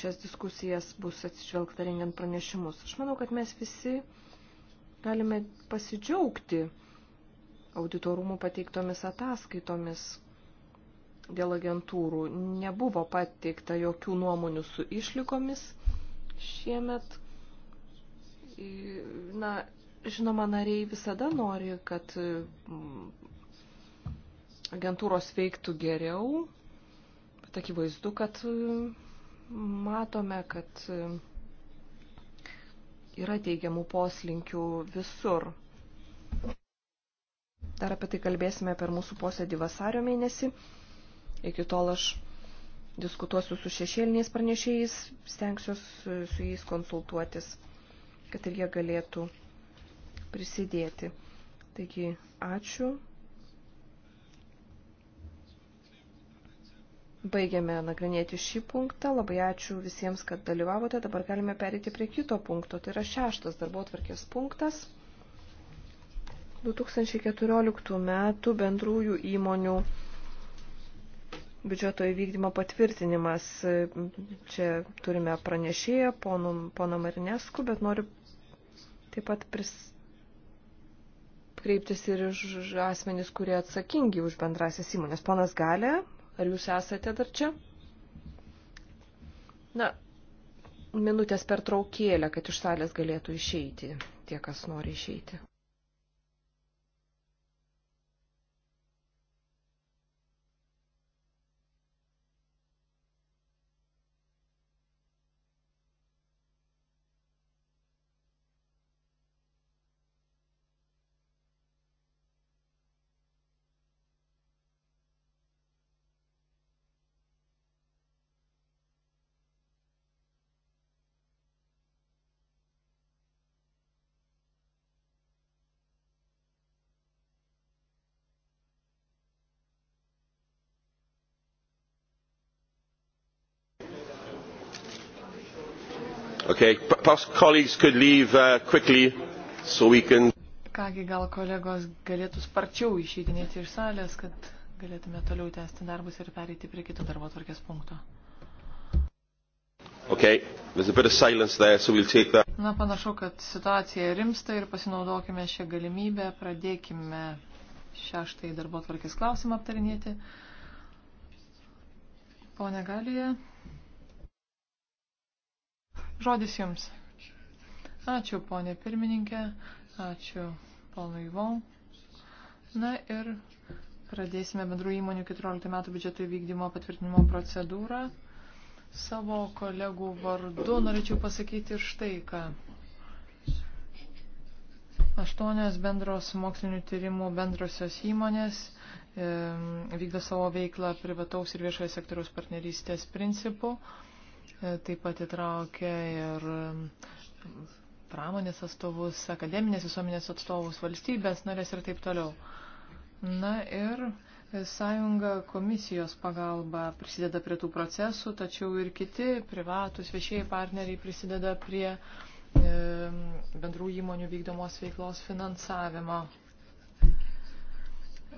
šias diskusijas bus atsižvelgta rengiant pranešimus. Aš manau, kad mes visi galime pasidžiaugti auditorumų pateiktomis ataskaitomis, dėl agentūrų. Nebuvo pateikta jokių nuomonių su išlikomis šiemet. Na, žinoma, nariai visada nori, kad mm, agentūros veiktų geriau, bet akivaizdu, kad mm, matome, kad mm, yra teigiamų poslinkių visur. Dar apie tai kalbėsime per mūsų posėdį vasario mėnesį. Iki tol aš diskutuosiu su šešėliniais pranešėjais, stengsiuos su jais konsultuotis, kad ir jie galėtų prisidėti. Taigi, ačiū. Baigiame nagrinėti šį punktą. Labai ačiū visiems, kad dalyvavote. Dabar galime perėti prie kito punkto. Tai yra šeštas darbo tvarkės punktas. 2014 metų bendrųjų įmonių biudžeto įvykdymo patvirtinimas. Čia turime pranešėją, pono Marinesku, bet noriu taip pat pris... kreiptis ir už asmenys, kurie atsakingi už bendrasias įmonės. Ponas Galė, ar jūs esate dar čia? Na, minutės per traukėlę, kad iš salės galėtų išeiti tie, kas nori išeiti. Okay, perhaps colleagues could leave uh, quickly so we can. Kągi gal kolegos galėtų sparčiau išeidinėti iš salės, kad galėtume toliau tęsti darbus ir pereiti prie kito darbo tvarkės punkto. Okay, there's a bit of silence there, so we'll take that. Na, panašu, kad situacija rimsta ir pasinaudokime šią galimybę, pradėkime šeštąjį darbo tvarkės klausimą aptarinėti. Pone Galija. Žodis jums. Ačiū, ponė pirmininkė. Ačiū, ponui Von. Na ir pradėsime bendrų įmonių 14 metų biudžeto įvykdymo patvirtinimo procedūrą. Savo kolegų vardu norėčiau pasakyti ir štai ką. Aštuonios bendros mokslinių tyrimų bendrosios įmonės vykdo savo veiklą privataus ir viešojo sektoriaus partnerystės principų. E, taip pat įtraukia ir e, pramonės atstovus, akademinės visuomenės atstovus, valstybės narės ir taip toliau. Na ir sąjunga komisijos pagalba prisideda prie tų procesų, tačiau ir kiti privatus viešieji partneriai prisideda prie e, bendrų įmonių vykdomos veiklos finansavimo.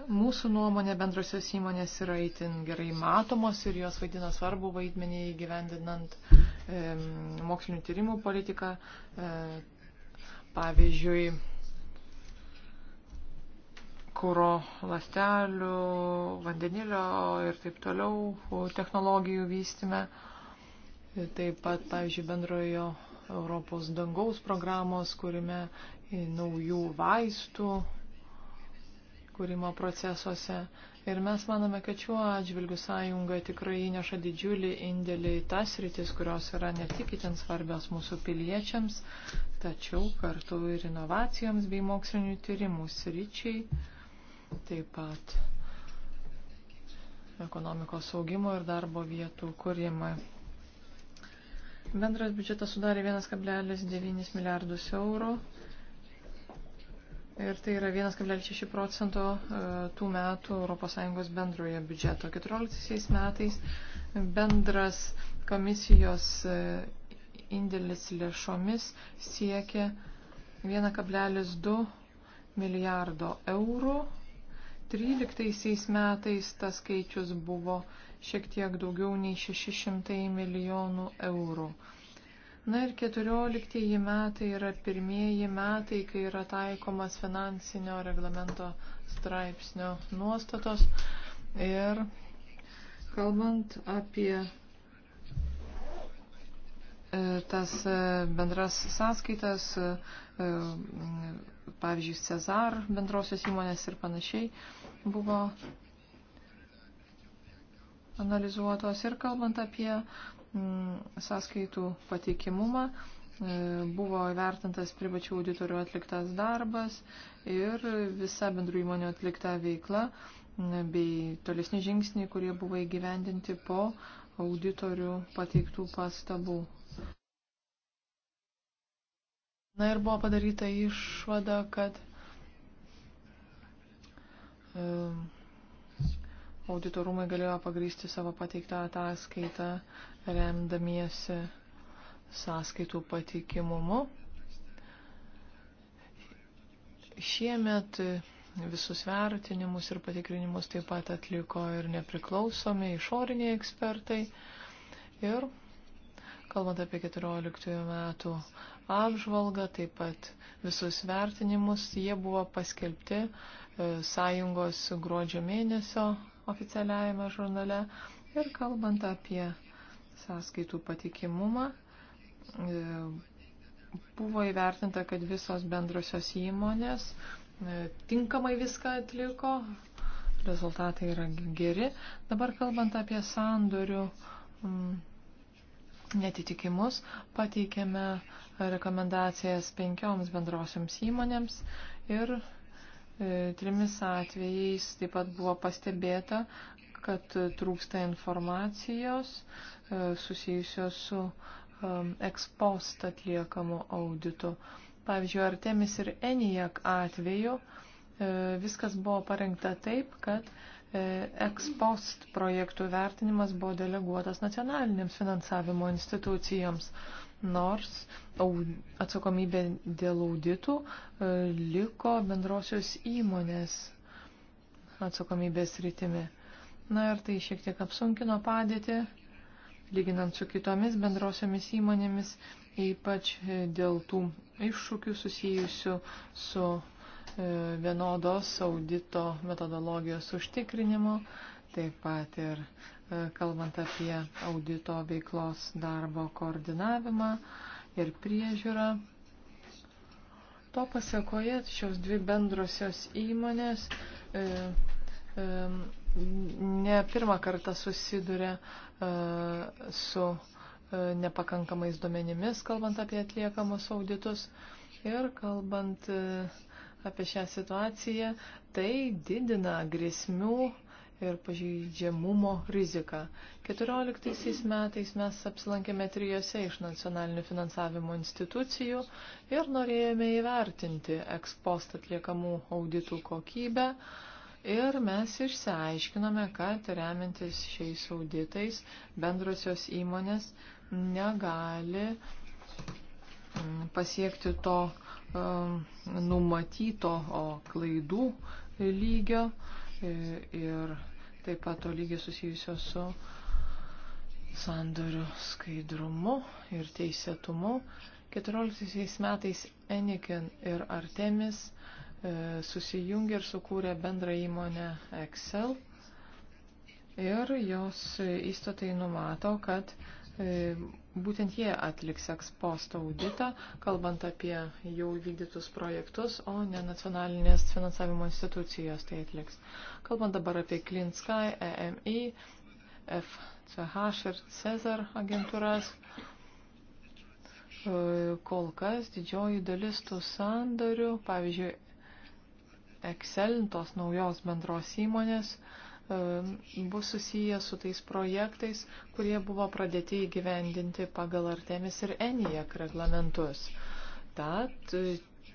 Mūsų nuomonė bendrosios įmonės yra itin gerai matomos ir jos vaidina svarbu vaidmenį įgyvendinant e, mokslinių tyrimų politiką. E, pavyzdžiui, kūro lastelių, vandenilio ir taip toliau technologijų vystime. Taip pat, pavyzdžiui, bendrojo Europos dangaus programos, kurime e, naujų vaistų kūrimo procesuose. Ir mes manome, kad šiuo atžvilgiu sąjunga tikrai įneša didžiulį indėlį į tas rytis, kurios yra ne tik itin svarbios mūsų piliečiams, tačiau kartu ir inovacijoms bei mokslinių tyrimų sričiai, taip pat ekonomikos saugimo ir darbo vietų kūrimą. Bendras biudžetas sudarė 1,9 milijardus eurų Ir tai yra 1,6 procento e, tų metų ES bendroje biudžeto. 14 metais bendras komisijos e, indėlis lėšomis siekia 1,2 milijardo eurų. 13 metais tas skaičius buvo šiek tiek daugiau nei 600 milijonų eurų. Na ir 14 metai yra pirmieji metai, kai yra taikomas finansinio reglamento straipsnio nuostatos. Ir kalbant apie e, tas e, bendras sąskaitas, e, pavyzdžiui, Cezar bendrosios įmonės ir panašiai buvo analizuotos. Ir kalbant apie Mm, sąskaitų pateikimumą, e, buvo įvertintas privačių auditorių atliktas darbas ir visa bendrų įmonių atlikta veikla mm, bei tolesni žingsniai, kurie buvo įgyvendinti po auditorių pateiktų pastabų. Na ir buvo padaryta išvada, kad e, auditorumai galėjo pagrysti savo pateiktą ataskaitą remdamiesi sąskaitų patikimumu. Šiemet visus vertinimus ir patikrinimus taip pat atliko ir nepriklausomi išoriniai ekspertai. Ir kalbant apie 14 metų apžvalgą, taip pat visus vertinimus, jie buvo paskelbti e, sąjungos gruodžio mėnesio oficialiajame žurnale ir kalbant apie sąskaitų patikimumą. E, buvo įvertinta, kad visos bendrosios įmonės e, tinkamai viską atliko, rezultatai yra geri. Dabar kalbant apie sandorių mm, netitikimus, pateikėme rekomendacijas penkioms bendrosioms įmonėms ir E, trimis atvejais taip pat buvo pastebėta, kad trūksta informacijos e, susijusios su um, ekspost atliekamu auditu. Pavyzdžiui, Artemis ir Enijak atveju e, viskas buvo parengta taip, kad ekspost projektų vertinimas buvo deleguotas nacionalinėms finansavimo institucijoms nors atsakomybė dėl auditų e, liko bendrosios įmonės atsakomybės rytimi. Na ir tai šiek tiek apsunkino padėtį, lyginant su kitomis bendrosiomis įmonėmis, ypač dėl tų iššūkių susijusių su e, vienodos audito metodologijos užtikrinimu Taip pat ir e, kalbant apie audito veiklos darbo koordinavimą ir priežiūrą. To pasiekoje šios dvi bendrosios įmonės e, e, ne pirmą kartą susiduria e, su e, nepakankamais duomenimis, kalbant apie atliekamus auditus ir kalbant e, apie šią situaciją, tai didina grėsmių ir pažeidžiamumo riziką. 14 metais mes apsilankėme trijose iš nacionalinių finansavimo institucijų ir norėjome įvertinti ekspost atliekamų auditų kokybę. Ir mes išsiaiškinome, kad remintis šiais auditais bendrosios įmonės negali mm, pasiekti to um, numatyto klaidų lygio. Um, ir taip pat to lygiai susijusios su sandorių skaidrumu ir teisėtumu. 14 metais Enikin ir Artemis e, susijungė ir sukūrė bendrą įmonę Excel. Ir jos e, įstatai numato, kad E, būtent jie atliks eksposto auditą, kalbant apie jau vykdytus projektus, o ne nacionalinės finansavimo institucijos tai atliks. Kalbant dabar apie Clean Sky, EMI, FCH ir Cezar agentūras, e, kol kas didžioji dalis tų sandorių, pavyzdžiui, Excel, tos naujos bendros įmonės, E, bus susiję su tais projektais, kurie buvo pradėti įgyvendinti pagal Artemis ir ENIAC reglamentus. Tad e,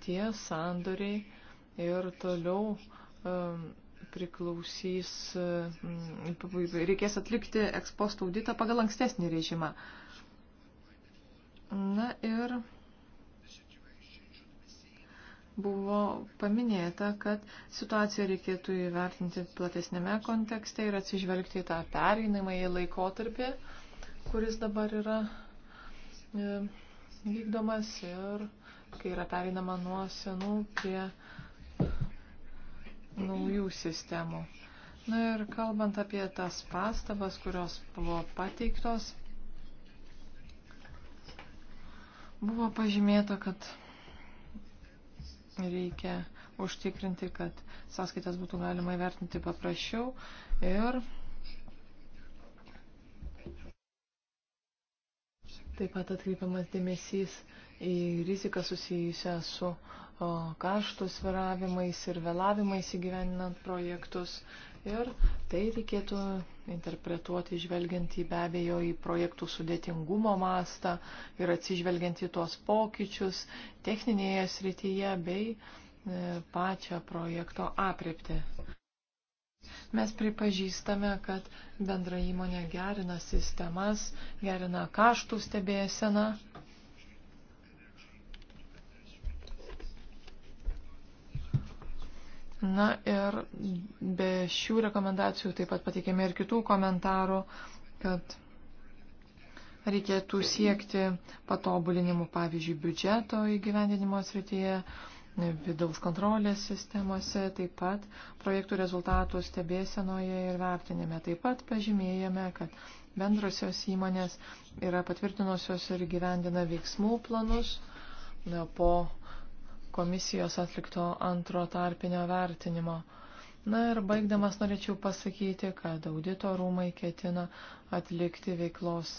tie sandoriai ir toliau e, priklausys, reikės atlikti ekspost auditą pagal ankstesnį režimą. Na ir buvo paminėta, kad situaciją reikėtų įvertinti platesnėme kontekste ir atsižvelgti į tą pereinamąjį laikotarpį, kuris dabar yra e, vykdomas ir kai yra pereinama nuo senų prie naujų sistemų. Na ir kalbant apie tas pastabas, kurios buvo pateiktos, buvo pažymėta, kad Reikia užtikrinti, kad sąskaitas būtų galima įvertinti paprasčiau ir taip pat atkreipiamas dėmesys į riziką susijusią su kaštų sviravimais ir vėlavimais įgyveninant projektus. Ir tai reikėtų interpretuoti žvelgiant į be abejo į projektų sudėtingumo mastą ir atsižvelgiant į tuos pokyčius techninėje srityje bei e, pačią projekto aprepti. Mes pripažįstame, kad bendra įmonė gerina sistemas, gerina kaštų stebėseną Na ir be šių rekomendacijų taip pat pateikėme ir kitų komentarų, kad reikėtų siekti patobulinimų, pavyzdžiui, biudžeto įgyvendinimo srityje, vidaus kontrolės sistemose, taip pat projektų rezultatų stebėsenoje ir vertinime. Taip pat pažymėjame, kad bendrosios įmonės yra patvirtinusios ir gyvendina veiksmų planus po komisijos atlikto antro tarpinio vertinimo. Na ir baigdamas norėčiau pasakyti, kad audito rūmai ketina atlikti veiklos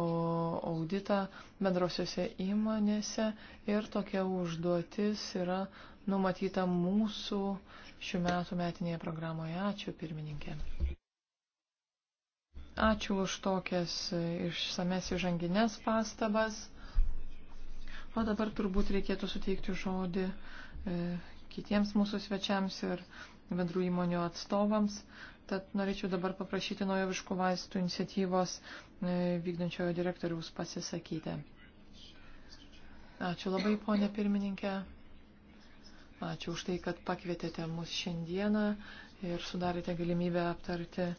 auditą bendrosiuose įmonėse ir tokia užduotis yra numatyta mūsų šių metų metinėje programoje. Ačiū pirmininkė. Ačiū už tokias išsames įžanginės pastabas. O dabar turbūt reikėtų suteikti žodį e, kitiems mūsų svečiams ir bendrų įmonių atstovams. Tad norėčiau dabar paprašyti naujoviškų vaistų iniciatyvos e, vykdančiojo direktoriaus pasisakyti. Ačiū labai, ponė pirmininkė. Ačiū už tai, kad pakvietėte mus šiandieną ir sudarėte galimybę aptarti e,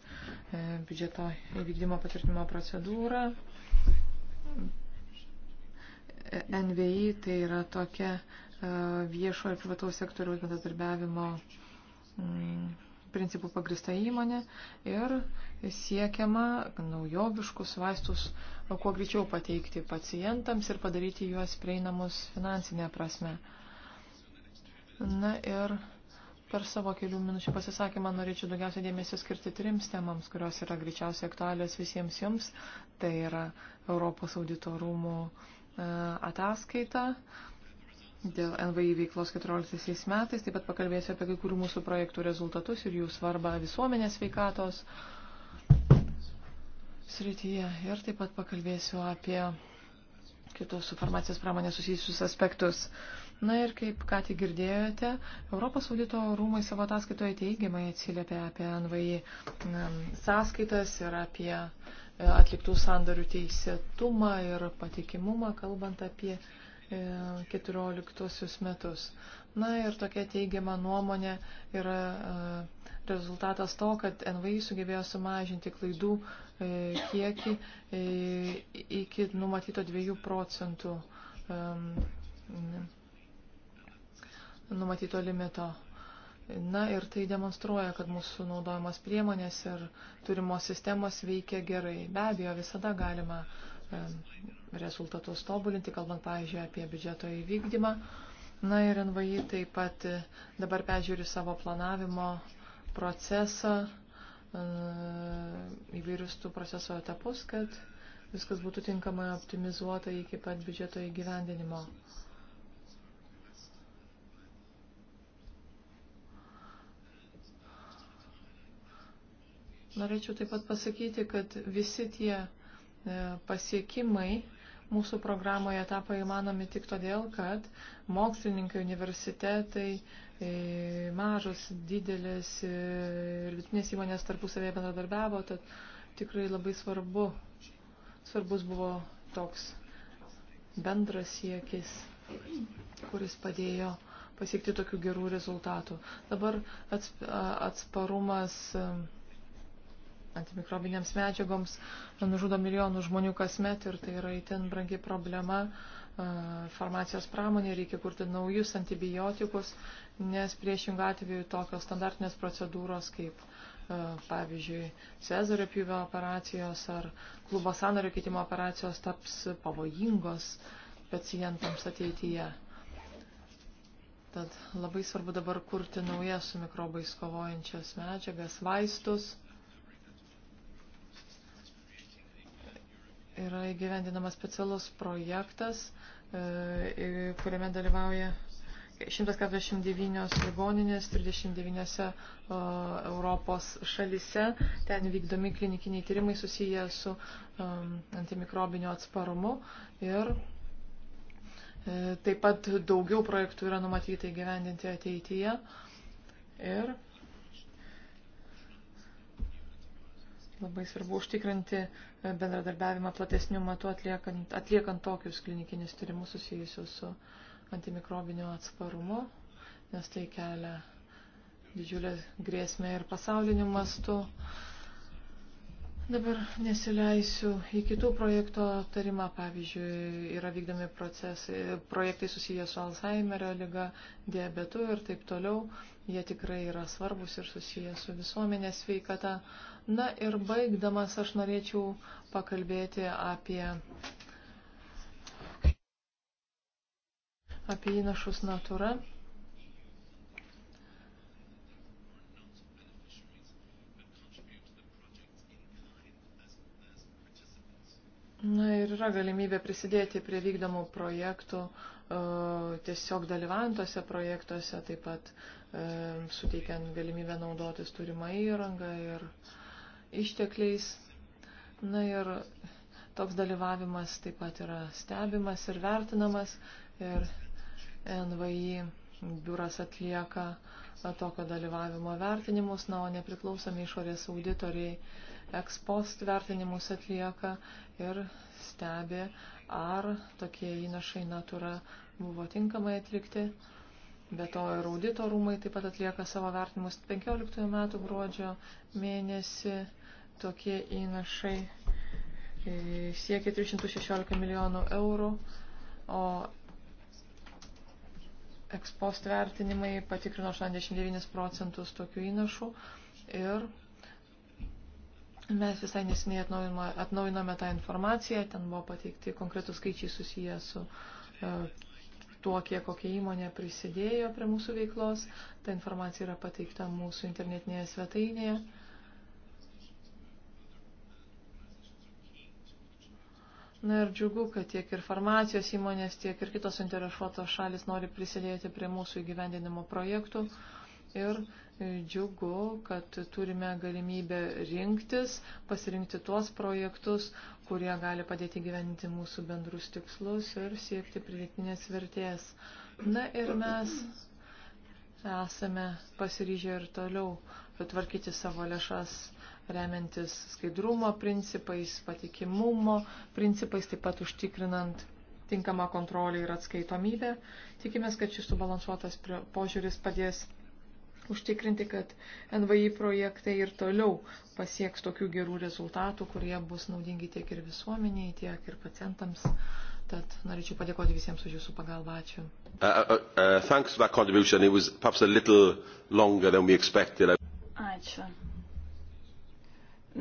biudžeto įvykdymo patvirtinimo procedūrą. NVI tai yra tokia e, viešo ir privataus sektoriaus bendradarbiavimo mm, principų pagrista įmonė ir siekiama naujoviškus vaistus e, kuo greičiau pateikti pacientams ir padaryti juos prieinamus finansinė prasme. Na ir per savo kelių minučių pasisakymą norėčiau daugiausia dėmesio skirti trims temams, kurios yra greičiausiai aktualios visiems jums. Tai yra Europos auditorumų rūmų E, ataskaitą dėl NVI veiklos 14 metais. Taip pat pakalbėsiu apie kai kurių mūsų projektų rezultatus ir jų svarbą visuomenės veikatos srityje. Ir taip pat pakalbėsiu apie kitus su farmacijos pramonė susijusius aspektus. Na ir kaip ką tik girdėjote, Europos audito rūmai savo ataskaitoje teigiamai atsiliepia apie NVI sąskaitas ir apie E, atliktų sandarių teisėtumą ir patikimumą, kalbant apie 14 e, metus. Na ir tokia teigiama nuomonė yra e, rezultatas to, kad NVI sugebėjo sumažinti klaidų kiekį iki numatyto 2 procentų numatyto limito. Na ir tai demonstruoja, kad mūsų naudojamos priemonės ir turimos sistemos veikia gerai. Be abejo, visada galima rezultatus tobulinti, kalbant, pavyzdžiui, apie biudžeto įvykdymą. Na ir NVI taip pat e, dabar peržiūri savo planavimo procesą, e, įvairius tų proceso etapus, kad viskas būtų tinkamai optimizuota iki pat biudžeto įgyvendinimo. Norėčiau taip pat pasakyti, kad visi tie e, pasiekimai mūsų programoje tapo įmanomi tik todėl, kad mokslininkai, universitetai, e, mažos, didelės e, ir vidutinės įmonės tarpusavėje bendradarbiavo, tad tikrai labai svarbu, svarbus buvo toks bendras siekis, kuris padėjo pasiekti tokių gerų rezultatų. Dabar atsparumas. Ats antimikrobinėms medžiagoms nužudo milijonų žmonių kasmet ir tai yra itin brangi problema farmacijos pramonė, reikia kurti naujus antibiotikus, nes priešingų atveju tokios standartinės procedūros kaip pavyzdžiui Cezario pjūvio operacijos ar klubo sanario kitimo operacijos taps pavojingos pacientams ateityje. Tad labai svarbu dabar kurti naujas su mikrobais kovojančias medžiagas, vaistus yra įgyvendinamas specialus projektas, e, kuriame dalyvauja 149 ligoninės 39 Europos šalise. Ten vykdomi klinikiniai tyrimai susiję su e, antimikrobinio atsparumu ir e, taip pat daugiau projektų yra numatyta įgyvendinti ateityje. Ir labai svarbu užtikrinti bendradarbiavimą platesnių matų atliekant, atliekant tokius klinikinius tyrimus susijusius su antimikrobiniu atsparumu, nes tai kelia didžiulę grėsmę ir pasauliniu mastu. Dabar nesileisiu į kitų projekto tarimą. Pavyzdžiui, yra vykdomi procesai, projektai susiję su Alzheimerio lyga, diabetu ir taip toliau. Jie tikrai yra svarbus ir susiję su visuomenės sveikata. Na ir baigdamas aš norėčiau pakalbėti apie, apie įnašus natūra. Na ir yra galimybė prisidėti prie vykdomų projektų, e, tiesiog dalyvaujantuose projektuose, taip pat E, suteikiant galimybę naudotis turimą įrangą ir ištekliais. Na ir toks dalyvavimas taip pat yra stebimas ir vertinamas ir NVI biuras atlieka tokio dalyvavimo vertinimus, na, o nepriklausomi išorės auditoriai ekspost vertinimus atlieka ir stebi, ar tokie įnašai natūra buvo tinkamai atlikti. Be to ir audito rūmai taip pat atlieka savo vertinimus. 15 metų gruodžio mėnesį tokie įnašai e, siekia 316 milijonų eurų, o ekspost vertinimai patikrino 89 procentus tokių įnašų ir mes visai nesiniai atnaujinome tą informaciją, ten buvo pateikti konkretus skaičiai susiję su e, tuo, kiek kokia įmonė prisidėjo prie mūsų veiklos. Ta informacija yra pateikta mūsų internetinėje svetainėje. Na ir džiugu, kad tiek ir farmacijos įmonės, tiek ir kitos interesuotos šalis nori prisidėti prie mūsų įgyvendinimo projektų. Ir e, džiugu, kad turime galimybę rinktis, pasirinkti tuos projektus, kurie gali padėti gyventi mūsų bendrus tikslus ir siekti pridėtinės vertės. Na ir mes esame pasiryžę ir toliau tvarkyti savo lėšas remiantis skaidrumo principais, patikimumo principais, taip pat užtikrinant tinkamą kontrolę ir atskaitomybę. Tikimės, kad šis subalansuotas požiūris padės užtikrinti, kad NVI projektai ir toliau pasieks tokių gerų rezultatų, kurie bus naudingi tiek ir visuomeniai, tiek ir pacientams. Tad norėčiau padėkoti visiems už jūsų pagalbą. Ačiū. Uh, uh, uh Ačiū.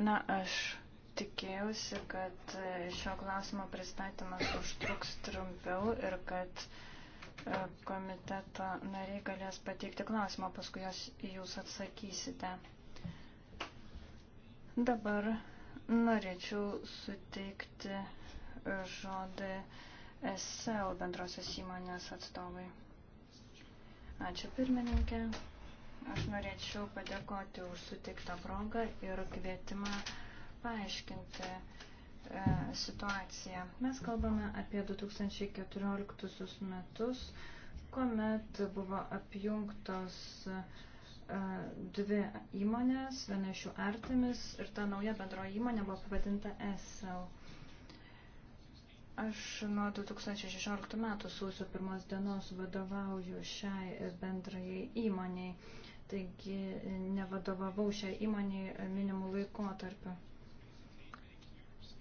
Na, aš tikėjausi, kad uh, šio klausimo pristatymas užtruks trumpiau ir kad uh, E, komiteto nariai galės pateikti klausimą, paskui jos jūs atsakysite. Dabar norėčiau suteikti e, žodį SL bendrosios įmonės atstovai. Ačiū pirmininkė. Aš norėčiau padėkoti už suteiktą progą ir kvietimą paaiškinti E, situaciją. Mes kalbame apie 2014 metus, kuomet buvo apjungtos e, dvi įmonės, viena iš jų Artemis ir ta nauja bendro įmonė buvo pavadinta ESL. Aš nuo 2016 metų sausio pirmos dienos vadovauju šiai bendrajai įmoniai, taigi nevadovavau šiai įmoniai minimų laikotarpiu.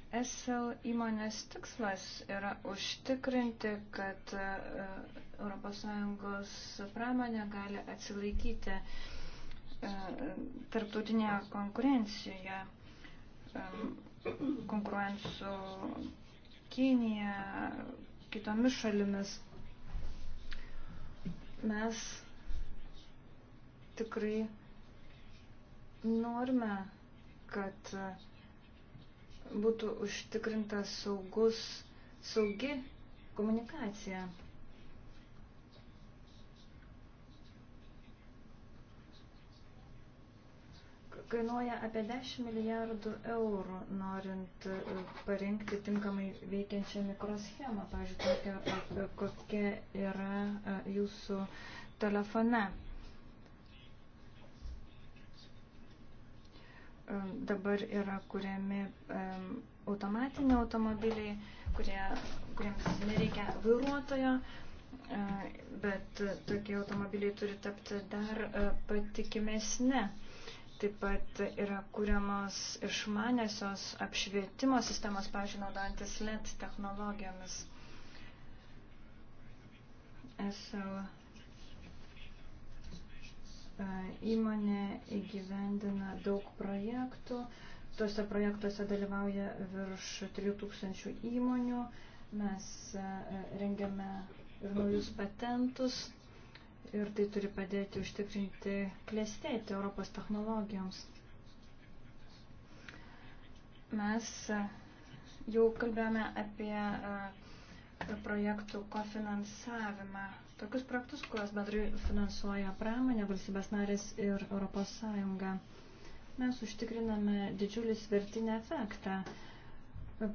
SL įmonės tikslas yra užtikrinti, kad ES pramonė gali atsilaikyti e, tarptautinėje konkurencijoje, e, konkuruojant su Kinija, kitomis šalimis. Mes tikrai norime, kad uh, būtų užtikrinta saugus, saugi komunikacija. Kainuoja apie 10 milijardų eurų, norint e, parinkti tinkamai veikiančią mikroschemą, pavyzdžiui, tokią, e, kokia yra e, jūsų telefone. dabar yra kuriami automatiniai automobiliai, kurie, kuriems nereikia vairuotojo, e, bet tokie automobiliai turi tapti dar e, patikimesni. Taip pat yra kuriamos išmanėsios apšvietimo sistemos, pavyzdžiui, naudojantis LED technologijomis. SL įmonė įgyvendina daug projektų. Tuose projektuose dalyvauja virš 3000 įmonių. Mes rengiame ir naujus patentus. Ir tai turi padėti užtikrinti klėstėti Europos technologijoms. Mes jau kalbėjome apie projektų kofinansavimą tokius projektus, kuriuos bendrai finansuoja pramonė, valstybės narės ir Europos Sąjunga. Mes užtikriname didžiulį svertinį efektą.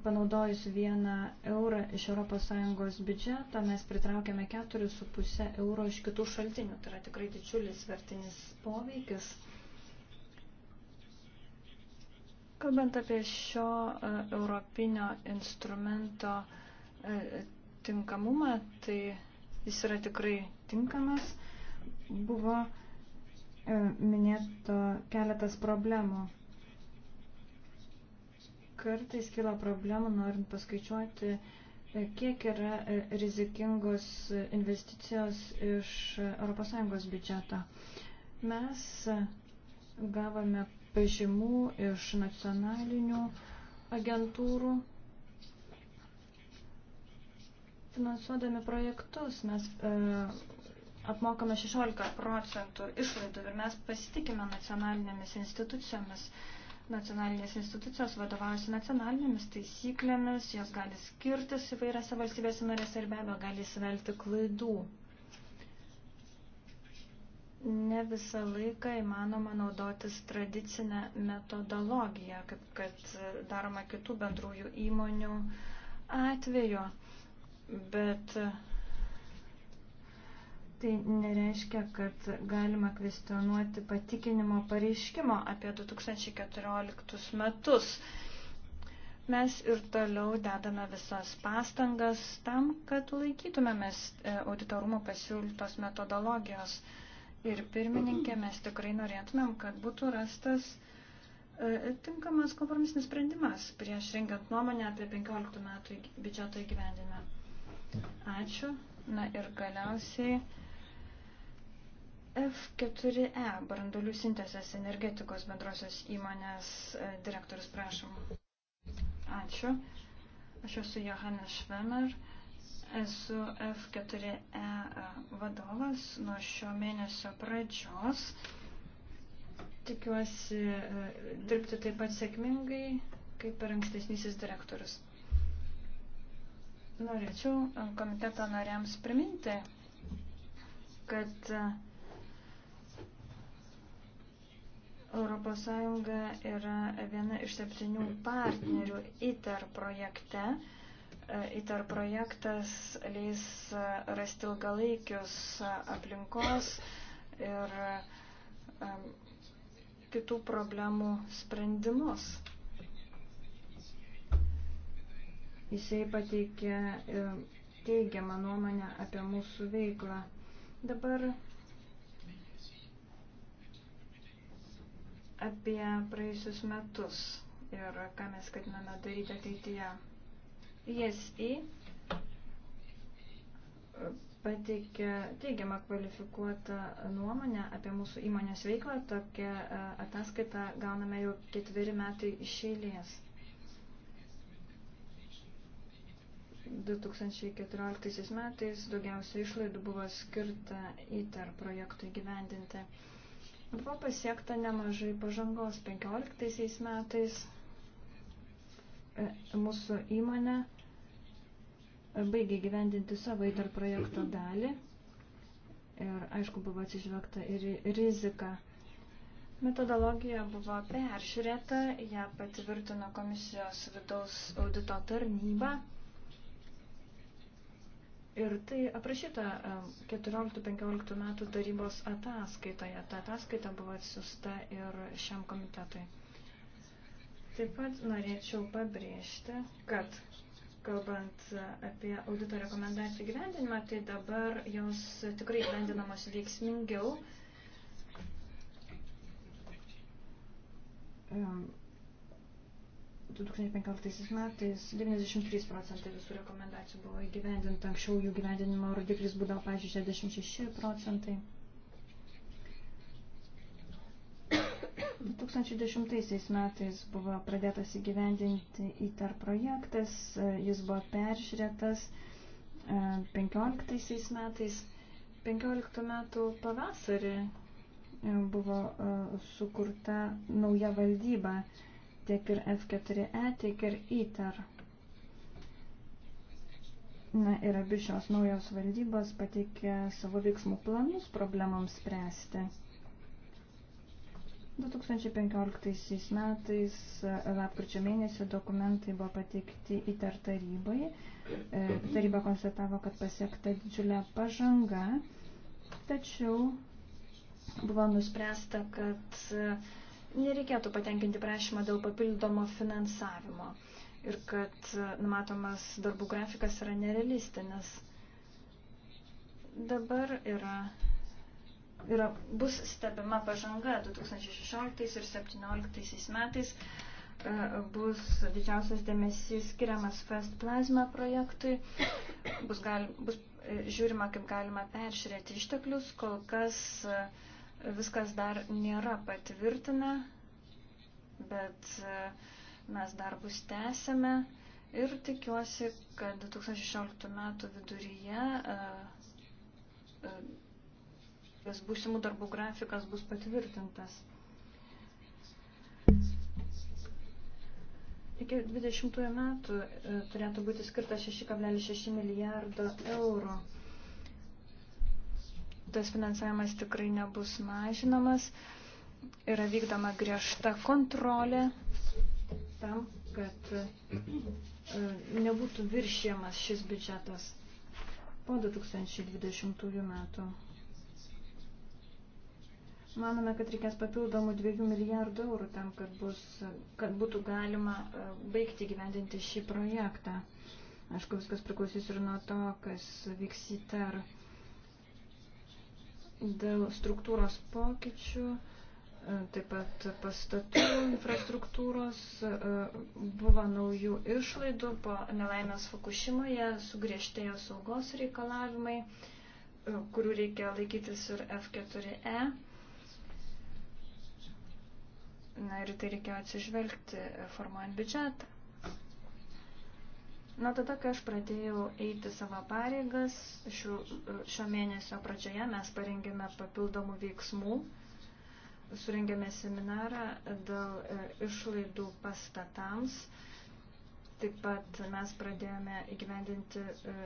Panaudojus vieną eurą iš ES biudžeto, mes pritraukėme 4,5 euro iš kitų šaltinių. Tai yra tikrai didžiulis svertinis poveikis. Kalbant apie šio e, europinio instrumento e, tinkamumą, tai jis yra tikrai tinkamas. Buvo e, minėto keletas problemų. Kartais kyla problemų, norint paskaičiuoti, e, kiek yra e, rizikingos investicijos iš ES biudžeto. Mes gavome pažymų iš nacionalinių agentūrų Finansuodami projektus mes e, apmokame 16 procentų išlaidų ir mes pasitikime nacionalinėmis institucijomis. Nacionalinės institucijos vadovaujasi nacionalinėmis taisyklėmis, jos gali skirtis įvairiose valstybėse narėse ir be abejo gali įsivelti klaidų. Ne visą laiką įmanoma naudotis tradicinę metodologiją, kaip kad daroma kitų bendrųjų įmonių atveju bet e, tai nereiškia, kad galima kvestionuoti patikinimo pareiškimo apie 2014 metus. Mes ir toliau dedame visas pastangas tam, kad laikytumėmės e, auditorumo pasiūlytos metodologijos. Ir pirmininkė, mes tikrai norėtumėm, kad būtų rastas e, tinkamas kompromisinis sprendimas prieš rengiant nuomonę apie 15 metų biudžeto įgyvendinimą. Ačiū. Na ir galiausiai F4E, brandolių sintesės energetikos bendrosios įmonės e, direktorius, prašom. Ačiū. Aš esu Johannes Švemer. Esu F4E e, vadovas nuo šio mėnesio pradžios. Tikiuosi e, dirbti taip pat sėkmingai kaip ir ankstesnysis direktorius. Norėčiau e, komiteto nariams priminti, kad ES yra viena iš septynių partnerių ITER projekte. E, ITER projektas leis e, rasti ilgalaikius aplinkos ir kitų problemų sprendimus. Jisai pateikė e, teigiamą nuomonę apie mūsų veiklą. Dabar apie praėjusius metus ir ką mes skatiname daryti ateityje. ISI e pateikė teigiamą kvalifikuotą nuomonę apie mūsų įmonės veiklą. Tokią e, ataskaitą gauname jau ketveri metai iš eilės. 2014 metais daugiausia išlaidų buvo skirta ITER projektui gyvendinti. Buvo pasiekta nemažai pažangos 15 metais. E, mūsų įmonė baigė gyvendinti savo ITER projekto dalį ir aišku buvo atsižvelgta ir rizika. Metodologija buvo peržiūrėta, ją patvirtino komisijos vidaus audito tarnyba Ir tai aprašyta 14-15 metų tarybos ataskaitoje. Ta ataskaita buvo atsiusta ir šiam komitetui. Taip pat norėčiau pabrėžti, kad kalbant apie audito rekomendacijų gyvendinimą, tai dabar jos tikrai gyvendinamos veiksmingiau. Um 2015 metais 93 procentai visų rekomendacijų buvo įgyvendinta, anksčiau jų gyvendinimo rodiklis būdavo, pažiūrėjau, 66 procentai. 2010 metais buvo pradėtas įgyvendinti ITER projektas, jis buvo peržiūrėtas 15 e, metais. 15 metų pavasarį e, buvo e, sukurta nauja valdyba tiek ir F4E, tiek ir ITER. Na ir abi šios naujos valdybos pateikė savo veiksmų planus problemams spręsti. 2015 metais lapkričio mėnesį dokumentai buvo pateikti ITER tarybai. E, taryba konstatavo, kad pasiekta didžiulė pažanga, tačiau buvo nuspręsta, kad nereikėtų patenkinti prašymą dėl papildomo finansavimo ir kad numatomas darbų grafikas yra nerealistinis. Dabar yra, yra, bus stebima pažanga 2016 ir 2017 metais e, bus didžiausias dėmesys skiriamas Fast Plasma projektui. Bus, gal, bus e, žiūrima, kaip galima peržiūrėti išteklius, kol kas uh, viskas dar nėra patvirtina, bet e, mes darbus tęsėme ir tikiuosi, kad 2016 metų viduryje e, e, tas būsimų darbų grafikas bus patvirtintas. Iki 20 metų turėtų būti skirta 6,6 milijardo eurų tas finansavimas tikrai nebus mažinamas. Yra vykdoma griežta kontrolė tam, kad e, nebūtų viršėmas šis biudžetas po 2020 metų. Manome, kad reikės papildomų 2 milijardų eurų tam, kad, bus, kad būtų galima e, baigti gyvendinti šį projektą. Aišku, viskas priklausys ir nuo to, kas vyks į tarp dėl struktūros pokyčių, e, taip pat pastatų infrastruktūros, e, buvo naujų išlaidų, po nelaimės Fukushimoje sugriežtėjo saugos reikalavimai, e, kurių reikia laikytis ir F4E. Na ir tai reikėjo atsižvelgti formuojant biudžetą. Nuo tada, kai aš pradėjau eiti savo pareigas, šio, šio mėnesio pradžioje mes parengėme papildomų veiksmų, surengėme seminarą dėl e, išlaidų pastatams, taip pat mes pradėjome įgyvendinti e,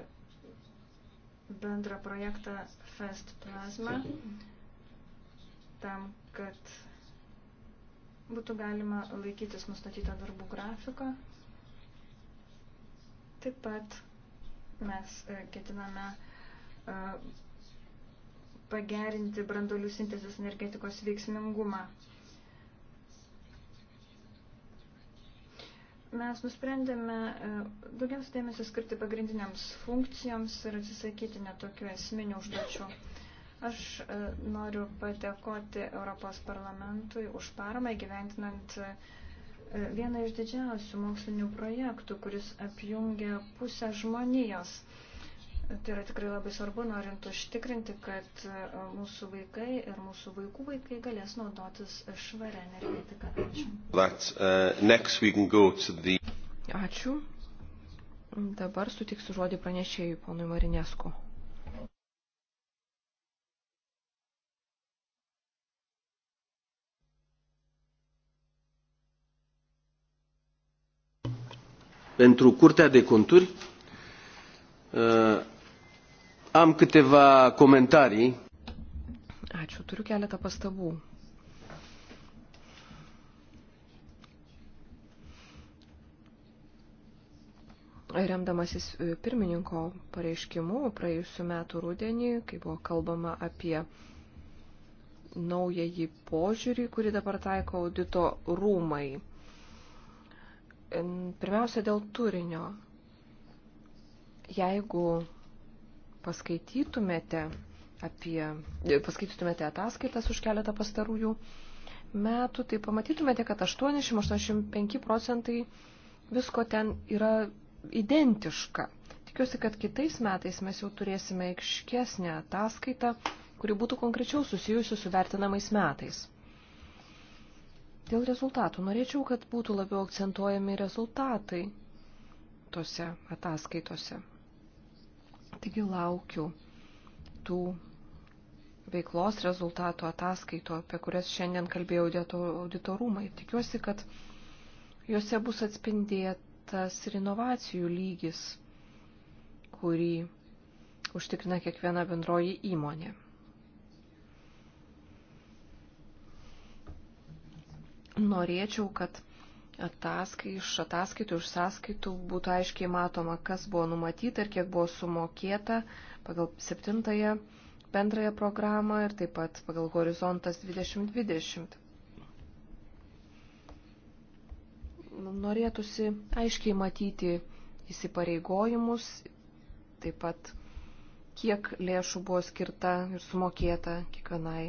bendrą projektą Fest Plasma, tam, kad būtų galima laikytis nustatytą darbų grafiką. Taip pat mes e, ketiname e, pagerinti brandolių sintezės energetikos veiksmingumą. Mes nusprendėme e, daugiausia dėmesio skirti pagrindiniams funkcijoms ir atsisakyti netokių esminių užduočių. Aš noriu padėkoti Europos parlamentui už paramą gyventinant uh, E, vieną iš didžiausių mokslinių projektų, kuris apjungia pusę žmonijos. Tai yra tikrai labai svarbu, norint užtikrinti, kad e, mūsų vaikai ir mūsų vaikų vaikai galės naudotis švarę energetiką. Ačiū. That, uh, the... Ačiū. Dabar sutiksiu žodį pranešėjui, ponui Marinesku. pentru Curtea de Conturi. Uh, am câteva comentarii. Ačiū, turiu keletą pastabų. Remdamasis e, pirmininko pareiškimu praėjusiu metu rudenį, kai buvo kalbama apie naująjį požiūrį, kurį dabar taiko audito rūmai Pirmiausia, dėl turinio. Jeigu paskaitytumėte, apie, paskaitytumėte ataskaitas už keletą pastarųjų metų, tai pamatytumėte, kad 80-85 procentai visko ten yra identiška. Tikiuosi, kad kitais metais mes jau turėsime aiškesnę ataskaitą, kuri būtų konkrečiau susijusi su vertinamais metais. Dėl rezultatų norėčiau, kad būtų labiau akcentuojami rezultatai tose ataskaitose. Taigi laukiu tų veiklos rezultatų ataskaitų, apie kurias šiandien kalbėjo auditorumai. Tikiuosi, kad juose bus atspindėtas ir inovacijų lygis, kurį užtikrina kiekviena bendroji įmonė. norėčiau, kad ataskai, iš ataskaitų, iš sąskaitų būtų aiškiai matoma, kas buvo numatyta ir kiek buvo sumokėta pagal septintąją bendrąją programą ir taip pat pagal horizontas 2020. Norėtųsi aiškiai matyti įsipareigojimus, taip pat kiek lėšų buvo skirta ir sumokėta kiekvienai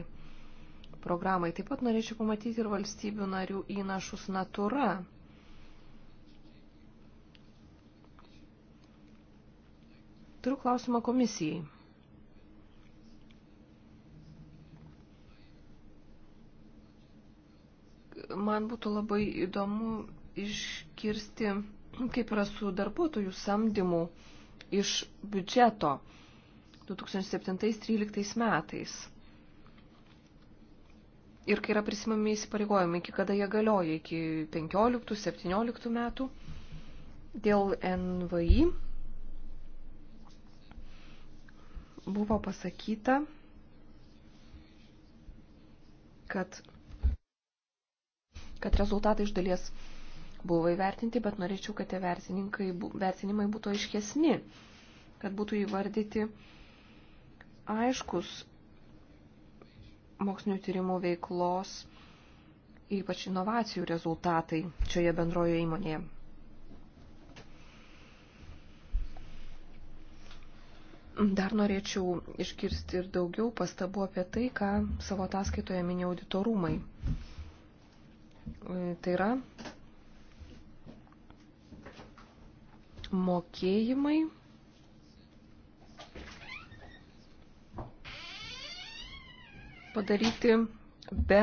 programai. Taip pat norėčiau pamatyti ir valstybių narių įnašus natūra. Turiu klausimą komisijai. Man būtų labai įdomu iškirsti, kaip yra su darbuotojų samdymu iš biudžeto 2007-2013 metais ir kai yra prisimami įsipareigojimai, iki kada jie galioja, iki 15-17 metų dėl NVI buvo pasakyta, kad, kad rezultatai iš dalies buvo įvertinti, bet norėčiau, kad tie vertinimai būtų aiškesni, kad būtų įvardyti aiškus mokslinio tyrimų veiklos, ypač inovacijų rezultatai šioje bendroje įmonėje. Dar norėčiau išgirsti ir daugiau pastabų apie tai, ką savo ataskaitoje minėjo auditorumai. Tai yra mokėjimai padaryti be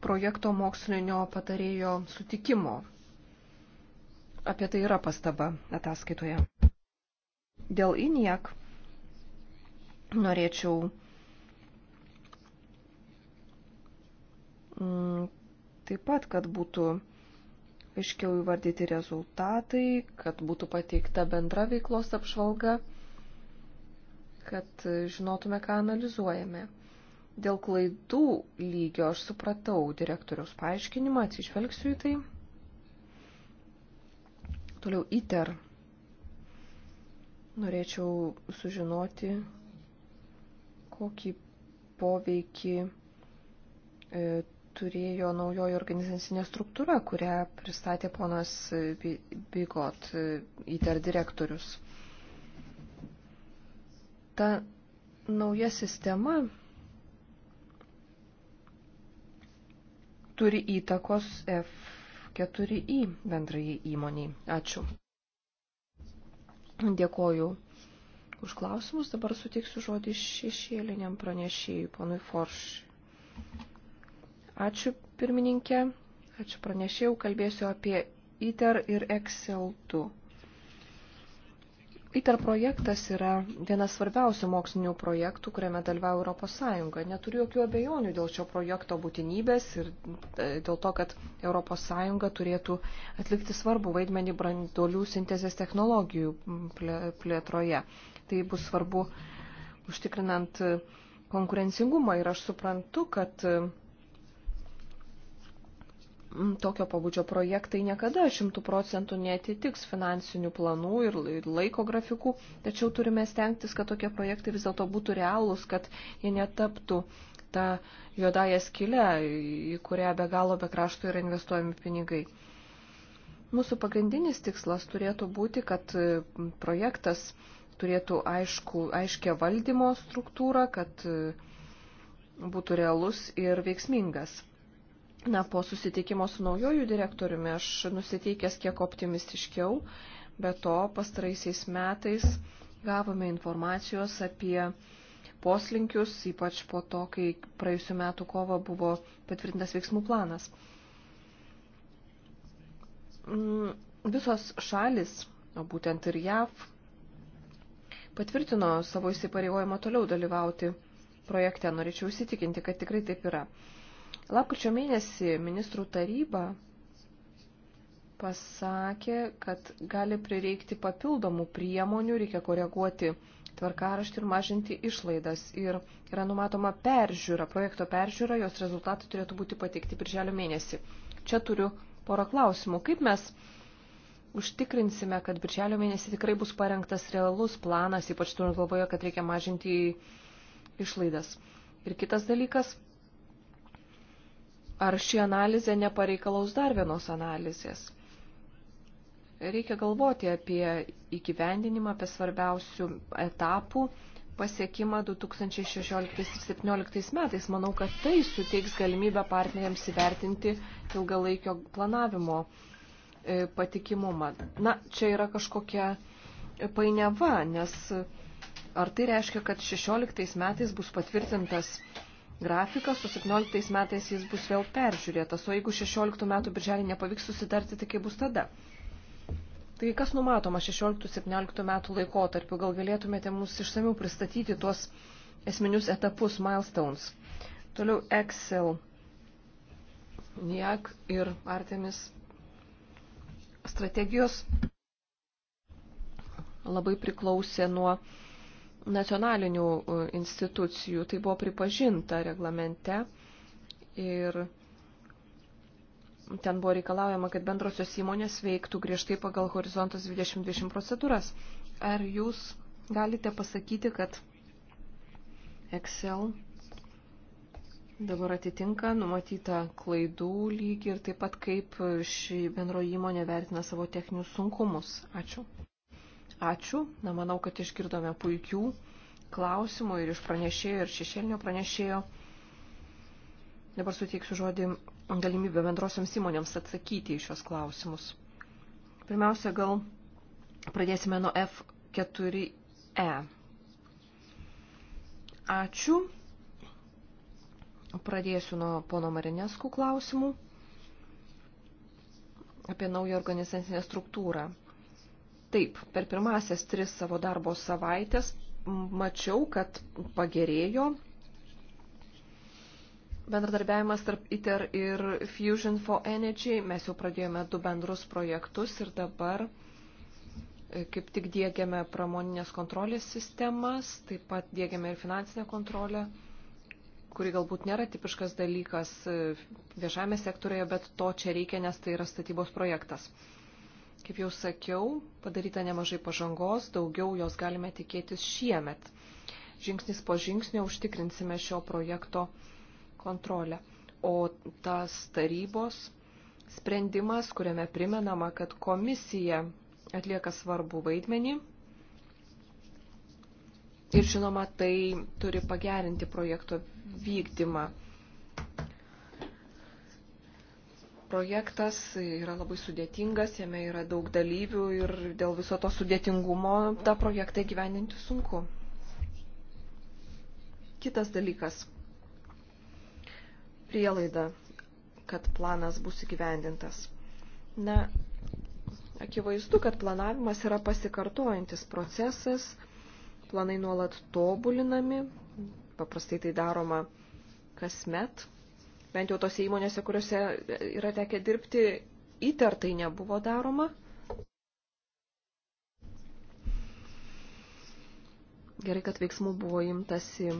projekto mokslinio patarėjo sutikimo. Apie tai yra pastaba ataskaitoje. Dėl INIAK norėčiau mm, taip pat, kad būtų aiškiau įvardyti rezultatai, kad būtų pateikta bendra veiklos apžvalga, kad žinotume, ką analizuojame. Dėl klaidų lygio aš supratau direktoriaus paaiškinimą, atsižvelgsiu į tai. Toliau ITER. Norėčiau sužinoti, kokį poveikį e, turėjo naujoji organizacinė struktūra, kurią pristatė ponas e, Bigot, e, ITER direktorius. Ta nauja sistema turi įtakos F4I e bendrai įmoniai. Ačiū. Dėkoju už klausimus. Dabar suteiksiu žodį šešėliniam pranešėjui, ponui Forš. Ačiū pirmininkė, ačiū pranešėjau, kalbėsiu apie ITER ir Excel 2. ITER projektas yra vienas svarbiausių mokslinių projektų, kuriame dalyvauja Europos Sąjunga. Neturiu jokių abejonių dėl šio projekto būtinybės ir e, dėl to, kad Europos Sąjunga turėtų atlikti svarbų vaidmenį brandolių sintezės technologijų plėtroje. Tai bus svarbu užtikrinant e, konkurencingumą ir aš suprantu, kad e, tokio pabudžio projektai niekada šimtų procentų netitiks finansinių planų ir laiko grafikų, tačiau turime stengtis, kad tokie projektai vis dėlto būtų realūs, kad jie netaptų tą juodąją skilę, į kurią be galo be krašto yra investuojami pinigai. Mūsų pagrindinis tikslas turėtų būti, kad projektas turėtų aišku, aiškę valdymo struktūrą, kad būtų realus ir veiksmingas. Na, po susitikimo su naujoju direktoriumi aš nusiteikęs kiek optimistiškiau, bet to pastaraisiais metais gavome informacijos apie poslinkius, ypač po to, kai praėjusiu metu kovo buvo patvirtintas veiksmų planas. Mm, visos šalis, o būtent ir JAV, patvirtino savo įsipareigojimą toliau dalyvauti projekte. Norėčiau įsitikinti, kad tikrai taip yra. Lapkričio mėnesį ministrų taryba pasakė, kad gali prireikti papildomų priemonių, reikia koreguoti tvarkaraštį ir mažinti išlaidas. Ir yra numatoma peržiūra, projekto peržiūra, jos rezultatai turėtų būti pateikti birželio mėnesį. Čia turiu porą klausimų. Kaip mes užtikrinsime, kad birželio mėnesį tikrai bus parengtas realus planas, ypač turint galvoje, kad reikia mažinti išlaidas? Ir kitas dalykas ar ši analizė nepareikalaus dar vienos analizės. Reikia galvoti apie įgyvendinimą, apie svarbiausių etapų pasiekimą 2016-2017 metais. Manau, kad tai suteiks galimybę partneriams įvertinti ilgalaikio planavimo e, patikimumą. Na, čia yra kažkokia painiava, nes ar tai reiškia, kad 2016 metais bus patvirtintas grafikas, o 17 metais jis bus vėl peržiūrėtas, o jeigu 16 metų birželį nepavyks susitarti, tai kaip bus tada? Tai kas numatoma 16-17 metų laikotarpiu, gal galėtumėte mums išsamiau pristatyti tuos esminius etapus, milestones. Toliau Excel, NIAC ir Artemis strategijos labai priklausė nuo nacionalinių e, institucijų. Tai buvo pripažinta reglamente ir ten buvo reikalaujama, kad bendrosios įmonės veiktų griežtai pagal horizontas 2020 procedūras. Ar jūs galite pasakyti, kad Excel dabar atitinka numatytą klaidų lygį ir taip pat kaip ši bendro įmonė vertina savo techninius sunkumus? Ačiū. Ačiū. Na, manau, kad išgirdome puikių klausimų ir iš pranešėjo, ir šešėlinio pranešėjo. Dabar suteiksiu žodį galimybę bendrosiams įmonėms atsakyti į šios klausimus. Pirmiausia, gal pradėsime nuo F4E. Ačiū. Pradėsiu nuo pono Marineskų klausimų apie naują organizacinę struktūrą. Taip, per pirmasias tris savo darbo savaitės mačiau, kad pagerėjo bendradarbiavimas tarp ITER ir Fusion for Energy. Mes jau pradėjome du bendrus projektus ir dabar e, kaip tik dėgiame pramoninės kontrolės sistemas, taip pat dėgiame ir finansinę kontrolę, kuri galbūt nėra tipiškas dalykas e, viešame sektorėje, bet to čia reikia, nes tai yra statybos projektas. Kaip jau sakiau, padaryta nemažai pažangos, daugiau jos galime tikėtis šiemet. Žingsnis po žingsnio užtikrinsime šio projekto kontrolę. O tas tarybos sprendimas, kuriame primenama, kad komisija atlieka svarbų vaidmenį. Ir žinoma, tai turi pagerinti projekto vykdymą. projektas yra labai sudėtingas, jame yra daug dalyvių ir dėl viso to sudėtingumo tą projektą gyveninti sunku. Kitas dalykas. Prielaida, kad planas bus įgyvendintas. Na, akivaizdu, kad planavimas yra pasikartojantis procesas, planai nuolat tobulinami, paprastai tai daroma kasmet bent jau tose įmonėse, kuriuose yra tekę dirbti, įtartai nebuvo daroma. Gerai, kad veiksmų buvo imtasi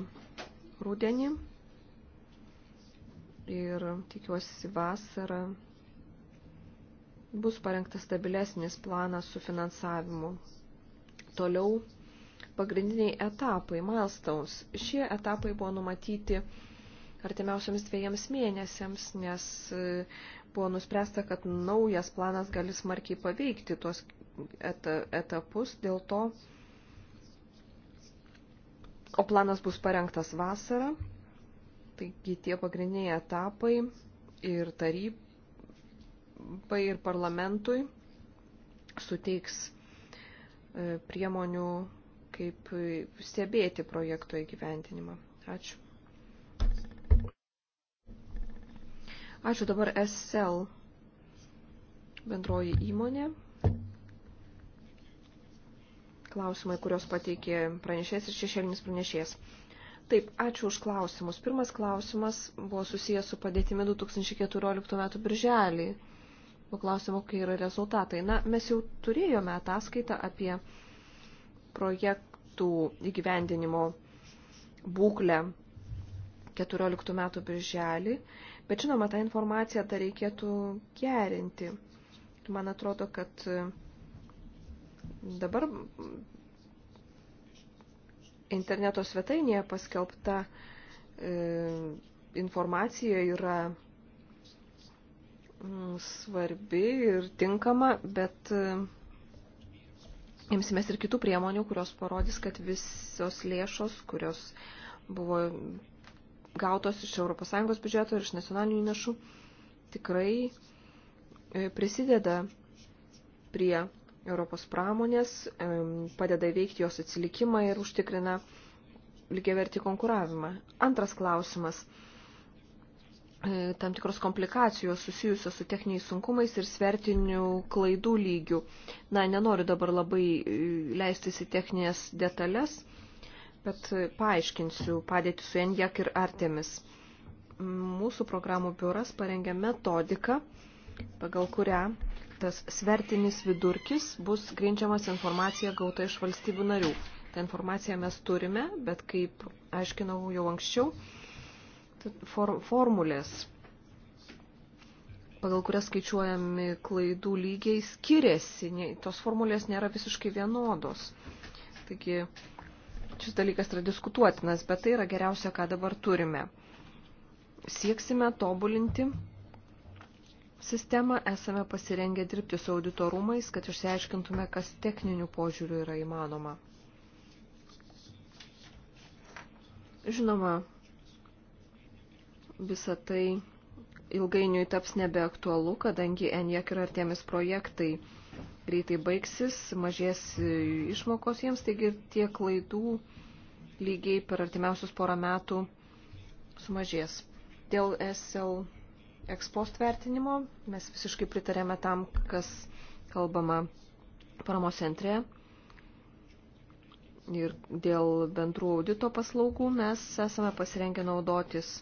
rūdienį ir tikiuosi vasarą bus parengtas stabilesnis planas su finansavimu. Toliau pagrindiniai etapai, milestones. Šie etapai buvo numatyti artimiausiams dviejams mėnesiams, nes e, buvo nuspręsta, kad naujas planas gali smarkiai paveikti tuos etapus, dėl to, o planas bus parengtas vasarą, taigi tie pagrindiniai etapai ir tarybai ir parlamentui suteiks e, priemonių, kaip e, stebėti projekto įgyventinimą. Ačiū. Ačiū dabar SL bendroji įmonė. Klausimai, kurios pateikė pranešės ir šešėlinis pranešės. Taip, ačiū už klausimus. Pirmas klausimas buvo susijęs su padėtimi 2014 m. birželį. Buvo klausimo, kai yra rezultatai. Na, mes jau turėjome ataskaitą apie projektų įgyvendinimo būklę 14 metų birželį Bet žinoma, tą informaciją tą reikėtų gerinti. Man atrodo, kad mm, dabar mm, interneto svetainėje paskelbta e, informacija yra mm, svarbi ir tinkama, bet e, imsimės ir kitų priemonių, kurios parodys, kad visos lėšos, kurios buvo gautos iš ES biudžeto ir iš nacionalinių įnašų tikrai e, prisideda prie Europos pramonės, e, padeda veikti jos atsilikimą ir užtikrina lygiavertį konkuravimą. Antras klausimas e, tam tikros komplikacijos susijusios su techniniais sunkumais ir svertinių klaidų lygių. Na, nenoriu dabar labai leistis į techninės detalės, bet paaiškinsiu padėti su Enjak ir Artemis. Mūsų programų biuras parengė metodiką, pagal kurią tas svertinis vidurkis bus grindžiamas informacija gauta iš valstybių narių. Ta informacija mes turime, bet kaip aiškinau jau anksčiau, for, formulės, pagal kurias skaičiuojami klaidų lygiai, skiriasi. Tos formulės nėra visiškai vienodos. Taigi Šis dalykas yra diskutuotinas, bet tai yra geriausia, ką dabar turime. Sieksime tobulinti sistemą, esame pasirengę dirbti su auditorumais, kad išsiaiškintume, kas techninių požiūrių yra įmanoma. Žinoma, visa tai ilgainiui taps nebeaktualu, kadangi ENJEK ir artėmis projektai greitai baigsis, mažės e, išmokos jiems, taigi tie klaidų lygiai per artimiausius porą metų sumažės. Dėl SL ekspost vertinimo mes visiškai pritarėme tam, kas kalbama paramos centre. Ir dėl bendrų audito paslaugų mes esame pasirengę naudotis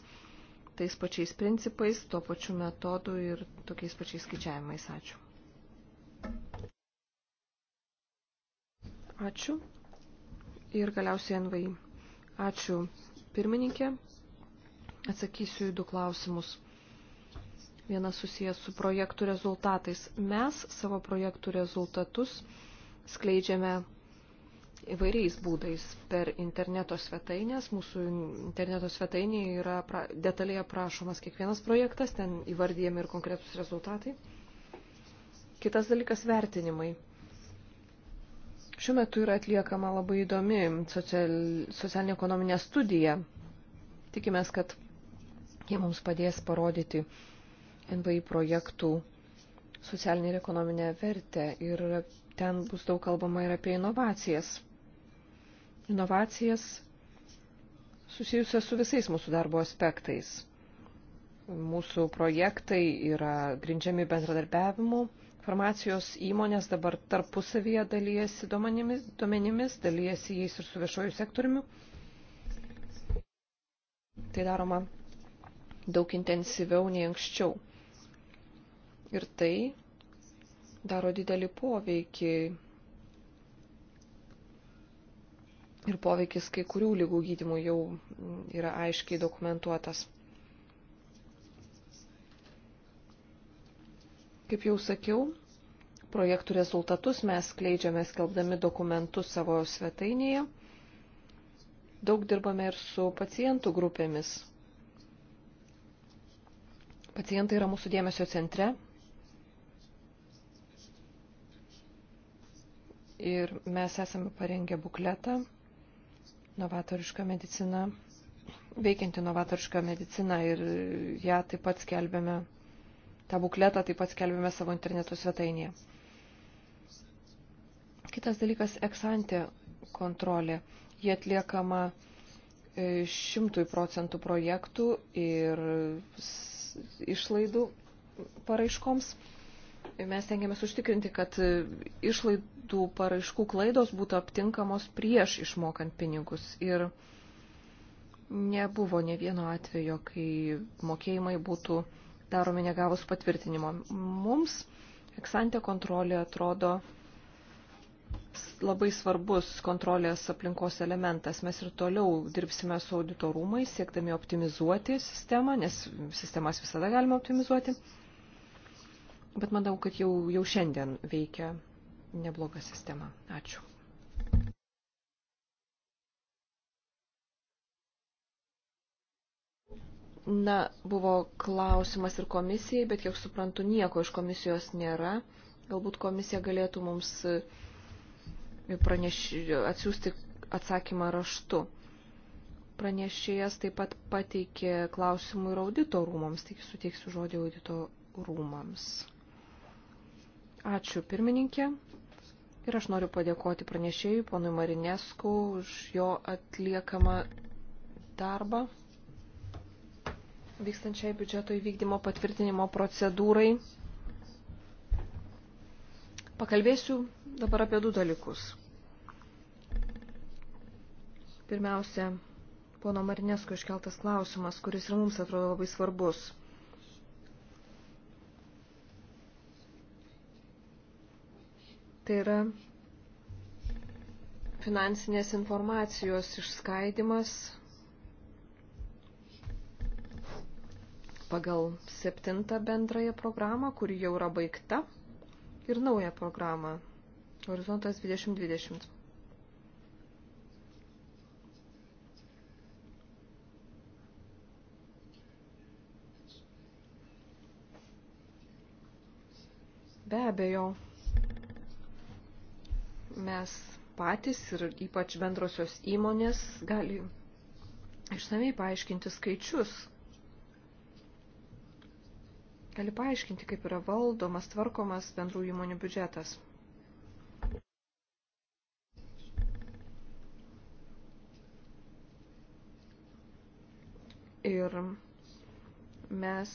tais pačiais principais, tuo pačiu metodu ir tokiais pačiais skaičiavimais. Ačiū. Ačiū. Ir galiausiai NVI. Ačiū pirmininkė. Atsakysiu į du klausimus. Vienas susijęs su projektų rezultatais. Mes savo projektų rezultatus skleidžiame įvairiais būdais per interneto svetainės. Mūsų interneto svetainėje yra pra, detaliai aprašomas kiekvienas projektas, ten įvardyjami ir konkretus rezultatai. Kitas dalykas - vertinimai. Šiuo metu yra atliekama labai įdomi socialinė ekonominė studija. Tikimės, kad jie mums padės parodyti NVI projektų socialinę ir ekonominę vertę. Ir ten bus daug kalbama ir apie inovacijas. Inovacijas susijusias su visais mūsų darbo aspektais. Mūsų projektai yra grindžiami bendradarbiavimu farmacijos įmonės dabar tarpusavyje dalyjasi duomenimis, duomenimis dalyjasi jais ir su viešoju sektoriumi. Tai daroma daug intensyviau nei anksčiau. Ir tai daro didelį poveikį. Ir poveikis kai kurių lygų gydimų jau yra aiškiai dokumentuotas. Kaip jau sakiau, projektų rezultatus mes kleidžiame skelbdami dokumentus savo svetainėje. Daug dirbame ir su pacientų grupėmis. Pacientai yra mūsų dėmesio centre. Ir mes esame parengę bukletą Novatoriška medicina, veikianti novatoriška medicina ir ją taip pat skelbėme tą bukletą taip pat skelbėme savo interneto svetainėje. Kitas dalykas - eksantė kontrolė. Jie atliekama e, šimtui procentų projektų ir išlaidų paraiškoms. Mes tengiamės užtikrinti, kad e, išlaidų paraiškų klaidos būtų aptinkamos prieš išmokant pinigus. Ir nebuvo ne vieno atvejo, kai mokėjimai būtų daromi negavus patvirtinimo. Mums eksantė kontrolė atrodo labai svarbus kontrolės aplinkos elementas. Mes ir toliau dirbsime su auditorumais, siekdami optimizuoti sistemą, nes sistemas visada galima optimizuoti. Bet manau, kad jau, jau šiandien veikia nebloga sistema. Ačiū. Na, buvo klausimas ir komisijai, bet kiek suprantu, nieko iš komisijos nėra. Galbūt komisija galėtų mums e, praneš... atsiųsti atsakymą raštu. Pranešėjas taip pat pateikė klausimų ir audito rūmams, tik suteiksiu žodį audito rūmams. Ačiū pirmininkė. Ir aš noriu padėkoti pranešėjui, ponui Marinesku, už jo atliekamą darbą vykstančiai biudžeto įvykdymo patvirtinimo procedūrai. Pakalbėsiu dabar apie du dalykus. Pirmiausia, pono Marinesko iškeltas klausimas, kuris ir mums atrodo labai svarbus. Tai yra finansinės informacijos išskaidimas pagal septintą bendrąją programą, kuri jau yra baigta, ir naują programą Horizontas 2020. Be abejo, mes patys ir ypač bendrosios įmonės gali išsamei paaiškinti skaičius gali paaiškinti, kaip yra valdomas, tvarkomas bendrų įmonių biudžetas? Ir mes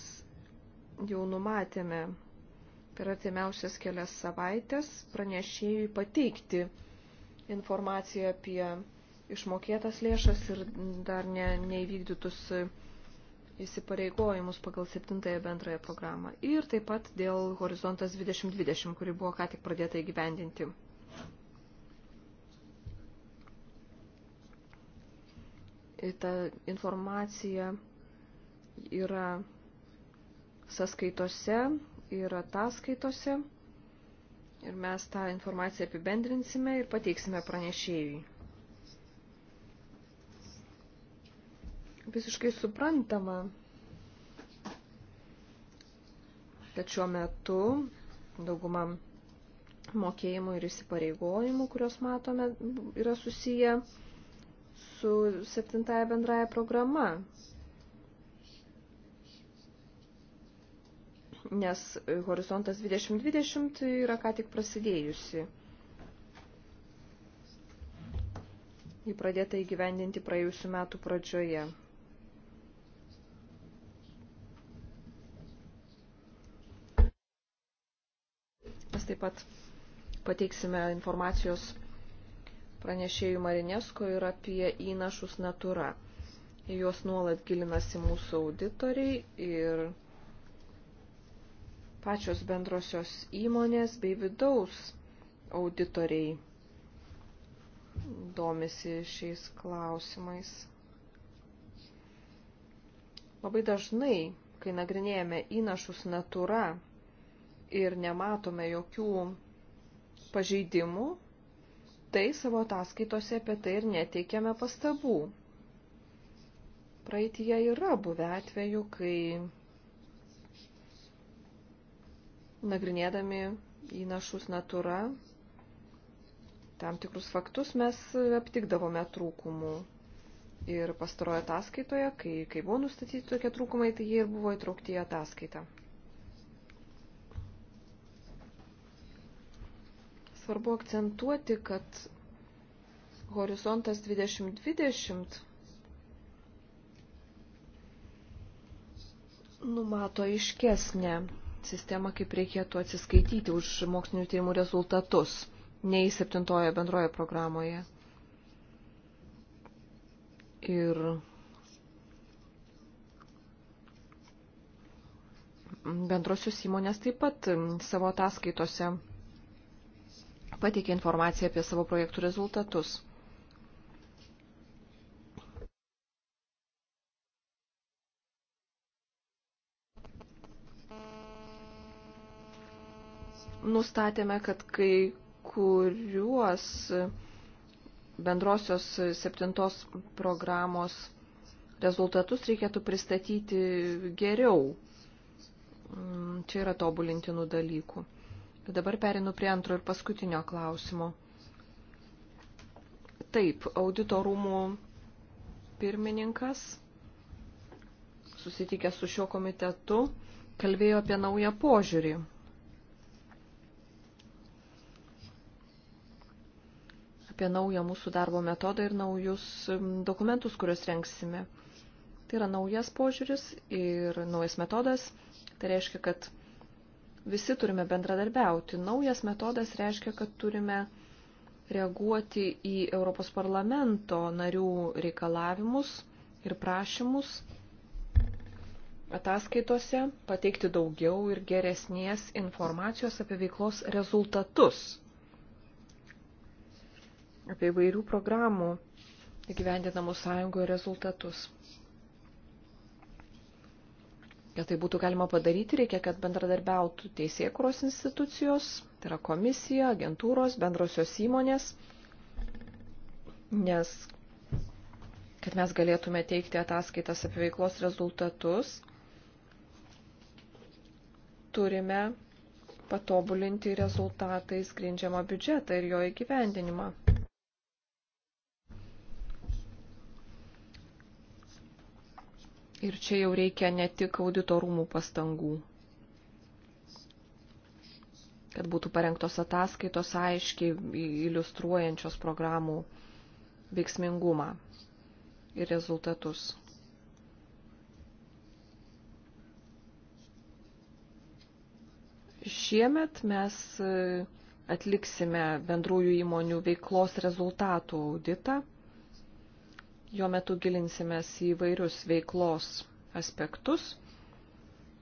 jau numatėme per artimiausias kelias savaitės pranešėjui pateikti informaciją apie išmokėtas lėšas ir dar ne, neįvykdytus įsipareigojimus pagal 7 bendrąją programą ir taip pat dėl Horizontas 2020, kuri buvo ką tik pradėta įgyvendinti. Ir ta informacija yra sąskaitose ir ataskaitose ir mes tą informaciją apibendrinsime ir pateiksime pranešėjui. visiškai suprantama, kad šiuo metu dauguma mokėjimų ir įsipareigojimų, kurios matome, yra susiję su septintaja bendraja programa. Nes horizontas 2020 yra ką tik prasidėjusi. Jį pradėta įgyvendinti praėjusiu metu pradžioje. Mes taip pat pateiksime informacijos pranešėjų Marinesko ir apie įnašus natūra. Juos nuolat gilinasi mūsų auditoriai ir pačios bendrosios įmonės bei vidaus auditoriai domisi šiais klausimais. Labai dažnai, kai nagrinėjame įnašus natūra, ir nematome jokių pažeidimų, tai savo ataskaitose apie tai ir neteikiame pastabų. Praeitie yra buvę atveju, kai nagrinėdami įnašus natūra, tam tikrus faktus mes aptikdavome trūkumų. Ir pastarojo ataskaitoje, kai, kai buvo nustatyti tokie trūkumai, tai jie ir buvo įtraukti į ataskaitą. svarbu akcentuoti, kad horizontas 2020 numato iškesnę sistemą, kaip reikėtų atsiskaityti už mokslinių tyrimų rezultatus, nei septintojo bendroje programoje. Ir bendrosios įmonės taip pat savo ataskaitose pateikė informaciją apie savo projektų rezultatus. Nustatėme, kad kai kuriuos bendrosios septintos programos rezultatus reikėtų pristatyti geriau. Mm, čia yra tobulintinų dalykų. Dabar perinu prie antro ir paskutinio klausimo. Taip, auditorumų pirmininkas susitikęs su šio komitetu kalbėjo apie naują požiūrį. Apie naują mūsų darbo metodą ir naujus dokumentus, kuriuos renksime. Tai yra naujas požiūris ir naujas metodas. Tai reiškia, kad visi turime bendradarbiauti. Naujas metodas reiškia, kad turime reaguoti į Europos parlamento narių reikalavimus ir prašymus ataskaitose, pateikti daugiau ir geresnės informacijos apie veiklos rezultatus, apie įvairių programų įgyvendinamų sąjungoje rezultatus. Kad tai būtų galima padaryti, reikia, kad bendradarbiautų teisėkuros institucijos, tai yra komisija, agentūros, bendrosios įmonės, nes kad mes galėtume teikti ataskaitas apie veiklos rezultatus, turime patobulinti rezultatais grindžiamą biudžetą ir jo įgyvendinimą. Ir čia jau reikia ne tik auditorumų pastangų, kad būtų parengtos ataskaitos aiškiai iliustruojančios programų veiksmingumą ir rezultatus. Šiemet mes e, atliksime bendrųjų įmonių veiklos rezultatų auditą Jo metu gilinsimės į vairius veiklos aspektus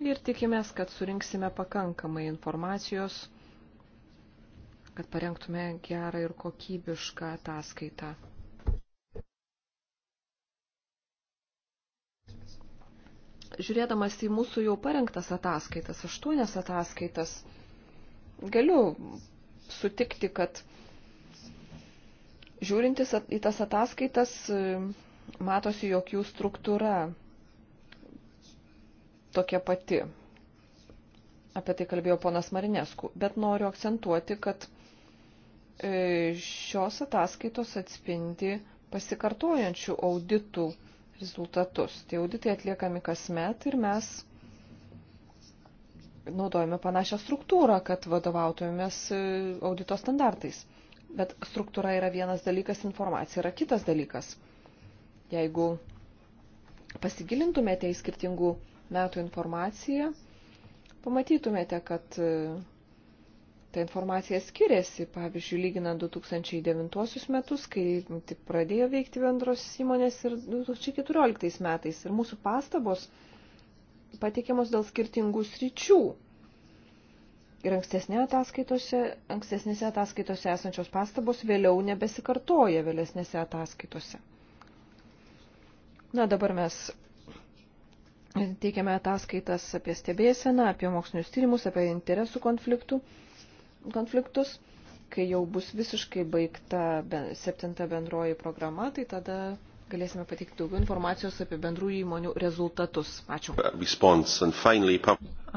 ir tikimės, kad surinksime pakankamai informacijos, kad parengtume gerą ir kokybišką ataskaitą. Žiūrėdamas į mūsų jau parengtas ataskaitas, aštuonias ataskaitas, galiu sutikti, kad Žiūrintis į tas ataskaitas, e, matosi, jog jų struktūra tokia pati. Apie tai kalbėjo ponas Marinesku. Bet noriu akcentuoti, kad e, šios ataskaitos atspindi pasikartojančių auditų rezultatus. Tie auditai atliekami kasmet ir mes naudojame panašią struktūrą, kad vadovautumėmės e, audito standartais. Bet struktūra yra vienas dalykas, informacija yra kitas dalykas. Jeigu pasigilintumėte į skirtingų metų informaciją, pamatytumėte, kad e, ta informacija skiriasi. Pavyzdžiui, lyginant 2009 metus, kai tik pradėjo veikti bendros įmonės ir 2014 metais. Ir mūsų pastabos pateikiamos dėl skirtingų sričių ir ankstesnėse ataskaitose, ankstesnėse ataskaitose esančios pastabos vėliau nebesikartoja vėlesnėse ataskaitose. Na, dabar mes teikiame ataskaitas apie stebėseną, apie mokslinius tyrimus, apie interesų konfliktų, konfliktus. Kai jau bus visiškai baigta septinta bendroji programa, tai tada galėsime pateikti daugiau informacijos apie bendrų įmonių rezultatus. Ačiū.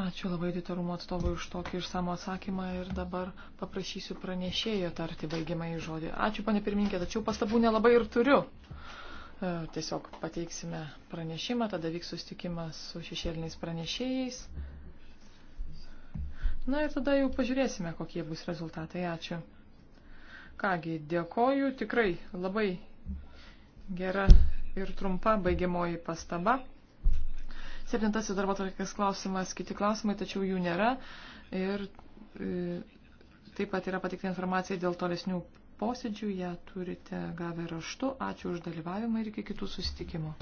Ačiū labai editorumo atstovui už tokį išsamų atsakymą ir dabar paprašysiu pranešėjo tarti baigiamąjį žodį. Ačiū, pane pirmininkė, tačiau pastabų nelabai ir turiu e, tiesiog pateiksime pranešimą, tada vyks sustikimas su šešėliniais pranešėjais. Na ir tada jau pažiūrėsime, kokie bus rezultatai. Ačiū. Kągi, dėkoju, tikrai labai gera ir trumpa baigiamoji pastaba. Septintasis darbo tvarkės klausimas, kiti klausimai, tačiau jų nėra. Ir e, taip pat yra patikta informacija dėl tolesnių posėdžių, ją turite gavę raštu. Ačiū už dalyvavimą ir iki kitų susitikimų.